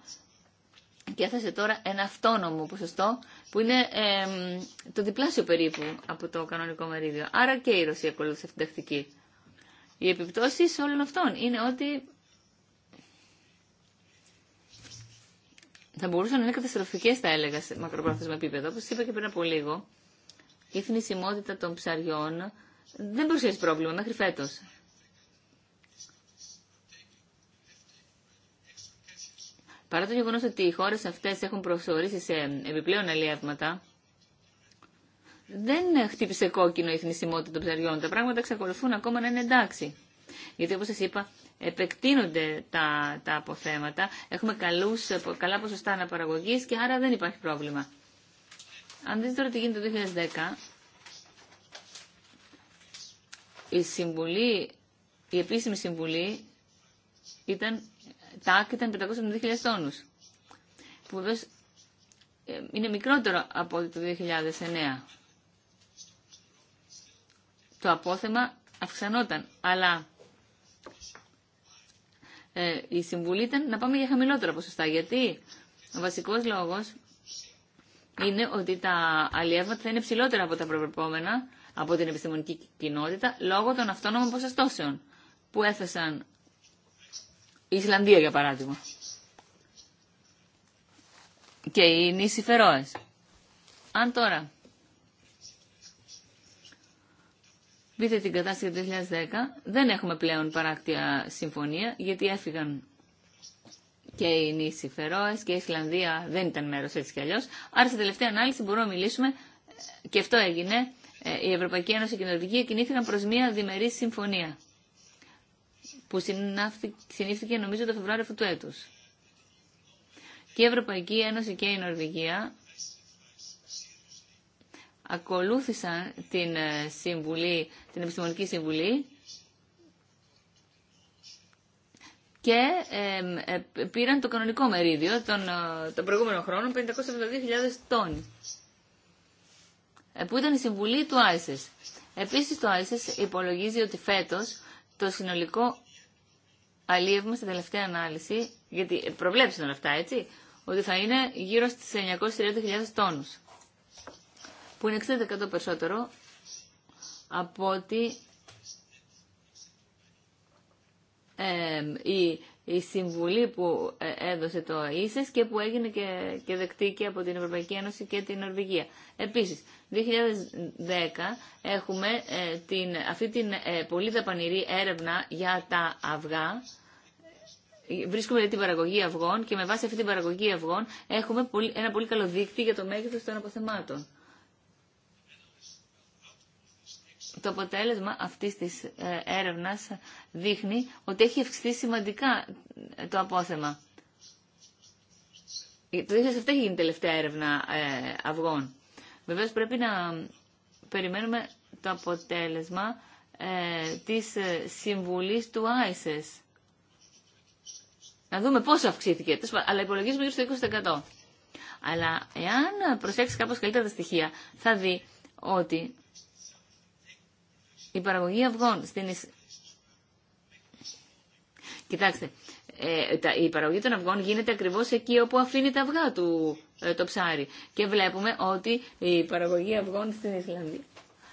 και έθεσε τώρα ένα αυτόνομο ποσοστό που είναι το διπλάσιο περίπου από το κανονικό μερίδιο. Άρα και η Ρωσία ακολούθησε αυτήν την τακτική. Οι επιπτώσεις όλων αυτών είναι ότι θα μπορούσαν να είναι καταστροφικέ θα έλεγα σε μακροπρόθεσμο επίπεδο. όπω είπα και πριν από λίγο, η θνησιμότητα των ψαριών δεν παρουσιάζει πρόβλημα μέχρι φέτο. Παρά το γεγονός ότι οι χώρες αυτές έχουν προσορίσει σε επιπλέον αλλιεύματα, δεν χτύπησε κόκκινο η θνησιμότητα των ψαριών. Τα πράγματα εξακολουθούν ακόμα να είναι εντάξει. Γιατί όπως σας είπα, επεκτείνονται τα, τα αποθέματα, έχουμε καλούς, καλά ποσοστά αναπαραγωγής και άρα δεν υπάρχει πρόβλημα. Αν δείτε τώρα τι γίνεται το 2010, η, συμβουλή, η επίσημη συμβουλή ήταν ΤΑΚ ήταν 572.000 τόνου. που δεν ε, είναι μικρότερο από το 2009. Το απόθεμα αυξανόταν, αλλά ε, η συμβουλή ήταν να πάμε για χαμηλότερα ποσοστά. Γιατί ο βασικός λόγος είναι ότι τα αλλιεύματα θα είναι ψηλότερα από τα προβλεπόμενα από την επιστημονική κοινότητα λόγω των αυτόνομων ποσοστώσεων που έθεσαν η Ισλανδία, για παράδειγμα. Και οι νήσοι Αν τώρα δείτε την κατάσταση του 2010, δεν έχουμε πλέον παράκτια συμφωνία, γιατί έφυγαν και οι νήσοι και η Ισλανδία δεν ήταν μέρος έτσι κι αλλιώς. Άρα στην τελευταία ανάλυση μπορούμε να μιλήσουμε, και αυτό έγινε, ε, η Ευρωπαϊκή Ένωση και η Νορβηγία κινήθηκαν προς μια διμερή συμφωνία που συνήφθηκε νομίζω το Φεβρουάριο αυτού του έτους. Και η Ευρωπαϊκή Ένωση και η Νορβηγία ακολούθησαν την, ε, συμβουλή, την επιστημονική συμβουλή και ε, πήραν το κανονικό μερίδιο των, των προηγούμενων χρόνων, 572.000 τόνοι, ε, που ήταν η συμβουλή του ISIS. Επίσης το ISIS υπολογίζει ότι φέτος το συνολικό αλλιεύουμε στην τελευταία ανάλυση, γιατί προβλέψουν όλα αυτά, έτσι, ότι θα είναι γύρω στις 930.000 τόνους, που είναι 60% περισσότερο από ότι η, η συμβουλή που ε, έδωσε το ΙΣΕΣ και που έγινε και, και δεκτή και από την Ευρωπαϊκή Ένωση και την Νορβηγία. Επίσης, 2010 έχουμε ε, την, αυτή την ε, πολύ δαπανηρή έρευνα για τα αυγά. Βρίσκουμε την παραγωγή αυγών και με βάση αυτή την παραγωγή αυγών έχουμε ένα πολύ καλό δίκτυο για το μέγεθος των αποθεμάτων. Το αποτέλεσμα αυτής της ε, έρευνας δείχνει ότι έχει αυξηθεί σημαντικά το απόθεμα. Το 2007 έχει γίνει τελευταία έρευνα αυγών. Βεβαίως πρέπει να περιμένουμε το αποτέλεσμα ε, της ε, συμβουλής του ΆΙΣΕΣ. Να δούμε πόσο αυξήθηκε, αλλά υπολογίζουμε γύρω στο 20%. Αλλά εάν προσέξει κάπως καλύτερα τα στοιχεία, θα δει ότι η παραγωγή αυγών στην Κοιτάξτε, ε, η παραγωγή των αυγών γίνεται ακριβώς εκεί όπου αφήνει τα αυγά του ε, το ψάρι. Και βλέπουμε ότι η παραγωγή αυγών στην Ισλανδία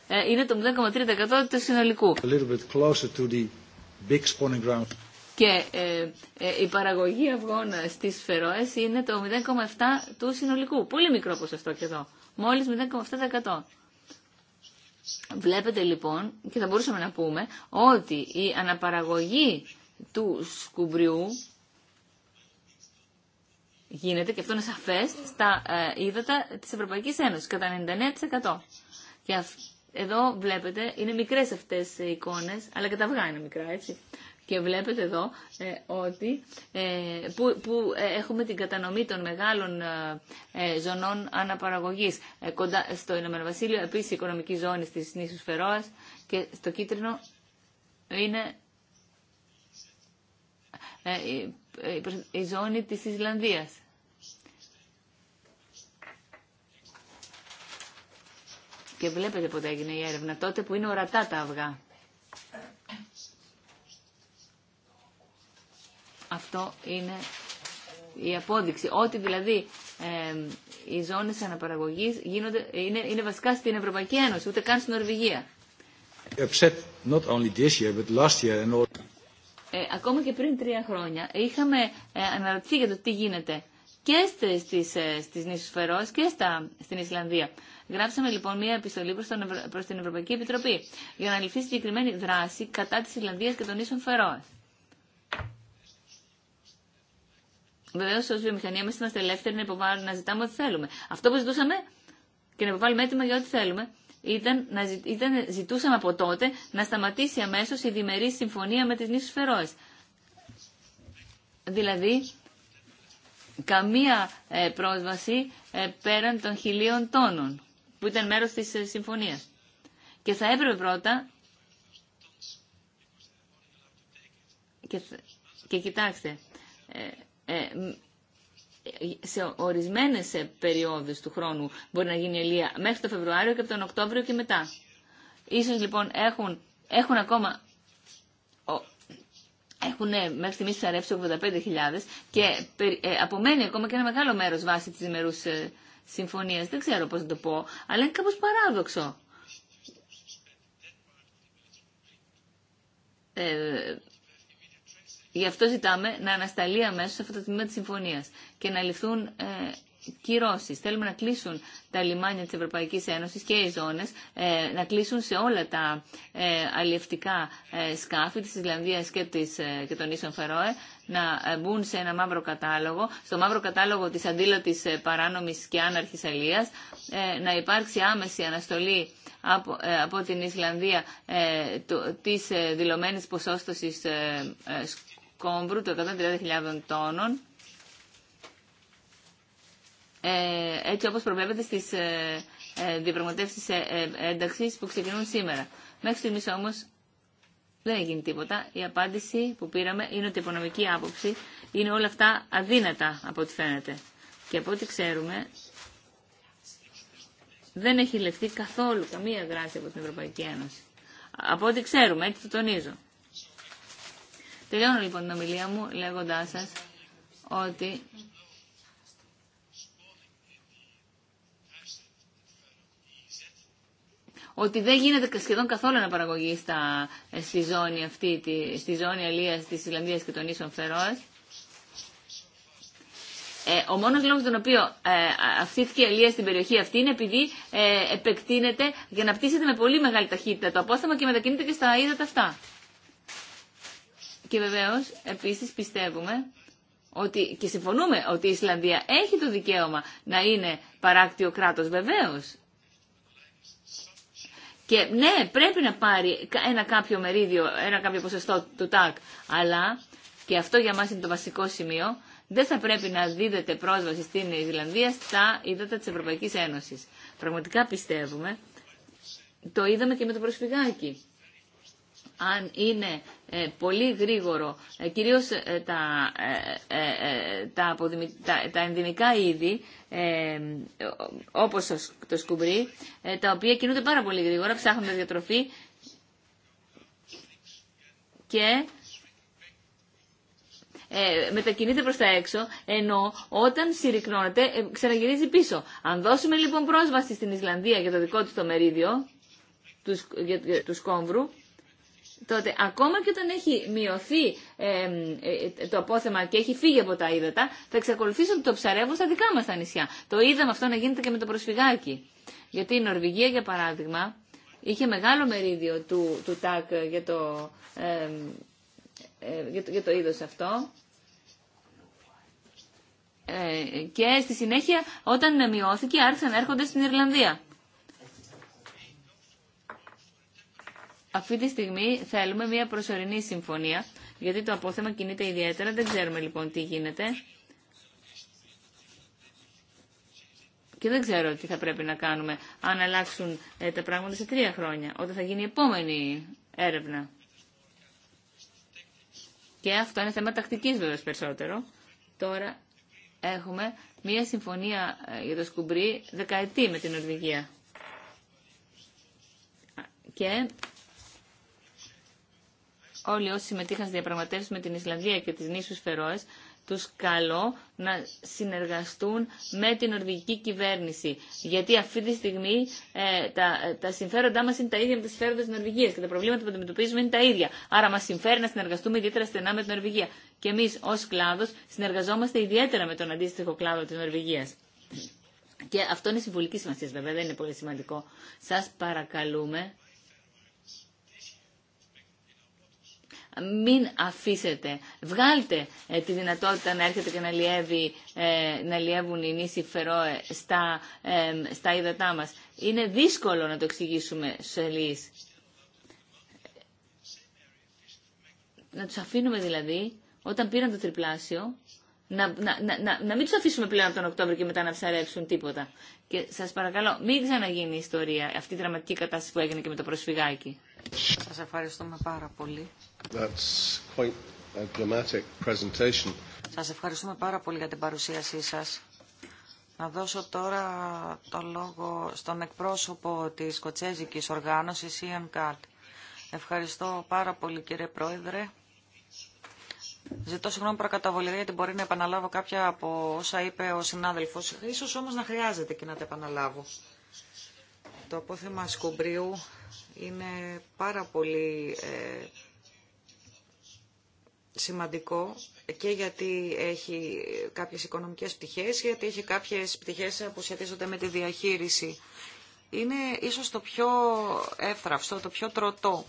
ε, είναι το 0,3% του συνολικού. Και η παραγωγή αυγών στις Φερόες είναι το 0,7% του συνολικού. Πολύ μικρό ποσοστό και εδώ. Μόλις 0,7%. Βλέπετε λοιπόν, και θα μπορούσαμε να πούμε, ότι η αναπαραγωγή του σκουμπριού γίνεται, και αυτό είναι σαφές, στα ε, ύδατα της Ευρωπαϊκής Ένωσης, κατά 99%. Και εδώ βλέπετε, είναι μικρές αυτές οι εικόνες, αλλά και τα αυγά είναι μικρά, έτσι. Και βλέπετε εδώ ε, ότι ε, που, που έχουμε την κατανομή των μεγάλων ζωνών αναπαραγωγής. κοντά στο Ηνωμένο Βασίλειο, επίσης η οικονομική ζώνη στις νήσους Φερόας και στο κίτρινο είναι ε, ε, η ζώνη της Ισλανδίας. Και βλέπετε πότε έγινε η έρευνα, τότε που είναι ορατά τα αυγά. Αυτό είναι η απόδειξη. Ότι δηλαδή ε, οι ζώνες αναπαραγωγής γίνονται, είναι, είναι βασικά στην Ευρωπαϊκή Ένωση, ούτε καν στην Νορβηγία. Not only this year, but last year and all... Ε, ακόμα και πριν τρία χρόνια, είχαμε ε, αναρωτηθεί για το τι γίνεται και στις, ε, στις νήσους Φερός και στα, στην Ισλανδία. Γράψαμε λοιπόν μία επιστολή προς, τον, προς την Ευρωπαϊκή Επιτροπή για να ληφθεί συγκεκριμένη δράση κατά της Ισλανδίας και των νήσων Φερός. Βεβαίω, ω βιομηχανία είμαστε ελεύθεροι να, υποβάλουμε, να ζητάμε ό,τι θέλουμε. Αυτό που ζητούσαμε και να υποβάλουμε έτοιμα για ό,τι θέλουμε ήταν, να, ζητούσαμε από τότε να σταματήσει αμέσως η διμερή συμφωνία με τις νήσους Δηλαδή, καμία ε, πρόσβαση ε, πέραν των χιλίων τόνων, που ήταν μέρος της ε, συμφωνίας. Και θα έπρεπε πρώτα... Και, και κοιτάξτε, σε ορισμένες περιόδους του χρόνου μπορεί να γίνει ελεία μέχρι το Φεβρουάριο και από τον Οκτώβριο και μετά. Ίσως λοιπόν έχουν, έχουν ακόμα έχουν ε, μέχρι στιγμής ψαρέψει 85.000 και ε, απομένει ακόμα και ένα μεγάλο μέρος βάσει της ημερούς ε, συμφωνίας. Δεν ξέρω πώς να το πω, αλλά είναι κάπως παράδοξο. Ε, Γι' αυτό ζητάμε να ανασταλεί αμέσω αυτό το τμήμα τη συμφωνία και να ληφθούν ε, κυρώσει. Θέλουμε να κλείσουν τα λιμάνια τη Ευρωπαϊκή Ένωση και οι ζώνε, ε, να κλείσουν σε όλα τα ε, ε σκάφη τη Ισλανδία και, ε, και των ίσων Φερόε να ε, μπουν σε ένα μαύρο κατάλογο, στο μαύρο κατάλογο της ε, παράνομη και άναρχης ε, να υπάρξει άμεση αναστολή από, από την Ισλανδία ε, το, της δηλωμένης ποσόστοσης κόμβρου των 130.000 τόνων, ε, έτσι όπως προβλέπεται στις ε, ε, διαπραγματεύσεις ένταξης που ξεκινούν σήμερα. Μέχρι στιγμής όμως δεν έγινε τίποτα. Η απάντηση που πήραμε είναι ότι η οικονομική άποψη είναι όλα αυτά αδύνατα από ό,τι φαίνεται. Και από ό,τι ξέρουμε δεν έχει λεφθεί καθόλου καμία δράση από την Ευρωπαϊκή Ένωση. Από ό,τι ξέρουμε, έτσι το τονίζω. Τελειώνω λοιπόν την ομιλία μου λέγοντάς σας ότι ότι δεν γίνεται σχεδόν καθόλου αναπαραγωγή στα, ε, στη ζώνη αυτή, τη, στη ζώνη αλίας της Ισλανδίας και των Ίσων Φερόες. Ε, ο μόνος λόγος τον οποίο ε, η αλία στην περιοχή αυτή είναι επειδή ε, επεκτείνεται για να πτήσεται με πολύ μεγάλη ταχύτητα το απόσταμα και μετακινείται και στα ύδατα αυτά. Και βεβαίως, επίσης πιστεύουμε ότι, και συμφωνούμε ότι η Ισλανδία έχει το δικαίωμα να είναι παράκτιο κράτος βεβαίως. Και ναι, πρέπει να πάρει ένα κάποιο μερίδιο, ένα κάποιο ποσοστό του ΤΑΚ, αλλά, και αυτό για μας είναι το βασικό σημείο, δεν θα πρέπει να δίδεται πρόσβαση στην Ισλανδία στα ύδατα της Ευρωπαϊκής Ένωσης. Πραγματικά πιστεύουμε, το είδαμε και με το προσφυγάκι, αν είναι ε, πολύ γρήγορο, ε, κυρίως ε, τα, τα, τα, τα ενδυμικά είδη, όπως το σκουμπρί, τα οποία κινούνται πάρα πολύ γρήγορα, ψάχνουν διατροφή και ε, μετακινείται προς τα έξω, ενώ όταν συρρυκνώνεται ξαναγυρίζει πίσω. Αν δώσουμε λοιπόν πρόσβαση στην Ισλανδία για το δικό του το μερίδιο του, του σκόμβρου, τότε ακόμα και όταν έχει μειωθεί ε, ε, ε, το απόθεμα και έχει φύγει από τα ύδατα, θα εξακολουθήσουν το ψαρεύουν στα δικά μας τα νησιά. Το είδαμε αυτό να γίνεται και με το προσφυγάκι. Γιατί η Νορβηγία, για παράδειγμα, είχε μεγάλο μερίδιο του, του ΤΑΚ για το, ε, για το, για το είδος αυτό. και στη συνέχεια, όταν μειώθηκε, άρχισαν να έρχονται στην Ιρλανδία. Αυτή τη στιγμή θέλουμε μια προσωρινή συμφωνία, γιατί το απόθεμα κινείται ιδιαίτερα. Δεν ξέρουμε λοιπόν τι γίνεται. Και δεν ξέρω τι θα πρέπει να κάνουμε αν αλλάξουν ε, τα πράγματα σε τρία χρόνια, όταν θα γίνει η επόμενη έρευνα. Και αυτό είναι θέμα τακτικής βέβαια περισσότερο. Τώρα έχουμε μια συμφωνία ε, για το σκουμπρί δεκαετή με την Ορβηγία. Και όλοι όσοι συμμετείχαν στι διαπραγματεύσει με την Ισλανδία και τι νήσου Φερόες, του καλώ να συνεργαστούν με την νορβηγική κυβέρνηση. Γιατί αυτή τη στιγμή ε, τα, τα συμφέροντά μα είναι τα ίδια με τα συμφέροντα τη Νορβηγία και τα προβλήματα που αντιμετωπίζουμε είναι τα ίδια. Άρα μα συμφέρει να συνεργαστούμε ιδιαίτερα στενά με την Νορβηγία. Και εμεί, ω κλάδο, συνεργαζόμαστε ιδιαίτερα με τον αντίστοιχο κλάδο τη Νορβηγία. Και αυτό είναι συμβολική σημασία βέβαια, δεν είναι πολύ σημαντικό. Σα παρακαλούμε μην αφήσετε, βγάλτε ε, τη δυνατότητα να έρχεται και να, λιεύει, ε, να λιεύουν οι νήσοι Φερόε στα, ε, στα ύδατά μας. Είναι δύσκολο να το εξηγήσουμε στους Να τους αφήνουμε δηλαδή, όταν πήραν το τριπλάσιο, να, να, να, να μην του αφήσουμε πλέον από τον Οκτώβριο και μετά να ψαρέψουν τίποτα. Και σα παρακαλώ, μην ξαναγίνει η ιστορία αυτή η δραματική κατάσταση που έγινε και με το προσφυγάκι. Σα ευχαριστούμε πάρα πολύ. That's quite presentation. Σας ευχαριστούμε πάρα πολύ για την παρουσίασή σας. Να δώσω τώρα το λόγο στον εκπρόσωπο της Σκοτσέζικης Οργάνωση. Ian Ευχαριστώ πάρα πολύ κύριε Πρόεδρε. Ζητώ συγγνώμη προκαταβολή γιατί μπορεί να επαναλάβω κάποια από όσα είπε ο συνάδελφο. Ίσως όμω να χρειάζεται και να τα επαναλάβω. Το απόθεμα σκουμπρίου είναι πάρα πολύ ε, σημαντικό και γιατί έχει κάποιες οικονομικές πτυχές, γιατί έχει κάποιες πτυχές που σχετίζονται με τη διαχείριση. Είναι ίσως το πιο εύθραυστο, το πιο τροτό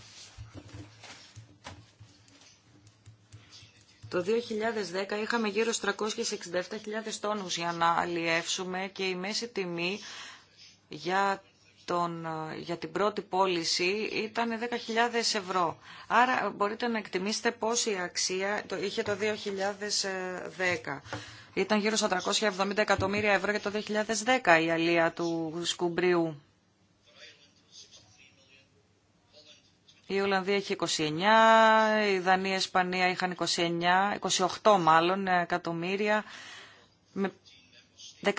Το 2010 είχαμε γύρω στους 367.000 τόνους για να αλλιεύσουμε και η μέση τιμή για, τον, για την πρώτη πώληση ήταν 10.000 ευρώ. Άρα μπορείτε να εκτιμήσετε πόση αξία είχε το 2010. Ήταν γύρω στα 370 εκατομμύρια ευρώ για το 2010 η αλία του σκουμπριού. Η Ολλανδία έχει 29, η Δανία, η Ισπανία είχαν 29, 28 μάλλον εκατομμύρια, με 14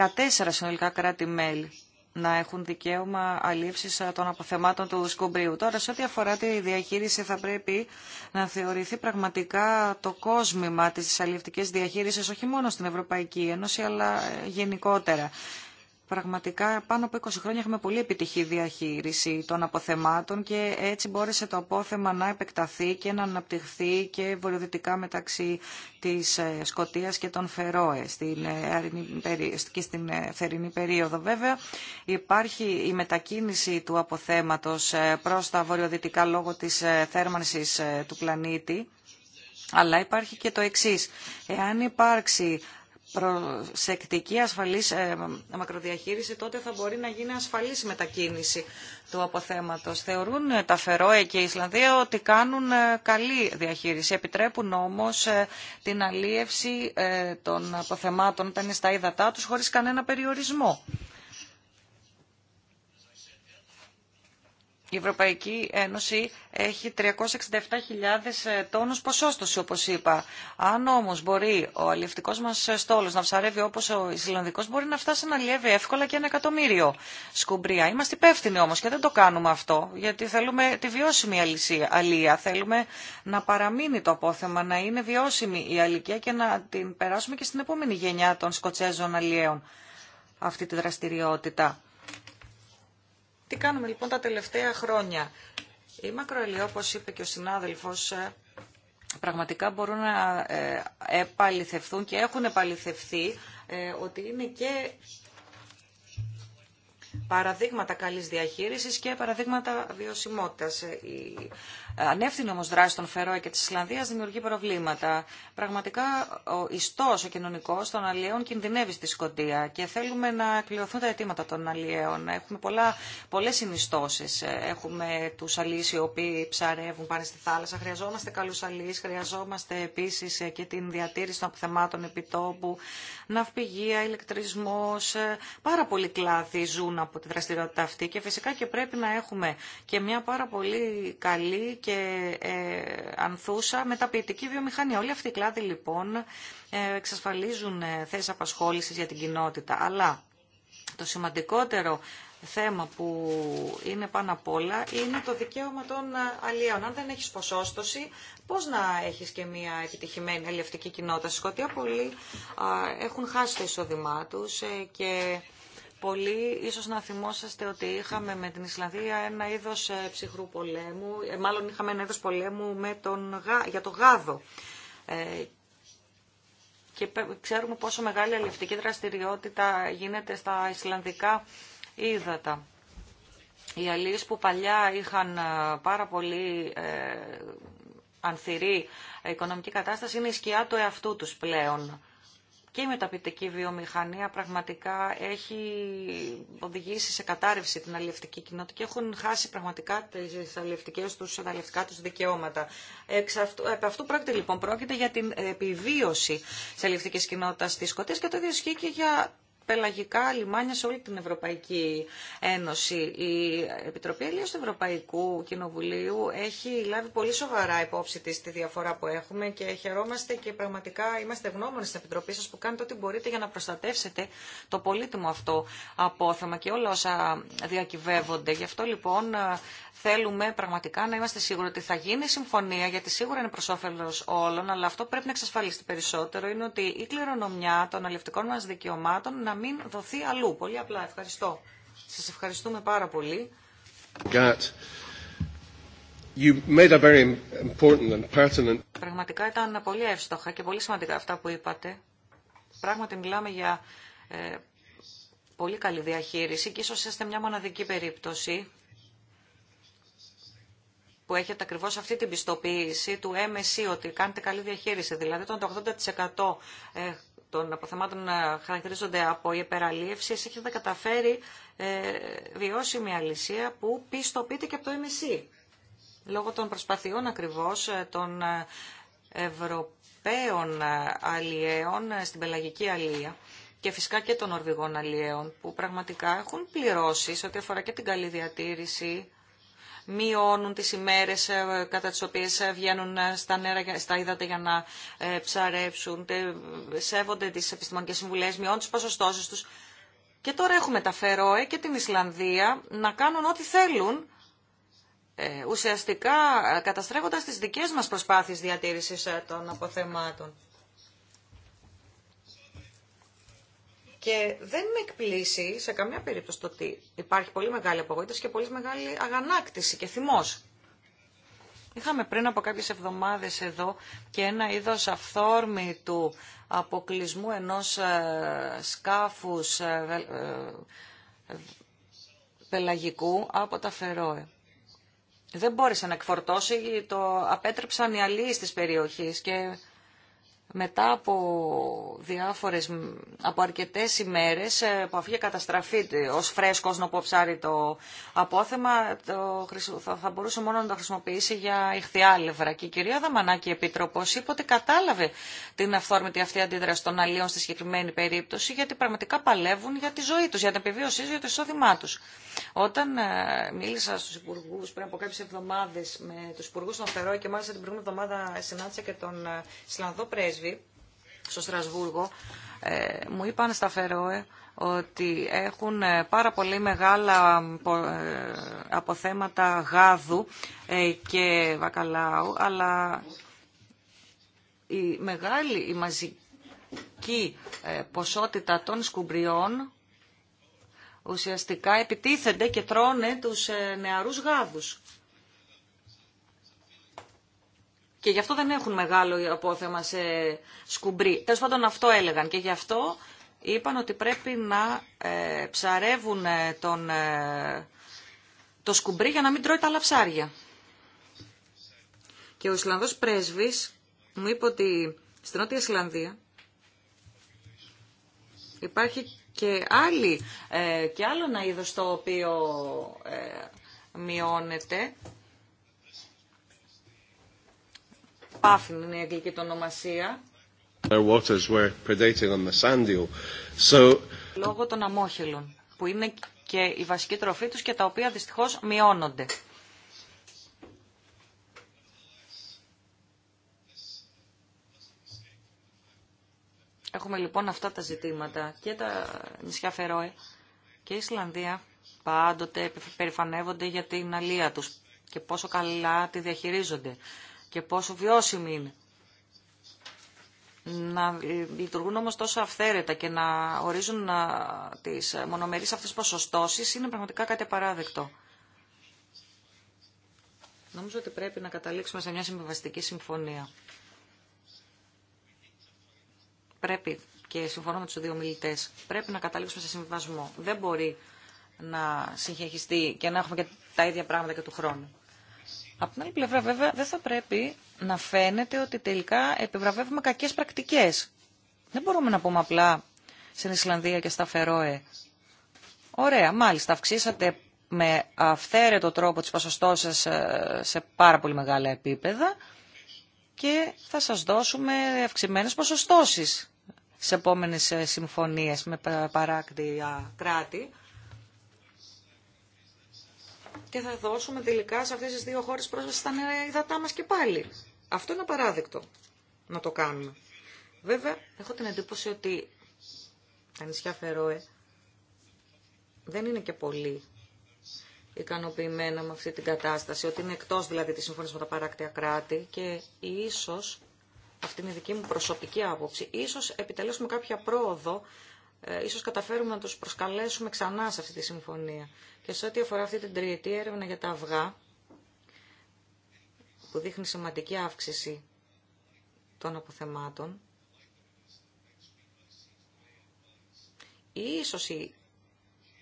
συνολικά κράτη-μέλη να έχουν δικαίωμα αλήψης των αποθεμάτων του σκουμπρίου. Τώρα, σε ό,τι αφορά τη διαχείριση, θα πρέπει να θεωρηθεί πραγματικά το κόσμημα της αληφτικής διαχείρισης, όχι μόνο στην Ευρωπαϊκή Ένωση, αλλά γενικότερα. Πραγματικά πάνω από 20 χρόνια έχουμε πολύ επιτυχή διαχείριση των αποθεμάτων και έτσι μπόρεσε το απόθεμα να επεκταθεί και να αναπτυχθεί και βορειοδυτικά μεταξύ της ε, Σκοτίας και των Φερόε στην, ε, και στην ε, θερινή περίοδο. Βέβαια υπάρχει η μετακίνηση του αποθέματος προς τα βορειοδυτικά λόγω της θέρμανσης του πλανήτη αλλά υπάρχει και το εξής. Εάν υπάρξει προσεκτική ασφαλής ε, μακροδιαχείριση, τότε θα μπορεί να γίνει ασφαλής μετακίνηση του αποθέματος. Θεωρούν ε, τα Φερόε και η Ισλανδία ότι κάνουν ε, καλή διαχείριση. Επιτρέπουν όμως την αλίευση των αποθεμάτων όταν είναι στα ύδατά τους χωρίς κανένα περιορισμό. Η Ευρωπαϊκή Ένωση έχει 367.000 ε, τόνους ποσόστοση, όπως είπα. Αν όμως μπορεί ο αλλιευτικός μας στόλος να ψαρεύει όπως ο Ισλανδικός, μπορεί να φτάσει να αλλιεύει εύκολα και ένα εκατομμύριο σκουμπρία. Είμαστε υπεύθυνοι όμως και δεν το κάνουμε αυτό, γιατί θέλουμε τη βιώσιμη αλία. Θέλουμε να παραμείνει το απόθεμα, να είναι βιώσιμη η αλληλεία και να την περάσουμε και στην επόμενη γενιά των Σκοτσέζων αλλιέων αυτή τη δραστηριότητα. Τι κάνουμε λοιπόν τα τελευταία χρόνια. Οι μακροελιό, όπως είπε και ο συνάδελφος, ε, πραγματικά μπορούν να ε, επαληθευθούν και έχουν επαληθευθεί ε, ότι είναι και παραδείγματα καλής διαχείρισης και παραδείγματα βιωσιμότητας. Η ανεύθυνη όμως δράση των Φερόε και της Ισλανδίας δημιουργεί προβλήματα. Πραγματικά ο ιστός, ο κοινωνικός των αλλιέων κινδυνεύει στη Σκοντία και θέλουμε να κληρωθούν τα αιτήματα των αλλιέων. Έχουμε πολλά, πολλές συνιστώσεις. Έχουμε τους αλλιείς οι οποίοι ψαρεύουν πάνε στη θάλασσα. Χρειαζόμαστε καλούς αλλιείς, χρειαζόμαστε επίσης και την διατήρηση των αποθεμάτων επιτόπου, ναυπηγεία, ηλεκτρισμός. Πάρα πολλοί κλάδοι ζουν από τη δραστηριότητα αυτή και φυσικά και πρέπει να έχουμε και μια πάρα πολύ καλή και ε, ανθούσα μεταποιητική βιομηχανία. Όλοι αυτοί οι κλάδοι λοιπόν ε, εξασφαλίζουν ε, θέσεις απασχόλησης για την κοινότητα. Αλλά το σημαντικότερο θέμα που είναι πάνω απ' όλα είναι το δικαίωμα των αλλιών. Αν δεν έχεις ποσόστοση, πώς να έχεις και μια επιτυχημένη αλλιευτική κοινότητα. Σκοτία πολλοί έχουν χάσει το εισόδημά τους και πολύ ίσως να θυμόσαστε ότι είχαμε με την Ισλανδία ένα είδος ε, ψυχρού πολέμου, ε, μάλλον είχαμε ένα είδος πολέμου με τον, για το γάδο. Ε, και ξέρουμε πόσο μεγάλη αλληλευτική δραστηριότητα γίνεται στα Ισλανδικά ύδατα. Οι αλληλείς που παλιά είχαν πάρα πολύ ανθυρή οικονομική κατάσταση είναι η σκιά του εαυτού τους πλέον και η μεταπητική βιομηχανία πραγματικά έχει οδηγήσει σε κατάρρευση την αλληλευτική κοινότητα και έχουν χάσει πραγματικά τις αλληλευτικές τους, τα αλληλευτικά τους δικαιώματα. Εξ αυτού, επ' αυτού πρόκειται λοιπόν, πρόκειται για την επιβίωση της αλληλευτικής κοινότητας της Σκοτίας και το ίδιο ισχύει και για πελαγικά λιμάνια σε όλη την Ευρωπαϊκή Ένωση. Η Επιτροπή Ελίας του Ευρωπαϊκού Κοινοβουλίου έχει λάβει πολύ σοβαρά υπόψη της τη διαφορά που έχουμε και χαιρόμαστε και πραγματικά είμαστε γνώμονες στην Επιτροπή σας που κάνετε ό,τι μπορείτε για να προστατεύσετε το πολύτιμο αυτό απόθεμα και όλα όσα διακυβεύονται. Γι' αυτό λοιπόν θέλουμε πραγματικά να είμαστε σίγουροι ότι θα γίνει συμφωνία, γιατί σίγουρα είναι προ όφελο όλων, αλλά αυτό πρέπει να εξασφαλιστεί περισσότερο είναι ότι η κληρονομιά των αλληλευτικών μα δικαιωμάτων να μην δοθεί αλλού. Πολύ απλά. Ευχαριστώ. Σας ευχαριστούμε πάρα πολύ. You made a very important and pertinent... Πραγματικά ήταν πολύ εύστοχα και πολύ σημαντικά αυτά που είπατε. Πράγματι μιλάμε για ε, πολύ καλή διαχείριση και ίσως είστε μια μοναδική περίπτωση που έχετε ακριβώς αυτή την πιστοποίηση του MSC ότι κάνετε καλή διαχείριση. Δηλαδή το 80% των αποθεμάτων να χαρακτηρίζονται από η επεραλίευση, εσείς έχετε καταφέρει ε, βιώσιμη αλυσία που πιστοποιείται και από το ΕΜΣΥ. E Λόγω των προσπαθειών ακριβώς ε, των ε, Ευρωπαίων αλιέων στην πελαγική αλία και φυσικά και των Ορβηγών αλιέων που πραγματικά έχουν πληρώσει σε ό,τι αφορά και την καλή διατήρηση μειώνουν τις ημέρες ε, κατά τις οποίες ε, βγαίνουν ε, στα νερά, στα ύδατα για να ψαρέψουν, σέβονται τις επιστημονικές συμβουλές, μειώνουν τις ποσοστώσεις τους. Και τώρα έχουμε τα Φερόε και την Ισλανδία να κάνουν ό,τι θέλουν, ουσιαστικά καταστρέφοντας τις δικές μας προσπάθειες διατήρησης των αποθεμάτων. Και δεν με εκπλήσει σε καμία περίπτωση το ότι υπάρχει πολύ μεγάλη απογοήτευση και πολύ μεγάλη αγανάκτηση και θυμός. Είχαμε πριν από κάποιες εβδομάδες εδώ και ένα είδος ε, του αποκλεισμού ενός ε, σκάφους ε, ε, πελαγικού από τα Φερόε. Δεν μπόρεσε να εκφορτώσει, το απέτρεψαν οι αλλοί τη περιοχή. και μετά από διάφορες, από αρκετές ημέρες ε, που αφήγε καταστραφεί ως φρέσκο, ως νοπόψάρι το απόθεμα, το, θα, μπορούσε μόνο να το χρησιμοποιήσει για ηχθιάλευρα. Και η κυρία Δαμανάκη, Επίτροπος, είπε ότι κατάλαβε την αυθόρμητη αυτή αντίδραση των αλλίων στη συγκεκριμένη περίπτωση, γιατί πραγματικά παλεύουν για τη ζωή τους, για την επιβίωσή τους, για το εισόδημά τους. Όταν ε, μίλησα στους υπουργού πριν από κάποιες εβδομάδες με τους Υπουργού των Φερό και μάλιστα την προηγούμενη εβδομάδα συνάντησα και τον ε, Ισλανδό πρέσβη, στο Στρασβούργο ε, μου είπαν στα Φερόε ότι έχουν ε, πάρα πολύ μεγάλα ε, αποθέματα γάδου και βακαλάου, αλλά η μεγάλη, η μαζική ποσότητα των σκουμπριών ουσιαστικά επιτίθενται και τρώνε τους νεαρούς γάδους. Και γι' αυτό δεν έχουν μεγάλο απόθεμα σε σκουμπρί. Τέλο πάντων αυτό έλεγαν και γι' αυτό είπαν ότι πρέπει να ε, ψαρεύουν ε, τον, ε, το σκουμπρί για να μην τρώει τα άλλα Και ο Ισλανδός πρέσβης μου είπε ότι στην Νότια Ισλανδία υπάρχει και, άλλη, και άλλο ένα είδος το οποίο μειώνεται Πάφιν είναι η αγγλική του ονομασία. Λόγω των αμόχελων, που είναι και η βασική τροφή τους και τα οποία δυστυχώς μειώνονται. Έχουμε λοιπόν αυτά τα ζητήματα και τα νησιά Φερόε και η Ισλανδία πάντοτε περηφανεύονται για την αλία τους και πόσο καλά τη διαχειρίζονται και πόσο βιώσιμη είναι. Να ε, λειτουργούν όμως τόσο αυθαίρετα και να ορίζουν τις μονομερείς αυτές ποσοστώσεις είναι πραγματικά κάτι απαράδεκτο. Νομίζω ότι πρέπει να καταλήξουμε σε μια συμβιβαστική συμφωνία. Πρέπει, και συμφωνώ με τους δύο μιλητές, πρέπει να καταλήξουμε σε συμβιβασμό. Δεν μπορεί να συγχεχιστεί και να έχουμε τα ίδια πράγματα και του χρόνου. Από την άλλη πλευρά βέβαια δεν θα πρέπει να φαίνεται ότι τελικά επιβραβεύουμε κακές πρακτικές. Δεν μπορούμε να πούμε απλά στην Ισλανδία και στα Φερόε. Ωραία, μάλιστα αυξήσατε με αυθαίρετο τρόπο τις ποσοστώσεις ε, σε πάρα πολύ μεγάλα επίπεδα και θα σας δώσουμε αυξημένες ποσοστώσεις σε επόμενες ε, συμφωνίες με παράκτη κράτη και θα δώσουμε τελικά σε αυτές τις δύο χώρες πρόσβαση στα νέα υδατά μας και πάλι. Αυτό είναι απαράδεκτο να το κάνουμε. Βέβαια, έχω την εντύπωση ότι τα νησιά Φερόε δεν είναι και πολύ ικανοποιημένα με αυτή την κατάσταση, ότι είναι εκτός δηλαδή της συμφωνίας με τα παράκτια κράτη και ίσως, αυτή είναι η δική μου προσωπική άποψη, ίσως επιτελέσουμε κάποια πρόοδο ε, ίσως καταφέρουμε να τους προσκαλέσουμε ξανά σε αυτή τη συμφωνία. Και σε ό,τι αφορά αυτή την τριετή έρευνα για τα αυγά, που δείχνει σημαντική αύξηση των αποθεμάτων, ίσως η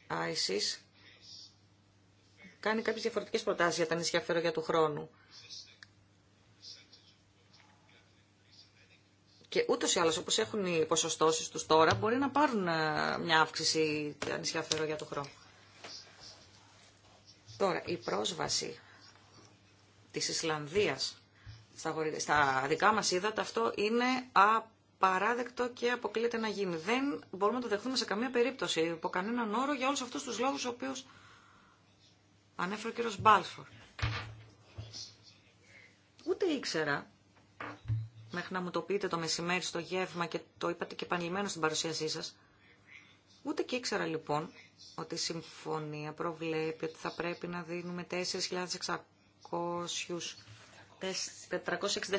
ISIS κάνει κάποιες διαφορετικές προτάσεις για τα νησιά φερογιά του χρόνου. Και ούτω ή άλλω, όπως έχουν οι ποσοστώσει του τώρα μπορεί να πάρουν ε, μια αύξηση αν ε, για το χρόνο. Τώρα η πρόσβαση τη Ισλανδία στα δικά μας ύδατα αυτό είναι απαράδεκτο και αποκλείεται να γίνει. Δεν μπορούμε να το δεχθούμε σε καμία περίπτωση υπό κανέναν όρο για όλου αυτού του λόγου ο οποίο ανέφερε ο κύριος Μπάλφορ. Ούτε ήξερα μέχρι να μου το πείτε το μεσημέρι στο γεύμα και το είπατε και επανειλημμένο στην παρουσίασή σας. Ούτε και ήξερα λοιπόν ότι η συμφωνία προβλέπει ότι θα πρέπει να δίνουμε 4.600 460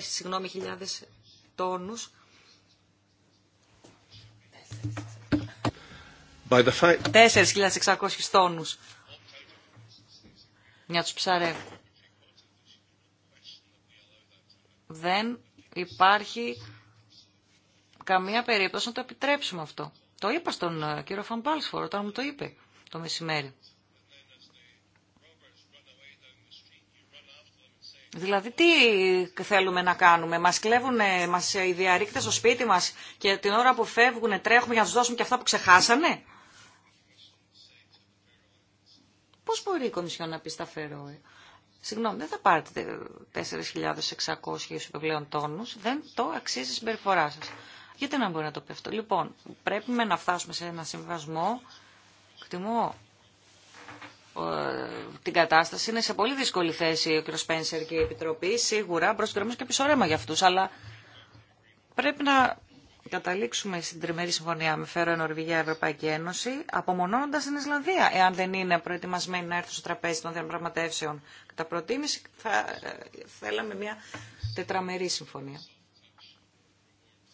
συγγνώμη, χιλιάδες τόνους By the fact... 4.600 τόνους μια τους ψαρεύω. Δεν υπάρχει καμία περίπτωση να το επιτρέψουμε αυτό. Το είπα στον ε, κύριο Φαμπάλσφορ όταν μου το είπε το μεσημέρι. Δηλαδή τι θέλουμε να κάνουμε, μας κλέβουν μας, ε, οι διαρρήκτες στο σπίτι μας και την ώρα που φεύγουν τρέχουμε για να τους δώσουμε και αυτά που ξεχάσανε. Πώς μπορεί η Κομισιόν να πει στα Φερόε Συγγνώμη, δεν θα πάρετε 4.600 επιπλέον τόνους, δεν το αξίζει η συμπεριφορά σας. Γιατί να μπορεί να το πει αυτό. Λοιπόν, πρέπει να φτάσουμε σε ένα συμβασμό. Κτιμώ ε, την κατάσταση. Είναι σε πολύ δύσκολη θέση ο κ. Σπένσερ και η Επιτροπή. Σίγουρα μπροστά και πισωρέμα για αυτούς. Αλλά πρέπει να καταλήξουμε στην τριμερή συμφωνία με Φέρο Νορβηγία Ευρωπαϊκή Ένωση, απομονώνοντα την Ισλανδία, εάν δεν είναι προετοιμασμένοι να έρθουν στο τραπέζι των διαπραγματεύσεων. Κατά προτίμηση, θα ε, θέλαμε μια τετραμερή συμφωνία.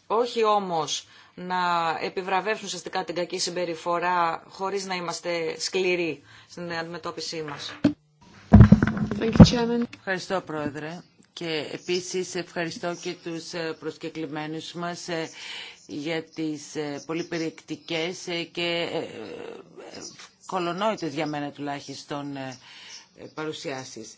Όχι όμως να επιβραβεύσουν ουσιαστικά την κακή συμπεριφορά χωρίς να είμαστε σκληροί στην αντιμετώπιση μα. Ευχαριστώ, Πρόεδρε. Και επίσης ευχαριστώ και τους ε, προσκεκλημένους μας ε, για τις ε, πολύ περιεκτικές και κολονόητες για μένα τουλάχιστον παρουσιάσεις.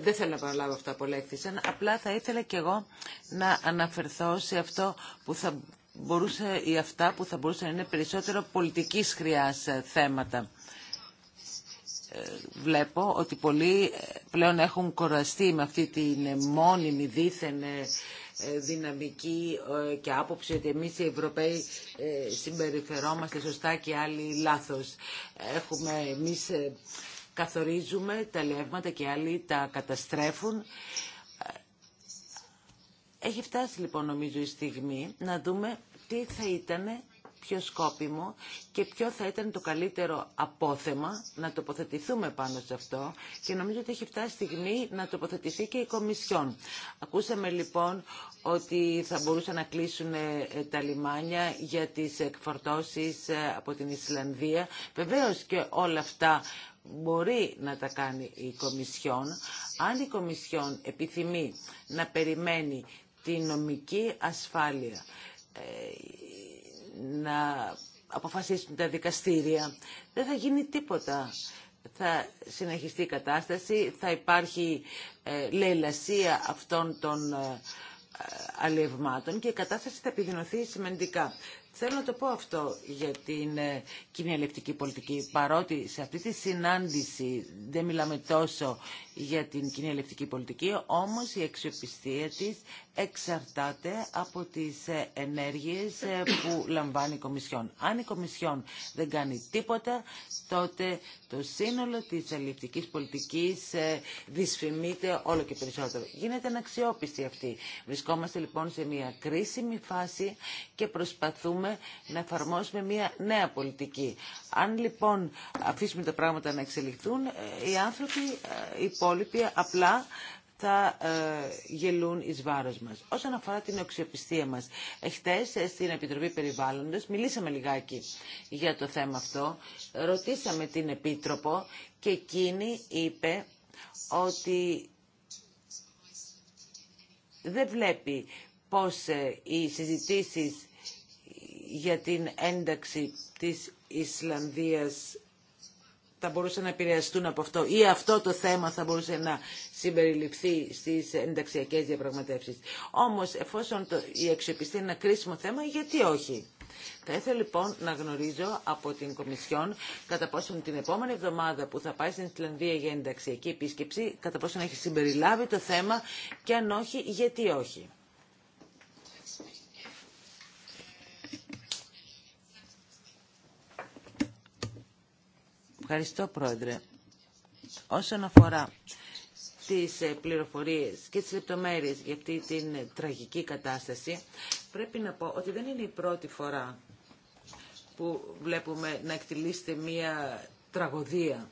Δεν θέλω να παραλάβω αυτά που λέχθησαν. απλά θα ήθελα και εγώ να αναφερθώ σε αυτό που θα μπορούσε ή αυτά που θα μπορούσαν να είναι περισσότερο πολιτικής χρειάς θέματα. Ε, βλέπω ότι πολλοί ε, πλέον έχουν κοραστεί με αυτή την μόνιμη δίθεν ε, δυναμική και άποψη ότι εμείς οι Ευρωπαίοι συμπεριφερόμαστε σωστά και άλλοι λάθος. Έχουμε εμείς καθορίζουμε τα λεύματα και άλλοι τα καταστρέφουν. Έχει φτάσει λοιπόν νομίζω η στιγμή να δούμε τι θα ήτανε πιο σκόπιμο και ποιο θα ήταν το καλύτερο απόθεμα να τοποθετηθούμε πάνω σε αυτό και νομίζω ότι έχει φτάσει στιγμή να τοποθετηθεί και η Κομισιόν. Ακούσαμε λοιπόν ότι θα μπορούσαν να κλείσουν ε, τα λιμάνια για τις εκφορτώσεις ε, από την Ισλανδία. Βεβαίως και όλα αυτά μπορεί να τα κάνει η Κομισιόν. Αν η Κομισιόν επιθυμεί να περιμένει τη νομική ασφάλεια ε, να αποφασίσουν τα δικαστήρια. Δεν θα γίνει τίποτα. Θα συνεχιστεί η κατάσταση, θα υπάρχει ε, λαιλασία αυτών των ε, ε και η κατάσταση θα επιδεινωθεί σημαντικά. Θέλω να το πω αυτό για την ε, κοινιαλευτική πολιτική. Παρότι σε αυτή τη συνάντηση δεν μιλάμε τόσο για την κοινιαλευτική πολιτική, όμως η αξιοπιστία της εξαρτάται από τις ε, ενέργειες ε, που λαμβάνει η Κομισιόν. Αν η Κομισιόν δεν κάνει τίποτα, τότε το σύνολο της αλληλευτικής πολιτικής δυσφημείται όλο και περισσότερο. Γίνεται αναξιόπιστη αυτή. Βρισκόμαστε λοιπόν σε μια κρίσιμη φάση και προσπαθούμε να εφαρμόσουμε μια νέα πολιτική. Αν λοιπόν αφήσουμε τα πράγματα να εξελιχθούν, ε, οι άνθρωποι, ε, οι υπόλοιποι απλά θα ε, γελούν εις βάρος μας. Όσον αφορά την οξιοπιστία μας, εχθές στην Επιτροπή Περιβάλλοντος μιλήσαμε λιγάκι για το θέμα αυτό, ρωτήσαμε την Επίτροπο και εκείνη είπε ότι δεν βλέπει πώς οι συζητήσεις για την ένταξη της Ισλανδίας θα μπορούσαν να επηρεαστούν από αυτό ή αυτό το θέμα θα μπορούσε να συμπεριληφθεί στις ενταξιακές διαπραγματεύσεις. Όμως, εφόσον το, η αξιοπιστία είναι ένα κρίσιμο θέμα, γιατί όχι. Θα ήθελα λοιπόν να γνωρίζω από την Κομισιόν κατά πόσον την επόμενη εβδομάδα που θα πάει στην Ισλανδία για ενταξιακή επίσκεψη, κατά πόσον έχει συμπεριλάβει το θέμα και αν όχι, γιατί όχι. Ευχαριστώ, Πρόεδρε. Όσον αφορά τις ε, πληροφορίες και τις λεπτομέρειες για αυτή την τραγική κατάσταση, πρέπει να πω ότι δεν είναι η πρώτη φορά που βλέπουμε να εκτελείστε μία τραγωδία.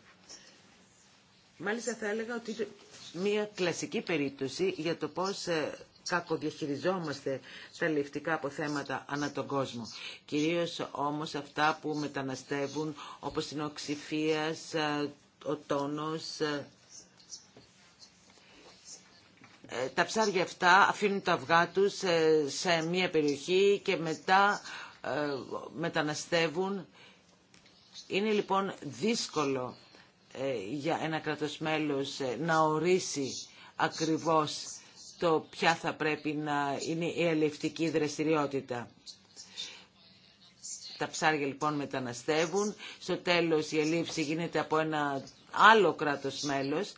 Μάλιστα θα έλεγα ότι είναι μία κλασική περίπτωση για το πώς ε, κακοδιαχειριζόμαστε τα ληφτικά αποθέματα ανά τον κόσμο. Κυρίως όμως αυτά που μεταναστεύουν όπως είναι ο ε, ο τόνος, ε, ε, τα ψάρια αυτά αφήνουν τα αυγά τους σε μία περιοχή και μετά μεταναστεύουν. Είναι λοιπόν δύσκολο για ένα κρατος μέλος να ορίσει ακριβώς το ποια θα πρέπει να είναι η ελευτική δραστηριότητα. Τα ψάρια λοιπόν μεταναστεύουν. Στο τέλος η ελήψη γίνεται από ένα άλλο κράτος μέλος.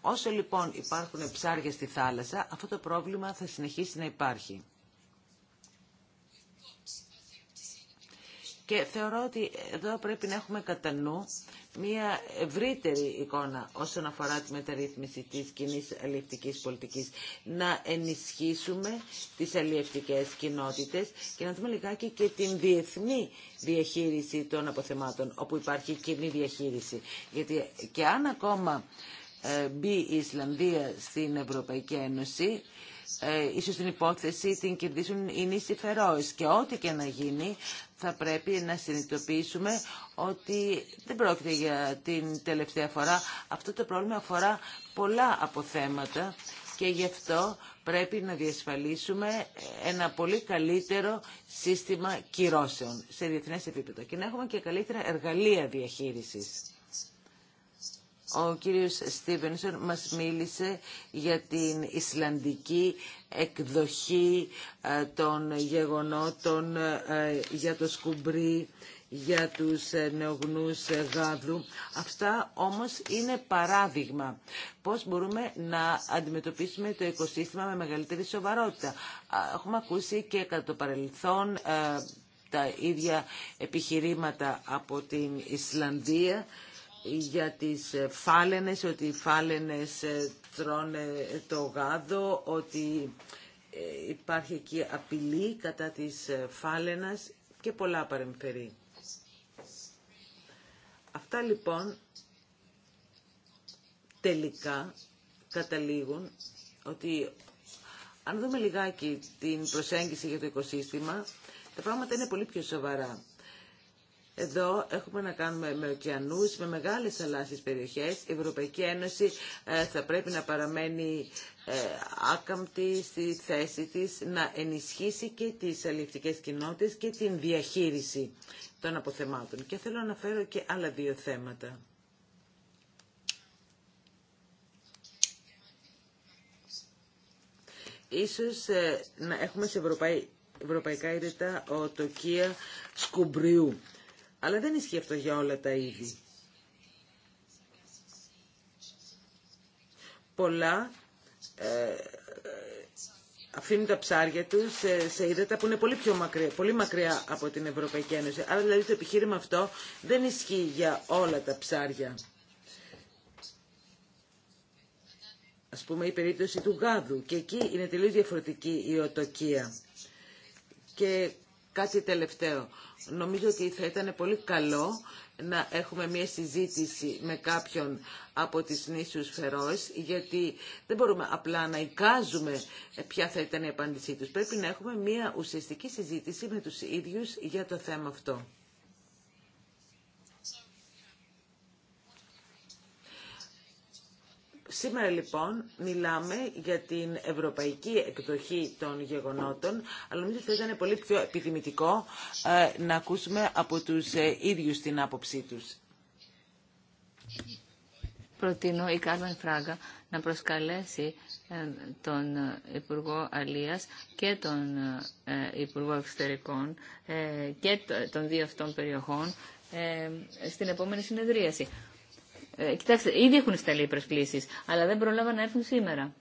Όσο λοιπόν υπάρχουν ψάρια στη θάλασσα, αυτό το πρόβλημα θα συνεχίσει να υπάρχει. Και θεωρώ ότι εδώ πρέπει να έχουμε κατά νου μια ευρύτερη εικόνα όσον αφορά τη μεταρρύθμιση της κοινή αλληλευτικής πολιτικής. Να ενισχύσουμε τις αλληλευτικές κοινότητες και να δούμε λιγάκι και την διεθνή διαχείριση των αποθεμάτων, όπου υπάρχει κοινή διαχείριση. Γιατί και αν ακόμα ε, μπει η Ισλανδία στην Ευρωπαϊκή Ένωση, ε, ίσως την υπόθεση την κερδίσουν οι νήσοι Φερόες. Και ό,τι και να γίνει θα πρέπει να συνειδητοποιήσουμε ότι δεν πρόκειται για την τελευταία φορά. Αυτό το πρόβλημα αφορά πολλά αποθέματα και γι' αυτό πρέπει να διασφαλίσουμε ένα πολύ καλύτερο σύστημα κυρώσεων σε διεθνές επίπεδο και να έχουμε και καλύτερα εργαλεία διαχείρισης. Ο κύριος Στίβενσον μας μίλησε για την Ισλανδική εκδοχή ε, των γεγονότων ε, για το σκουμπρί, για τους ε, νεογνούς γάδου. Αυτά όμως είναι παράδειγμα. Πώς μπορούμε να αντιμετωπίσουμε το οικοσύστημα με μεγαλύτερη σοβαρότητα. Έχουμε ακούσει και κατά το παρελθόν τα ίδια επιχειρήματα από την Ισλανδία για τις ε, φάλαινες, ότι οι φάλαινες ε, τρώνε το γάδο, ότι ε, υπάρχει εκεί απειλή κατά της φάλαινας και πολλά παρεμφερή. Αυτά λοιπόν τελικά καταλήγουν ότι αν δούμε λιγάκι την προσέγγιση για το οικοσύστημα, τα πράγματα είναι πολύ πιο σοβαρά. Εδώ έχουμε να κάνουμε με ωκεανούς, με μεγάλες θαλάσσιες περιοχές. Η Ευρωπαϊκή Ένωση ε, θα πρέπει να παραμένει ε, άκαμπτη στη θέση της, να ενισχύσει και τις αλληλευτικές κοινότητες και την διαχείριση των αποθεμάτων. Και θέλω να αναφέρω και άλλα δύο θέματα. Ίσως ε, να έχουμε σε ευρωπαϊκά ήρετα τοκια σκουμπριού. Αλλά δεν ισχύει αυτό για όλα τα είδη. Πολλά ε, ε αφήνουν τα ψάρια τους σε, σε που είναι πολύ, πιο μακριά, πολύ μακριά από την Ευρωπαϊκή Ένωση. Άρα δηλαδή το επιχείρημα αυτό δεν ισχύει για όλα τα ψάρια. Ας πούμε η περίπτωση του γάδου και εκεί είναι τελείως διαφορετική η οτοκία. Και κάτι τελευταίο. Νομίζω ότι θα ήταν πολύ καλό να έχουμε μια συζήτηση με κάποιον από τις νήσιους Φερόες, γιατί δεν μπορούμε απλά να εικάζουμε ποια θα ήταν η απάντησή τους. Πρέπει να έχουμε μια ουσιαστική συζήτηση με τους ίδιους για το θέμα αυτό. Σήμερα λοιπόν μιλάμε για την ευρωπαϊκή εκδοχή των γεγονότων, αλλά νομίζω ότι θα ήταν πολύ πιο επιδημητικό ε, να ακούσουμε από τους ε, ίδιους την άποψή τους. Προτείνω η Κάρμεν Φράγκα να προσκαλέσει ε, τον Υπουργό Αλίας και τον Υπουργό Εξωτερικών και των δύο αυτών περιοχών στην επόμενη συνεδρίαση. Ε, κοιτάξτε, ήδη έχουν σταλεί προσκλήσει, αλλά δεν προλάβα να έρθουν σήμερα.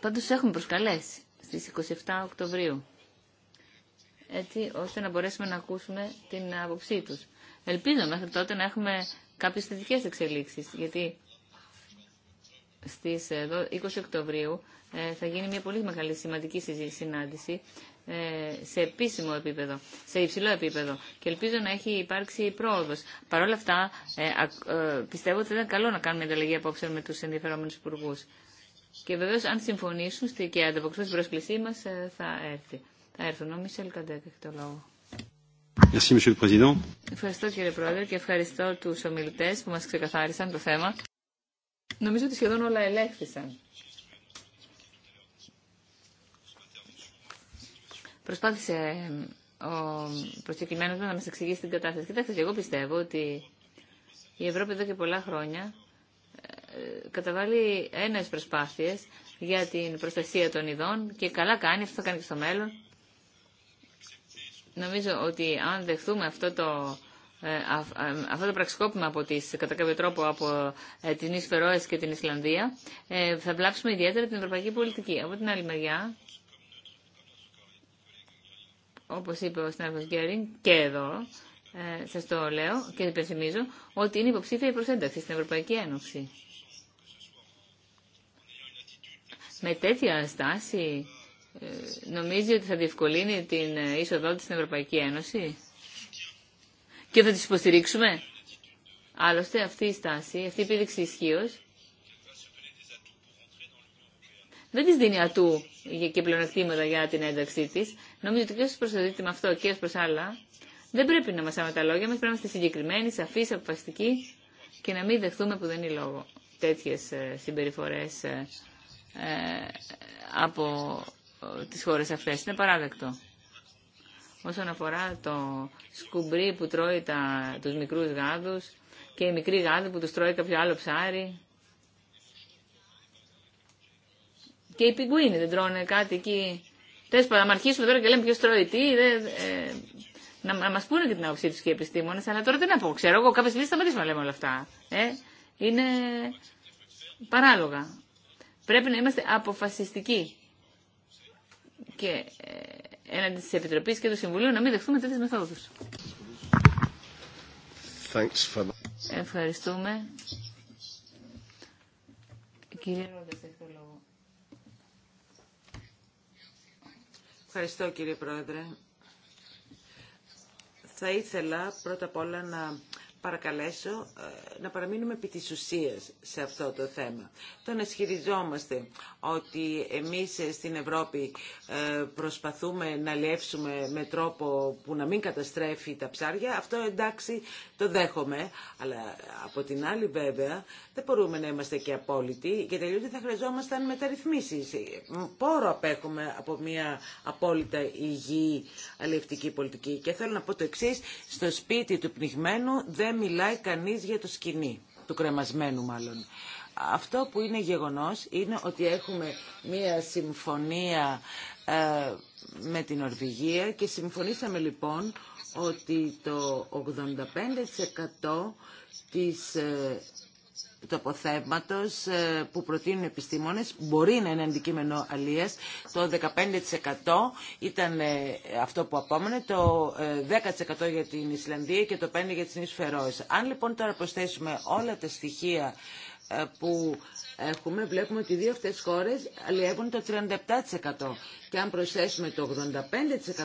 Πάντως έχουμε προσκαλέσει στις 27 Οκτωβρίου, έτσι ώστε να μπορέσουμε να ακούσουμε την άποψή του. Ελπίζω μέχρι τότε να έχουμε κάποιες θετικέ εξελίξεις, γιατί στις 20 ε, Οκτωβρίου ε, θα γίνει μια πολύ μεγάλη σημαντική συνάντηση ε, σε επίσημο επίπεδο, σε υψηλό επίπεδο και ελπίζω να έχει υπάρξει πρόοδο. Παρ' όλα αυτά, ε, ε, πιστεύω ότι ήταν καλό να κάνουμε ανταλλαγή απόψεων με του ενδιαφερόμενου υπουργού. Και βεβαίω, αν συμφωνήσουν και ανταποκριθούν στην πρόσκλησή μα, θα έρθει. Θα έρθουν. Ο Μισελ Καντέκ έχει το λόγο. Ευχαριστώ κύριε Πρόεδρε και ευχαριστώ του ομιλητέ που μα ξεκαθάρισαν το θέμα. Νομίζω ότι σχεδόν όλα ελέγχθησαν Προσπάθησε ο προσεκλημένος μου να μας εξηγήσει την κατάσταση. Κοιτάξτε, εγώ πιστεύω ότι η Ευρώπη εδώ και πολλά χρόνια ε, καταβάλει έννοιες προσπάθειες για την προστασία των ειδών και καλά κάνει, αυτό θα κάνει και στο μέλλον. Νομίζω ότι αν δεχθούμε αυτό το, ε, ε, αυτό το πραξικόπημα από τις, κατά κάποιο τρόπο από ε, τις και την Ισλανδία, θα βλάψουμε ιδιαίτερα την ευρωπαϊκή πολιτική. Από την άλλη μεριά, όπως είπε ο συνάδελφος Γκέρινγκ και εδώ, ε, σας το λέω και υπενθυμίζω, ότι είναι υποψήφια η προσένταξη στην Ευρωπαϊκή Ένωση. Με τέτοια στάση ε, νομίζει ότι θα διευκολύνει την ε, είσοδό της στην Ευρωπαϊκή Ένωση και θα τις υποστηρίξουμε. Άλλωστε αυτή η στάση, αυτή η επίδειξη ισχύω δεν της δίνει ατού και πλεονεκτήματα για την ένταξή της. Νομίζω ότι και όσου προσδοτήτη με αυτό και ω προ άλλα, δεν πρέπει να μας τα λόγια μα. Πρέπει να είμαστε συγκεκριμένοι, σαφεί, αποφασιστικοί και να μην δεχθούμε που δεν είναι λόγο τέτοιε συμπεριφορέ ε, ε, από ε, τι χώρε αυτέ. Είναι παράδεκτο. Όσον αφορά το σκουμπρί που τρώει τα, τους μικρούς γάδους και οι μικροί γάδοι που τους τρώει κάποιο άλλο ψάρι. Και οι πιγκουίνοι δεν τρώνε κάτι εκεί Τέλο πάντων, να αρχίσουμε τώρα και λέμε ποιο τρώει τι, ε, να, να μα πούνε και την άποψή του και οι επιστήμονε, αλλά τώρα δεν να πω. Ξέρω εγώ, κάποια στιγμή σταματήσουμε να λέμε όλα αυτά. Ε. είναι παράλογα. Πρέπει να είμαστε αποφασιστικοί. Και ε, έναντι τη Επιτροπή και του Συμβουλίου να μην δεχθούμε τέτοιε μεθόδου. Ευχαριστούμε. Κύριε λόγο. Ευχαριστώ κύριε Πρόεδρε. Θα ήθελα πρώτα απ' όλα να παρακαλέσω ε, να παραμείνουμε επί της ουσίας σε αυτό το θέμα. Το να σχηριζόμαστε ότι εμείς ε, στην Ευρώπη ε, προσπαθούμε να λιεύσουμε με τρόπο που να μην καταστρέφει τα ψάρια, αυτό εντάξει το δέχομαι, αλλά από την άλλη βέβαια δεν μπορούμε να είμαστε και απόλυτοι και τελείως θα χρειαζόμασταν μεταρρυθμίσεις. Πόρο απέχουμε από μια απόλυτα υγιή αλληλευτική πολιτική. Και θέλω να πω το στο σπίτι του πνιγμένου δεν δεν μιλάει κανείς για το σκηνή, του κρεμασμένου μάλλον. Αυτό που είναι γεγονός είναι ότι έχουμε μία συμφωνία ε, με την Ορβηγία και συμφωνήσαμε λοιπόν ότι το 85% της ε, του αποθέματο ε, που προτείνουν επιστήμονες μπορεί να είναι αντικείμενο αλίας. Το 15% ήταν ε, αυτό που απόμενε, το 10% ε, για την Ισλανδία και το 5% για τις νησφαιρόες. Αν λοιπόν τώρα προσθέσουμε όλα τα στοιχεία που έχουμε, βλέπουμε ότι οι δύο αυτές χώρες αλλιεύουν το 37%. Και αν προσθέσουμε το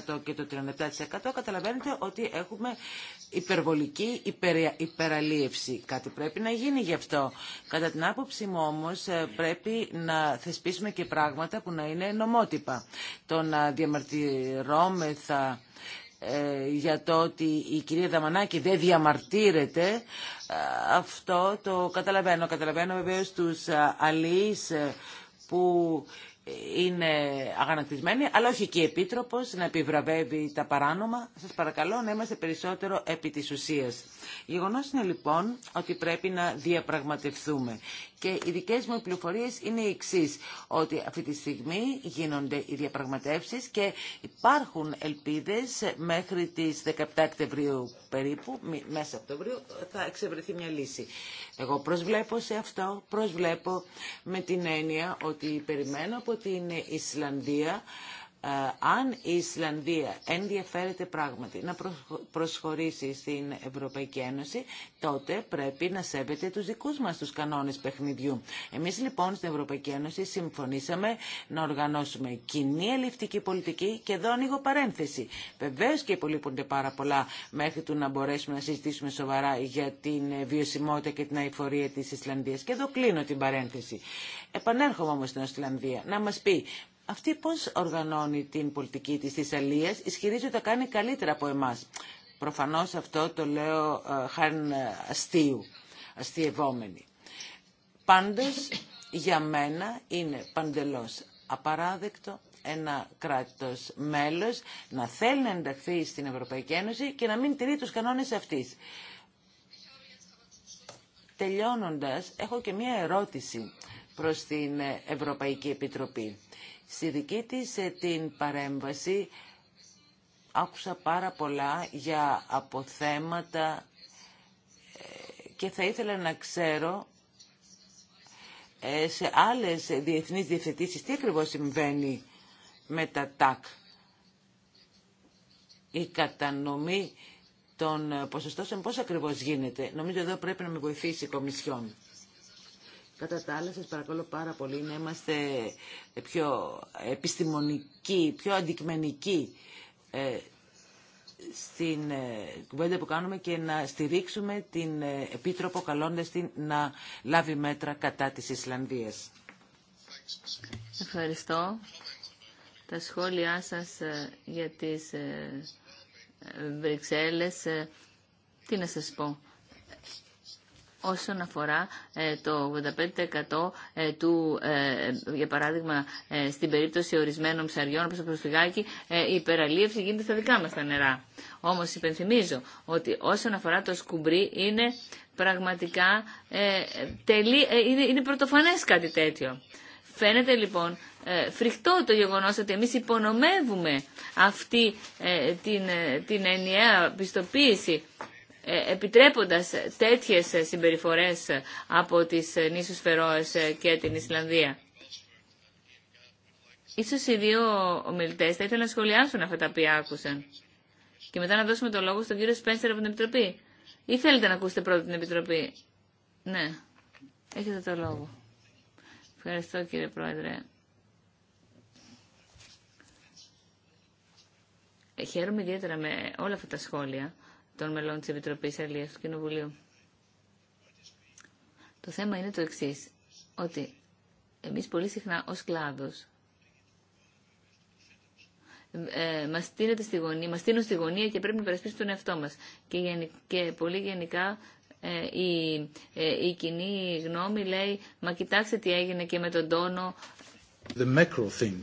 85% και το 37% καταλαβαίνετε ότι έχουμε υπερβολική υπερ, υπεραλίευση. Κάτι πρέπει να γίνει γι' αυτό. Κατά την άποψή μου όμως ε, πρέπει να θεσπίσουμε και πράγματα που να είναι νομότυπα. Το να διαμαρτυρώμεθα. Ε, για το ότι η κυρία Δαμανάκη δεν διαμαρτύρεται, ε, αυτό το καταλαβαίνω. Καταλαβαίνω βεβαίως τους ε, αλληλείς που είναι αγανακτισμένοι, αλλά όχι και η Επίτροπος να επιβραβεύει τα παράνομα. Σας παρακαλώ να είμαστε περισσότερο επί της ουσίας. Γεγονός είναι λοιπόν ότι πρέπει να διαπραγματευτούμε και οι δικές μου πληροφορίες είναι οι εξή ότι αυτή τη στιγμή γίνονται οι διαπραγματεύσεις και υπάρχουν ελπίδες μέχρι τις 17 Οκτωβρίου περίπου, μέσα Οκτωβρίου, θα εξευρεθεί μια λύση. Εγώ προσβλέπω σε αυτό, προσβλέπω με την έννοια ότι περιμένω από την Ισλανδία ε, αν η Ισλανδία ενδιαφέρεται πράγματι να προσχωρήσει στην Ευρωπαϊκή Ένωση, τότε πρέπει να σέβεται τους δικούς μας τους κανόνες παιχνιδιού. Εμείς λοιπόν στην Ευρωπαϊκή Ένωση συμφωνήσαμε να οργανώσουμε κοινή ελληνική πολιτική και εδώ ανοίγω παρένθεση. Βεβαίως και υπολείπονται πάρα πολλά μέχρι του να μπορέσουμε να συζητήσουμε σοβαρά για την βιωσιμότητα και την αηφορία της Ισλανδίας. Και εδώ κλείνω την παρένθεση. Επανέρχομαι όμως στην Ισλανδία να μας πει αυτή πώς οργανώνει την πολιτική της τη ισχυρίζει ότι τα κάνει καλύτερα από εμάς. Προφανώς αυτό το λέω ε, χάρη ε, αστείου, αστείευόμενη. Πάντως, για μένα είναι παντελώς απαράδεκτο ένα κράτος μέλος να θέλει να ενταχθεί στην Ευρωπαϊκή Ένωση και να μην τηρεί τους κανόνες αυτής. Τελειώνοντας, έχω και μία ερώτηση προς την Ευρωπαϊκή Επιτροπή. Στη δική της ε, την παρέμβαση άκουσα πάρα πολλά για αποθέματα ε, και θα ήθελα να ξέρω ε, σε άλλες διεθνείς διευθετήσεις τι ακριβώς συμβαίνει με τα ΤΑΚ. Η κατανομή των ποσοστώσεων πώς ακριβώς γίνεται. Νομίζω εδώ πρέπει να με βοηθήσει η Κομισιόν. Κατά τα άλλα, σας παρακαλώ πάρα πολύ να είμαστε πιο επιστημονικοί, πιο αντικειμενικοί ε, στην ε, κουβέντα που κάνουμε και να στηρίξουμε την ε, Επίτροπο καλώντας την να λάβει μέτρα κατά της Ισλανδίας. Ευχαριστώ. Τα σχόλιά σας για τις Βρυξέλλες, τι να σας πω όσον αφορά ε, το 85% ε, του, ε, για παράδειγμα, στην περίπτωση ορισμένων ψαριών, όπως το προσφυγάκι, η υπεραλίευση γίνεται στα δικά μας τα νερά. Όμως υπενθυμίζω ότι όσον αφορά το σκουμπρί είναι πραγματικά τελεί, είναι, είναι πρωτοφανές κάτι τέτοιο. Φαίνεται λοιπόν φρικτό το γεγονός ότι εμείς υπονομεύουμε αυτή την, την ενιαία πιστοποίηση ε, επιτρέποντας τέτοιες συμπεριφορές από τις νήσους Φερόες και την Ισλανδία. Ίσως οι δύο ομιλητές θα ήθελαν να σχολιάσουν αυτά τα οποία άκουσαν. Και μετά να δώσουμε το λόγο στον κύριο Σπένσερ από την Επιτροπή. Ή θέλετε να ακούσετε πρώτα την Επιτροπή. Ναι, έχετε το λόγο. Ευχαριστώ κύριε Πρόεδρε. Ε, χαίρομαι ιδιαίτερα με όλα αυτά τα σχόλια των μελών της Επιτροπής Αλίας του Κοινοβουλίου. Το θέμα είναι το εξής, ότι εμείς πολύ συχνά ως κλάδος ε, μας, στη γωνία, μας στη γωνία και πρέπει να υπερασπίσουμε τον εαυτό μας. Και, και πολύ γενικά ε, η, ε, η κοινή γνώμη λέει «Μα κοιτάξτε τι έγινε και με τον τόνο The macro thing.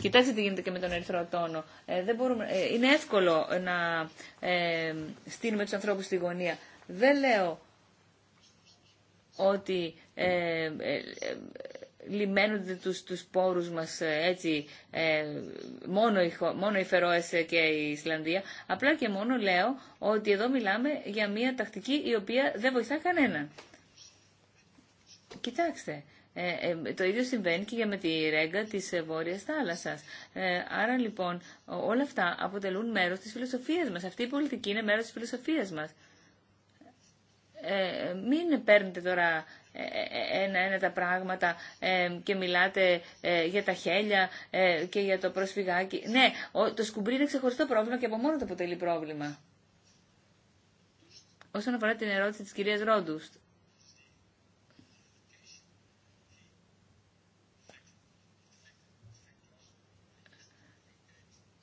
Κοιτάξτε τι γίνεται και με τον ερυθρό τόνο. Ε, δεν μπορούμε, ε, είναι εύκολο να ε, στείλουμε τους ανθρώπους στη γωνία. Δεν λέω ότι ε, ε λιμένονται τους, τους πόρους μας έτσι μόνο, οι, μόνο Φερόες και η Ισλανδία. Απλά και μόνο λέω ότι εδώ μιλάμε για μια τακτική η οποία δεν βοηθά κανέναν. Κοιτάξτε, ε, ε, το ίδιο συμβαίνει και για με τη ρέγγα της ε, Βόρειας Θάλασσας. άρα λοιπόν όλα αυτά αποτελούν μέρος της φιλοσοφίας μας. Αυτή η πολιτική είναι μέρος της φιλοσοφίας μας. Ε, μην παίρνετε τώρα ένα-ένα τα πράγματα ε, και μιλάτε για τα χέλια και για το προσφυγάκι. Ναι, το σκουμπρί είναι ξεχωριστό πρόβλημα και από μόνο το αποτελεί πρόβλημα. Όσον αφορά την ερώτηση της κυρίας Ρόντουστ,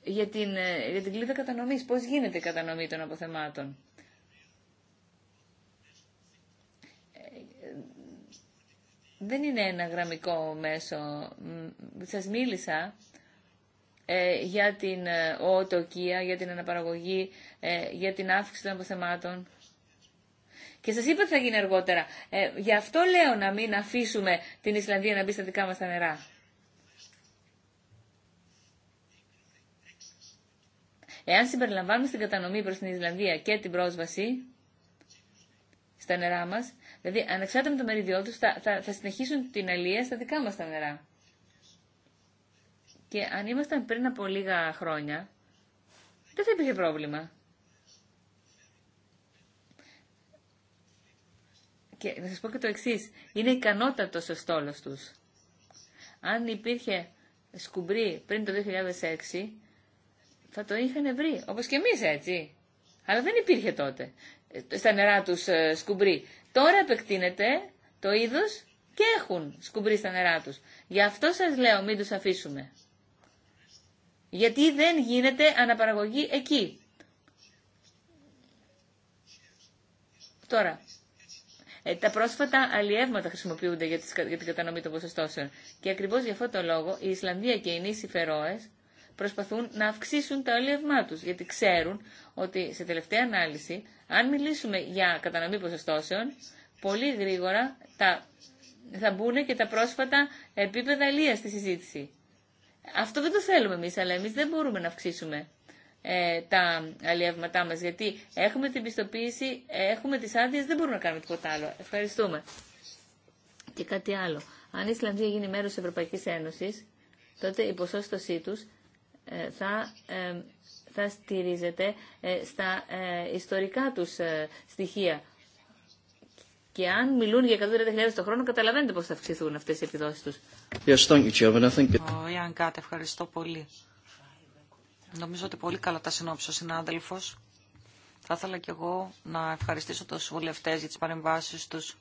για την, ε, για την κλίδα κατανομής, πώς γίνεται η κατανομή των αποθεμάτων. Ε, δεν είναι ένα γραμμικό μέσο. Σας μίλησα ε, για την οτοκία, για την αναπαραγωγή, για την αύξηση των αποθεμάτων. Και σας είπα ότι θα γίνει αργότερα. Ε, γι' αυτό λέω να μην αφήσουμε την Ισλανδία να μπει στα δικά μας τα νερά. Εάν συμπεριλαμβάνουμε στην κατανομή προς την Ισλανδία και την πρόσβαση στα νερά μας, δηλαδή ανεξάρτητα με το μεριδιό του θα, θα, θα συνεχίσουν την αλία στα δικά μας τα νερά. Και αν ήμασταν πριν από λίγα χρόνια, δεν θα υπήρχε πρόβλημα. Και να σας πω και το εξή. είναι ικανότατος ο στόλος τους. Αν υπήρχε σκουμπρί πριν το 2006, θα το είχαν βρει. Όπως και εμείς έτσι. Αλλά δεν υπήρχε τότε ε, στα νερά τους ε, σκουμπρί. Τώρα επεκτείνεται το είδος και έχουν σκουμπρί στα νερά τους. Γι' αυτό σας λέω μην τους αφήσουμε. Γιατί δεν γίνεται αναπαραγωγή εκεί. Τώρα, ε, τα πρόσφατα αλλιεύματα χρησιμοποιούνται για, την κατανομή των ποσοστώσεων. Και ακριβώς για αυτό το λόγο η Ισλανδία και οι νήσοι Φερόες προσπαθούν να αυξήσουν τα ολιευμά τους, γιατί ξέρουν ότι σε τελευταία ανάλυση, αν μιλήσουμε για κατανομή ποσοστώσεων, πολύ γρήγορα τα, θα μπουν και τα πρόσφατα επίπεδα λία στη συζήτηση. Αυτό δεν το θέλουμε εμείς, αλλά εμείς δεν μπορούμε να αυξήσουμε ε, τα αλλιεύματά μας, γιατί έχουμε την πιστοποίηση, έχουμε τις άδειε, δεν μπορούμε να κάνουμε τίποτα άλλο. Ευχαριστούμε. Και κάτι άλλο. Αν η Ισλανδία γίνει μέρος της Ευρωπαϊκής Ένωσης, τότε η ποσόστοσή τους ε, θα, ε, θα στηρίζεται ε, στα ιστορικά τους στοιχεία. Και αν μιλούν για 130.000 το χρόνο, καταλαβαίνετε πώς θα αυξηθούν αυτές οι επιδόσεις τους. Yes, thank you, Chairman. I Ο Ιαν Κάτ, ευχαριστώ πολύ. Νομίζω ότι πολύ καλά τα συνόψω, ο συνάδελφος. Θα ήθελα και εγώ να ευχαριστήσω τους βουλευτές για τις παρεμβάσεις τους.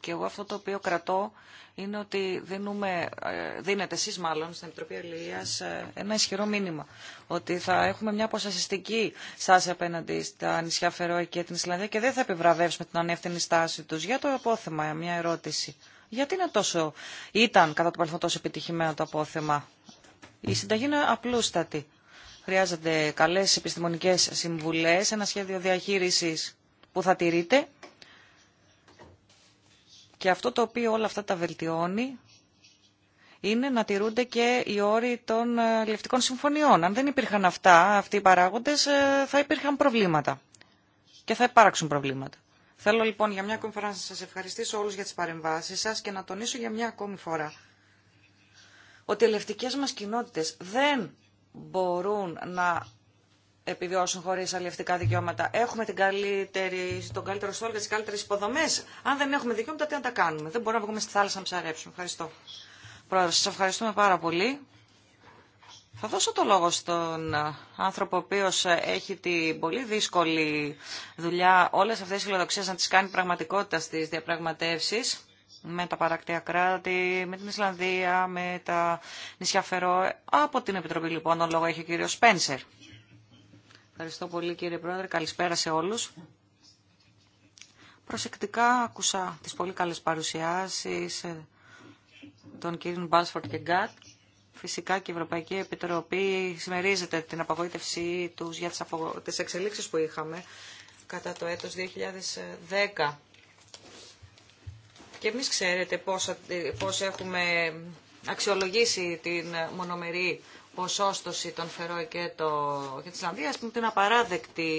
Και εγώ αυτό το οποίο κρατώ είναι ότι δίνουμε, ε, δίνετε εσεί μάλλον στην Επιτροπή Ελληνία ε, ένα ισχυρό μήνυμα. Ότι θα έχουμε μια αποσασιστική στάση απέναντι στα νησιά Φερόε και την Ισλανδία και δεν θα επιβραβεύσουμε την ανεύθυνη στάση του. Για το απόθεμα, μια ερώτηση. Γιατί είναι τόσο, ήταν κατά το παρελθόν τόσο επιτυχημένο το απόθεμα. Η συνταγή είναι απλούστατη. Χρειάζονται καλές επιστημονικές συμβουλές, ένα σχέδιο διαχείρισης που θα τηρείται και αυτό το οποίο όλα αυτά τα βελτιώνει είναι να τηρούνται και οι όροι των ε, λευτικών συμφωνιών. Αν δεν υπήρχαν αυτά, αυτοί οι παράγοντες, ε, θα υπήρχαν προβλήματα και θα υπάρξουν προβλήματα. Θέλω λοιπόν για μια ακόμη φορά να σας ευχαριστήσω όλους για τις παρεμβάσεις σας και να τονίσω για μια ακόμη φορά ότι οι λευτικές μας κοινότητες δεν μπορούν να επιβιώσουν χωρί αλληλευτικά δικαιώματα. Έχουμε την καλύτερη, τον καλύτερο στόλο και τι καλύτερε υποδομέ. Αν δεν έχουμε δικαιώματα, τι να τα κάνουμε. Δεν μπορούμε να βγούμε στη θάλασσα να ψαρέψουμε. Ευχαριστώ. Πρόεδρε, σα ευχαριστούμε πάρα πολύ. Θα δώσω το λόγο στον άνθρωπο ο οποίο ε, έχει την πολύ δύσκολη δουλειά όλε αυτέ τι φιλοδοξίε να τι κάνει πραγματικότητα στι διαπραγματεύσει με τα παρακτέα κράτη, με την Ισλανδία, με τα νησιά Φερό. Από την Επιτροπή λοιπόν τον λόγο έχει ο κύριος Σπένσερ. Ευχαριστώ πολύ κύριε Πρόεδρε. Καλησπέρα σε όλους. Προσεκτικά άκουσα τις πολύ καλές παρουσιάσεις ε, των κύριων Μπάλσφορτ και Γκάτ. Φυσικά και η Ευρωπαϊκή Επιτροπή συμμερίζεται την απογοήτευσή τους για τις, απο... εξελίξεις που είχαμε κατά το έτος 2010. Και εμείς ξέρετε ε, πώς, έχουμε αξιολογήσει την μονομερή ποσόστοση των Φερόε και, το, και της Ισλανδίας, που είναι απαράδεκτη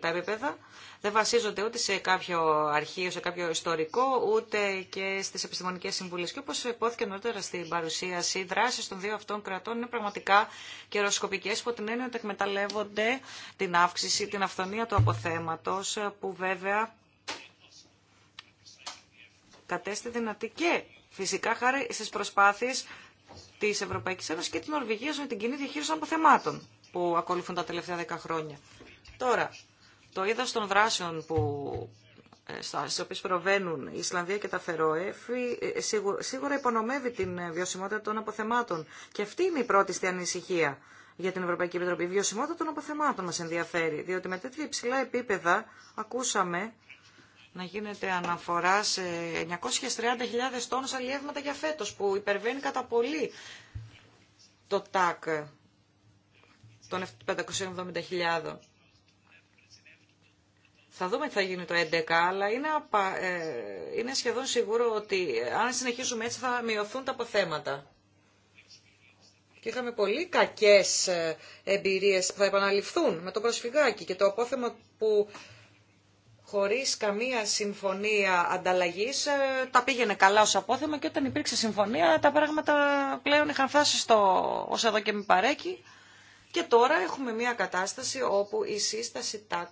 τα επίπεδα, δεν βασίζονται ούτε σε κάποιο αρχείο, σε κάποιο ιστορικό, ούτε και στις επιστημονικές συμβουλές. Και όπως υπόθηκε νωρίτερα στην παρουσίαση, οι δράσεις των δύο αυτών κρατών είναι πραγματικά καιροσκοπικές, που την έννοια ότι εκμεταλλεύονται την αύξηση, την αυθονία του αποθέματος, που βέβαια κατέστη δυνατή και φυσικά χάρη στις προσπάθειες τη Ευρωπαϊκή Ένωση και τη Νορβηγία με την κοινή διαχείριση των αποθεμάτων που ακολουθούν τα τελευταία δέκα χρόνια. Τώρα, το είδο των δράσεων που ε, στις οποίες προβαίνουν η Ισλανδία και τα Φερόε ε, ε, σίγουρα υπονομεύει την βιωσιμότητα των αποθεμάτων. Και αυτή είναι η πρώτη στη ανησυχία για την Ευρωπαϊκή Επιτροπή. Η βιωσιμότητα των αποθεμάτων μας ενδιαφέρει, διότι με τέτοια υψηλά επίπεδα ακούσαμε να γίνεται αναφορά σε 930.000 τόνους αλλιεύματα για φέτος που υπερβαίνει κατά πολύ το ΤΑΚ των 570.000. Θα δούμε τι θα γίνει το 11, αλλά είναι, ε, είναι σχεδόν σίγουρο ότι αν συνεχίσουμε έτσι θα μειωθούν τα αποθέματα. Και είχαμε πολύ κακές ε, εμπειρίες που θα επαναληφθούν με το προσφυγάκι και το απόθεμα που χωρίς καμία συμφωνία ανταλλαγής ε, τα πήγαινε καλά ως απόθεμα και όταν υπήρξε συμφωνία τα πράγματα πλέον είχαν φτάσει στο ως εδώ και μη παρέκει και τώρα έχουμε μια κατάσταση όπου η σύσταση ΤΑΚ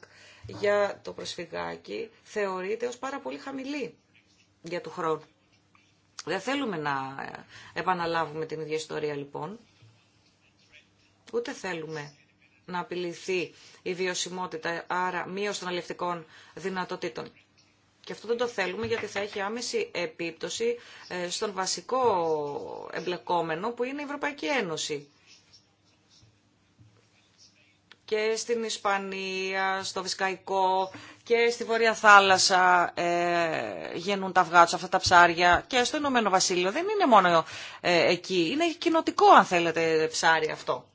για το προσφυγάκι θεωρείται ως πάρα πολύ χαμηλή για του χρόνου. Δεν θέλουμε να επαναλάβουμε την ίδια ιστορία λοιπόν, ούτε θέλουμε να απειληθεί η βιωσιμότητα, άρα μείωση των αλληλευτικών δυνατοτήτων. Και αυτό δεν το θέλουμε γιατί θα έχει άμεση επίπτωση ε, στον βασικό εμπλεκόμενο που είναι η Ευρωπαϊκή Ένωση. Και στην Ισπανία, στο Βισκαϊκό και στη Βορεια Θάλασσα ε, γεννούν τα αυγά τους αυτά τα ψάρια και στο Ηνωμένο Βασίλειο. Δεν είναι μόνο ε, εκεί, είναι κοινοτικό αν θέλετε ψάρι αυτό.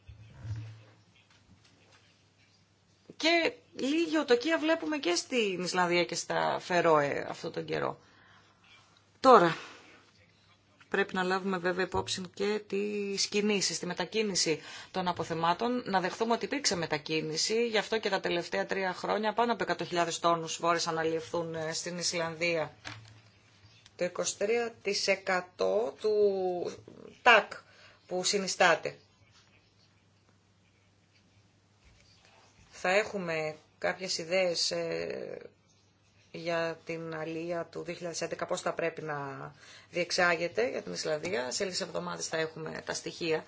και λίγη οτοκία βλέπουμε και στην Ισλανδία και στα Φερόε αυτόν τον καιρό. Τώρα, πρέπει να λάβουμε βέβαια υπόψη και τι κινήσει, τη μετακίνηση των αποθεμάτων. Να δεχθούμε ότι υπήρξε μετακίνηση, γι' αυτό και τα τελευταία τρία χρόνια πάνω από 100.000 τόνους μπόρεσαν να ληφθούν ε, στην Ισλανδία. Το 23% του ΤΑΚ που συνιστάται. θα έχουμε κάποιες ιδέες ε, για την αλία του 2011 πώς θα πρέπει να διεξάγεται για την Ισλανδία. Σε λίγες εβδομάδες θα έχουμε τα στοιχεία.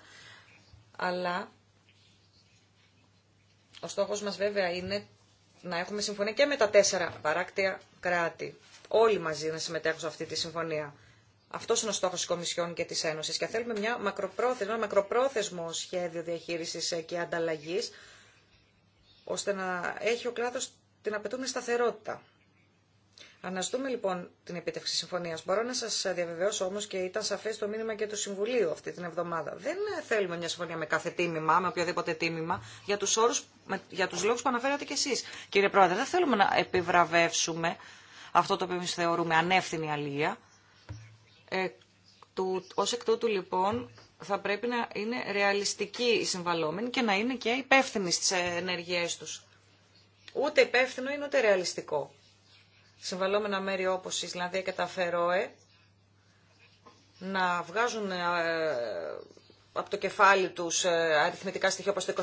Αλλά ο στόχος μας βέβαια είναι να έχουμε συμφωνία και με τα τέσσερα παράκτια κράτη. Όλοι μαζί να συμμετέχουν σε αυτή τη συμφωνία. Αυτό είναι ο στόχο τη Κομισιόν και τη Ένωση. Και θέλουμε μια μακροπρόθεσμα ένα μακροπρόθεσμο σχέδιο διαχείριση ε, και ανταλλαγή ώστε να έχει ο κλάδος την απαιτούμενη σταθερότητα. Αναζητούμε λοιπόν την επίτευξη συμφωνία. Μπορώ να σα διαβεβαιώσω όμω και ήταν σαφέ το μήνυμα και του Συμβουλίου αυτή την εβδομάδα. Δεν θέλουμε μια συμφωνία με κάθε τίμημα, με οποιοδήποτε τίμημα, για του για τους λόγου που αναφέρατε κι εσεί. Κύριε Πρόεδρε, δεν θέλουμε να επιβραβεύσουμε αυτό το οποίο εμεί θεωρούμε ανεύθυνη αλληλεία. Ε, εκ τούτου λοιπόν θα πρέπει να είναι ρεαλιστικοί οι συμβαλόμενοι και να είναι και υπεύθυνοι στις ενεργειές τους. Ούτε υπεύθυνο είναι ούτε ρεαλιστικό. Συμβαλόμενα μέρη όπως η Ισλανδία και τα Φερόε να βγάζουν ε, από το κεφάλι τους ε, αριθμητικά στοιχεία όπως το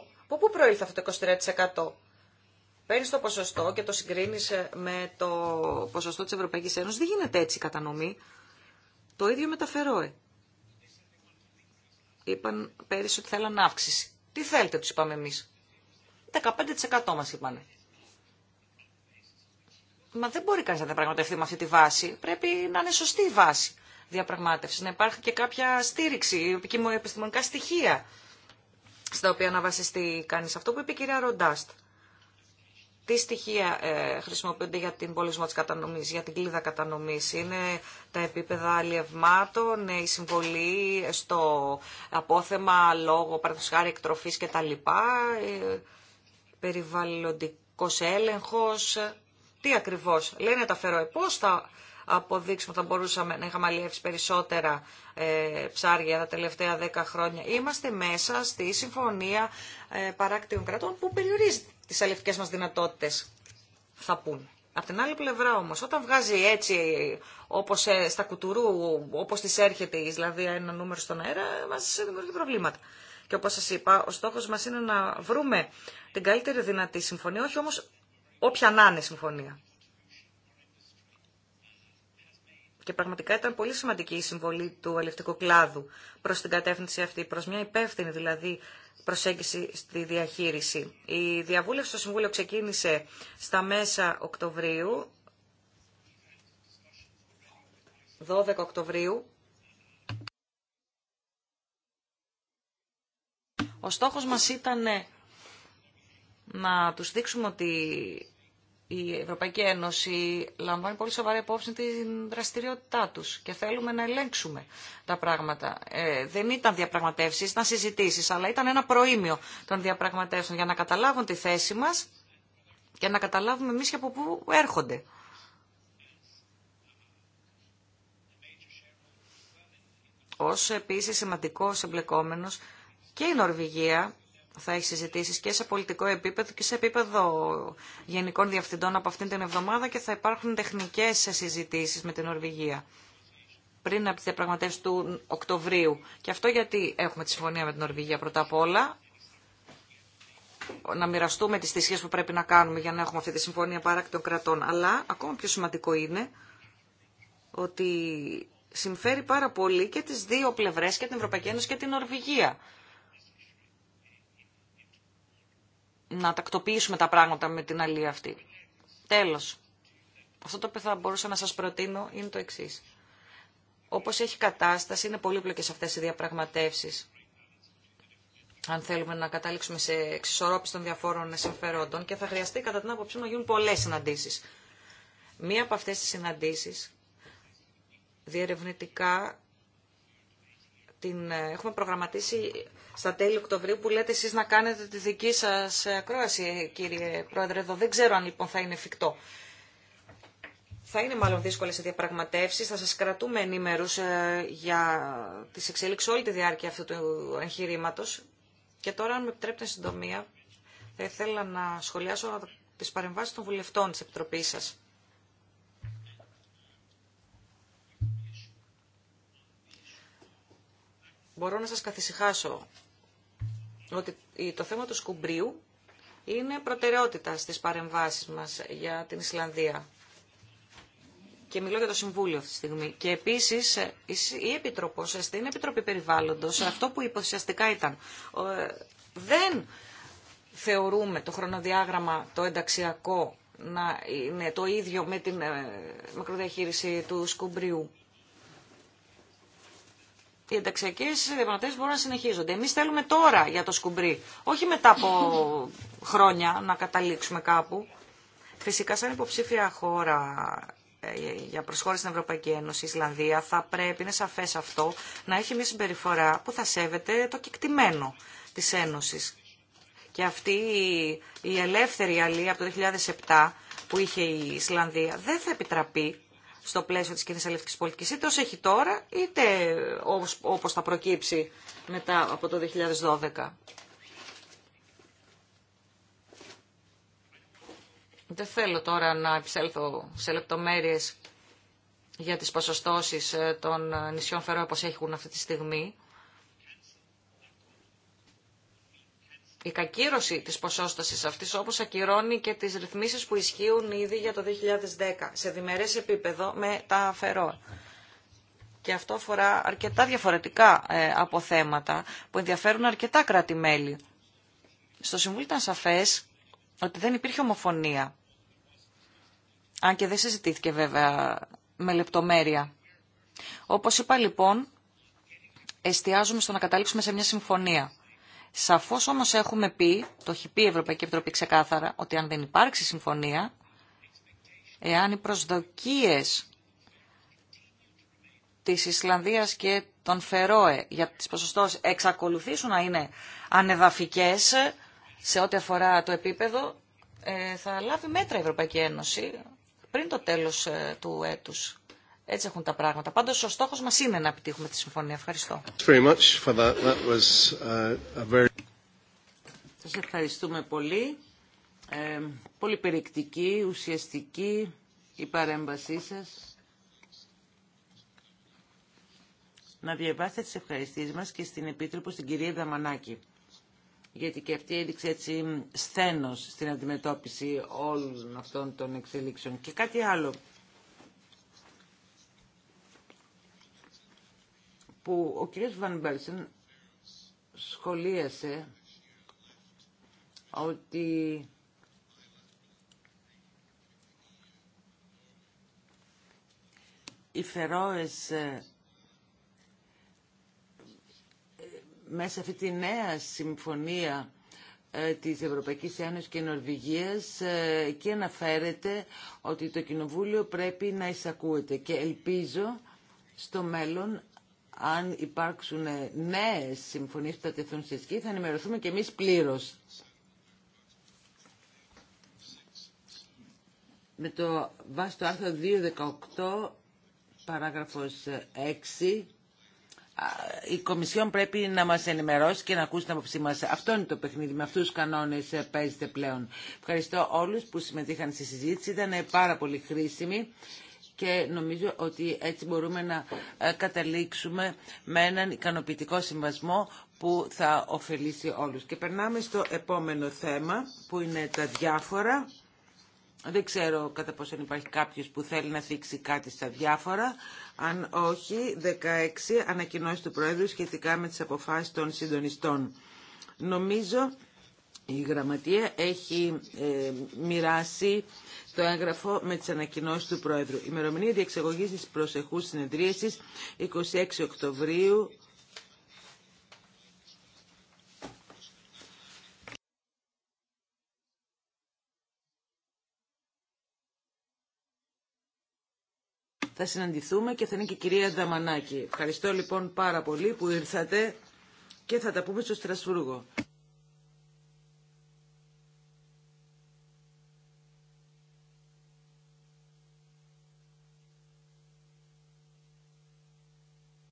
23%. που πού προήλθε αυτό το 23%? Παίρνει το ποσοστό και το συγκρίνει ε, με το ποσοστό τη Ευρωπαϊκή Ένωση. Δεν γίνεται έτσι η κατανομή. Το ίδιο με τα Φερόε είπαν πέρυσι ότι θέλαν αύξηση. Τι θέλετε, τους είπαμε εμείς. 15% μας είπαν. Μα δεν μπορεί κανείς να διαπραγματευτεί με αυτή τη βάση. Πρέπει να είναι σωστή η βάση διαπραγμάτευση. Να υπάρχει και κάποια στήριξη, επιστημονικά στοιχεία στα οποία να βασιστεί κανείς. Αυτό που είπε η κυρία Ροντάστ τι στοιχεία ε, χρησιμοποιούνται για την πολισμό της κατανομής, για την κλίδα κατανομής. Είναι τα επίπεδα αλλιευμάτων, ε, η συμβολή στο απόθεμα λόγω παραδοσχάρη εκτροφής και τα κτλ. Ε, περιβαλλοντικός έλεγχος. Τι ακριβώς λένε τα ΦΕΡΟΕ, πώς θα αποδείξουμε θα μπορούσαμε να είχαμε αλλιεύσει περισσότερα ψάρια τα τελευταία δέκα χρόνια. Είμαστε μέσα στη συμφωνία ε, παράκτιων κρατών που περιορίζεται τις αλληλευτικέ μας δυνατότητε θα πούν. Απ' την άλλη πλευρά όμως, όταν βγάζει έτσι, όπως ε, στα κουτουρού, όπως της έρχεται η Ισλανδία ένα νούμερο στον αέρα, μας δημιουργεί προβλήματα. Και όπως σας είπα, ο στόχος μας είναι να βρούμε την καλύτερη δυνατή συμφωνία, όχι όμως όποια να είναι συμφωνία. Και πραγματικά ήταν πολύ σημαντική η συμβολή του ελευτικού κλάδου προς την κατεύθυνση αυτή, προς μια υπεύθυνη δηλαδή προσέγγιση στη διαχείριση. Η διαβούλευση στο Συμβούλιο ξεκίνησε στα μέσα Οκτωβρίου, 12 Οκτωβρίου. Ο στόχος μας ήταν να τους δείξουμε ότι η Ευρωπαϊκή Ένωση λαμβάνει πολύ σοβαρά υπόψη την δραστηριότητά τους και θέλουμε να ελέγξουμε τα πράγματα. Ε, δεν ήταν διαπραγματεύσεις, ήταν συζητήσεις, αλλά ήταν ένα προήμιο των διαπραγματεύσεων για να καταλάβουν τη θέση μας και να καταλάβουμε εμεί και από πού έρχονται. Όσο επίσης σημαντικός εμπλεκόμενος και η Νορβηγία θα έχει συζητήσει και σε πολιτικό επίπεδο και σε επίπεδο γενικών διευθυντών από αυτήν την εβδομάδα και θα υπάρχουν τεχνικέ συζητήσει με την Νορβηγία πριν από τι διαπραγματεύσει του Οκτωβρίου. Και αυτό γιατί έχουμε τη συμφωνία με την Νορβηγία πρώτα απ' όλα. Να μοιραστούμε τι θυσίε που πρέπει να κάνουμε για να έχουμε αυτή τη συμφωνία των κρατών. Αλλά ακόμα πιο σημαντικό είναι ότι συμφέρει πάρα πολύ και τι δύο πλευρέ και την Ευρωπαϊκή Ένωση και την Νορβηγία. να τακτοποιήσουμε τα πράγματα με την αλήθεια αυτή. Τέλος, αυτό το οποίο θα μπορούσα να σας προτείνω είναι το εξής. Όπως έχει κατάσταση, είναι πολύπλοκες αυτές οι διαπραγματεύσεις. Αν θέλουμε να καταλήξουμε σε εξισορρόπηση των διαφόρων συμφερόντων και θα χρειαστεί κατά την άποψή μου να γίνουν πολλές συναντήσεις. Μία από αυτές τις συναντήσεις διερευνητικά την ε, έχουμε προγραμματίσει στα τέλη Οκτωβρίου που λέτε εσείς να κάνετε τη δική σας ακρόαση, κύριε Πρόεδρε. Εδώ δεν ξέρω αν λοιπόν θα είναι εφικτό. Θα είναι μάλλον δύσκολε οι διαπραγματεύσει. Θα σα κρατούμε ενήμερου ε, για τι εξέλιξει όλη τη διάρκεια αυτού του εγχειρήματο. Και τώρα, αν με επιτρέπετε συντομία, θα ήθελα να σχολιάσω τι παρεμβάσει των βουλευτών τη Επιτροπή σα. μπορώ να σας καθησυχάσω ότι το θέμα του σκουμπρίου είναι προτεραιότητα στις παρεμβάσεις μας για την Ισλανδία. Και μιλώ για το Συμβούλιο αυτή τη στιγμή. Και επίσης ε, η σας ε, στην Επιτροπή Περιβάλλοντος, αυτό που υποσιαστικά ήταν, ε, δεν θεωρούμε το χρονοδιάγραμμα το ενταξιακό να είναι το ίδιο με την μακροδιαχείριση του σκουμπριού οι ενταξιακέ διαπραγματεύσει μπορούν να συνεχίζονται. Εμεί θέλουμε τώρα για το σκουμπρί, όχι μετά από χρόνια να καταλήξουμε κάπου. Φυσικά, σαν υποψήφια χώρα ε, για προσχώρηση στην Ευρωπαϊκή Ένωση, η Ισλανδία θα πρέπει, είναι σαφέ αυτό, να έχει μια συμπεριφορά που θα σέβεται το κεκτημένο τη Ένωση. Και αυτή η ελεύθερη αλή από το 2007 που είχε η Ισλανδία δεν θα επιτραπεί στο πλαίσιο της κοινής αλληλευτικής πολιτικής, είτε ως έχει τώρα, είτε όπως θα προκύψει μετά από το 2012. Δεν θέλω τώρα να επισέλθω σε λεπτομέρειες για τις ποσοστώσεις ε, των ε, νησιών Φερό όπως έχουν αυτή τη στιγμή. η κακήρωση της ποσόστασης αυτής όπως ακυρώνει και τις ρυθμίσεις που ισχύουν ήδη για το 2010 σε διμερές επίπεδο με τα αφαιρό. Και αυτό αφορά αρκετά διαφορετικά ε, αποθέματα που ενδιαφέρουν αρκετά κράτη-μέλη. Στο Συμβούλιο ήταν σαφές ότι δεν υπήρχε ομοφωνία. Αν και δεν συζητήθηκε βέβαια με λεπτομέρεια. Όπως είπα λοιπόν, εστιάζουμε στο να καταλήξουμε σε μια συμφωνία Σαφώς όμως έχουμε πει, το έχει πει η Ευρωπαϊκή Επιτροπή ξεκάθαρα, ότι αν δεν υπάρξει συμφωνία, εάν οι προσδοκίες της Ισλανδίας και των Φερόε για τις ποσοστό, εξακολουθήσουν να είναι ανεδαφικές σε ό,τι αφορά το επίπεδο, ε, θα λάβει μέτρα η Ευρωπαϊκή Ένωση πριν το τέλος ε, του έτους. Έτσι έχουν τα πράγματα. Πάντως ο στόχος μας είναι να επιτύχουμε τη συμφωνία. Ευχαριστώ. Uh, Σα ευχαριστούμε πολύ. Ε, πολύ περιεκτική, ουσιαστική η παρέμβασή σας. Να διαβάσετε τις ευχαριστήσεις μας και στην Επίτροπο, στην κυρία Δαμανάκη. Γιατί και αυτή έδειξε έτσι σθένος στην αντιμετώπιση όλων αυτών των εξελίξεων. Και κάτι άλλο που ο κ. Βαν Μπέλσεν σχολίασε ότι οι Φερόες ε, μέσα αυτή τη νέα συμφωνία ε, της Ευρωπαϊκής Ένωσης και Νορβηγίας ε, και αναφέρεται ότι το Κοινοβούλιο πρέπει να εισακούεται και ελπίζω στο μέλλον αν υπάρξουν νέες συμφωνίες που θα τεθούν στη σκή, θα ενημερωθούμε και εμείς πλήρως. Με το βάση το άρθρο 218, παράγραφος 6, η Κομισιόν πρέπει να μας ενημερώσει και να ακούσει την άποψή μας. Αυτό είναι το παιχνίδι, με αυτούς τους κανόνες παίζεται πλέον. Ευχαριστώ όλους που συμμετείχαν στη συζήτηση, ήταν πάρα πολύ χρήσιμη και νομίζω ότι έτσι μπορούμε να ε, καταλήξουμε με έναν ικανοποιητικό συμβασμό που θα ωφελήσει όλους. Και περνάμε στο επόμενο θέμα που είναι τα διάφορα. Δεν ξέρω κατά πόσο υπάρχει κάποιος που θέλει να θίξει κάτι στα διάφορα. Αν όχι, 16 ανακοινώσει του Πρόεδρου σχετικά με τις αποφάσεις των συντονιστών. Νομίζω η Γραμματεία έχει ε, μοιράσει το έγγραφο με τις ανακοινώσεις του Πρόεδρου. Η ημερομηνία διεξαγωγής της προσεχούς συνεδρίασης 26 Οκτωβρίου Θα συναντηθούμε και θα είναι και η κυρία Δαμανάκη. Ευχαριστώ λοιπόν πάρα πολύ που ήρθατε και θα τα πούμε στο Στρασβούργο.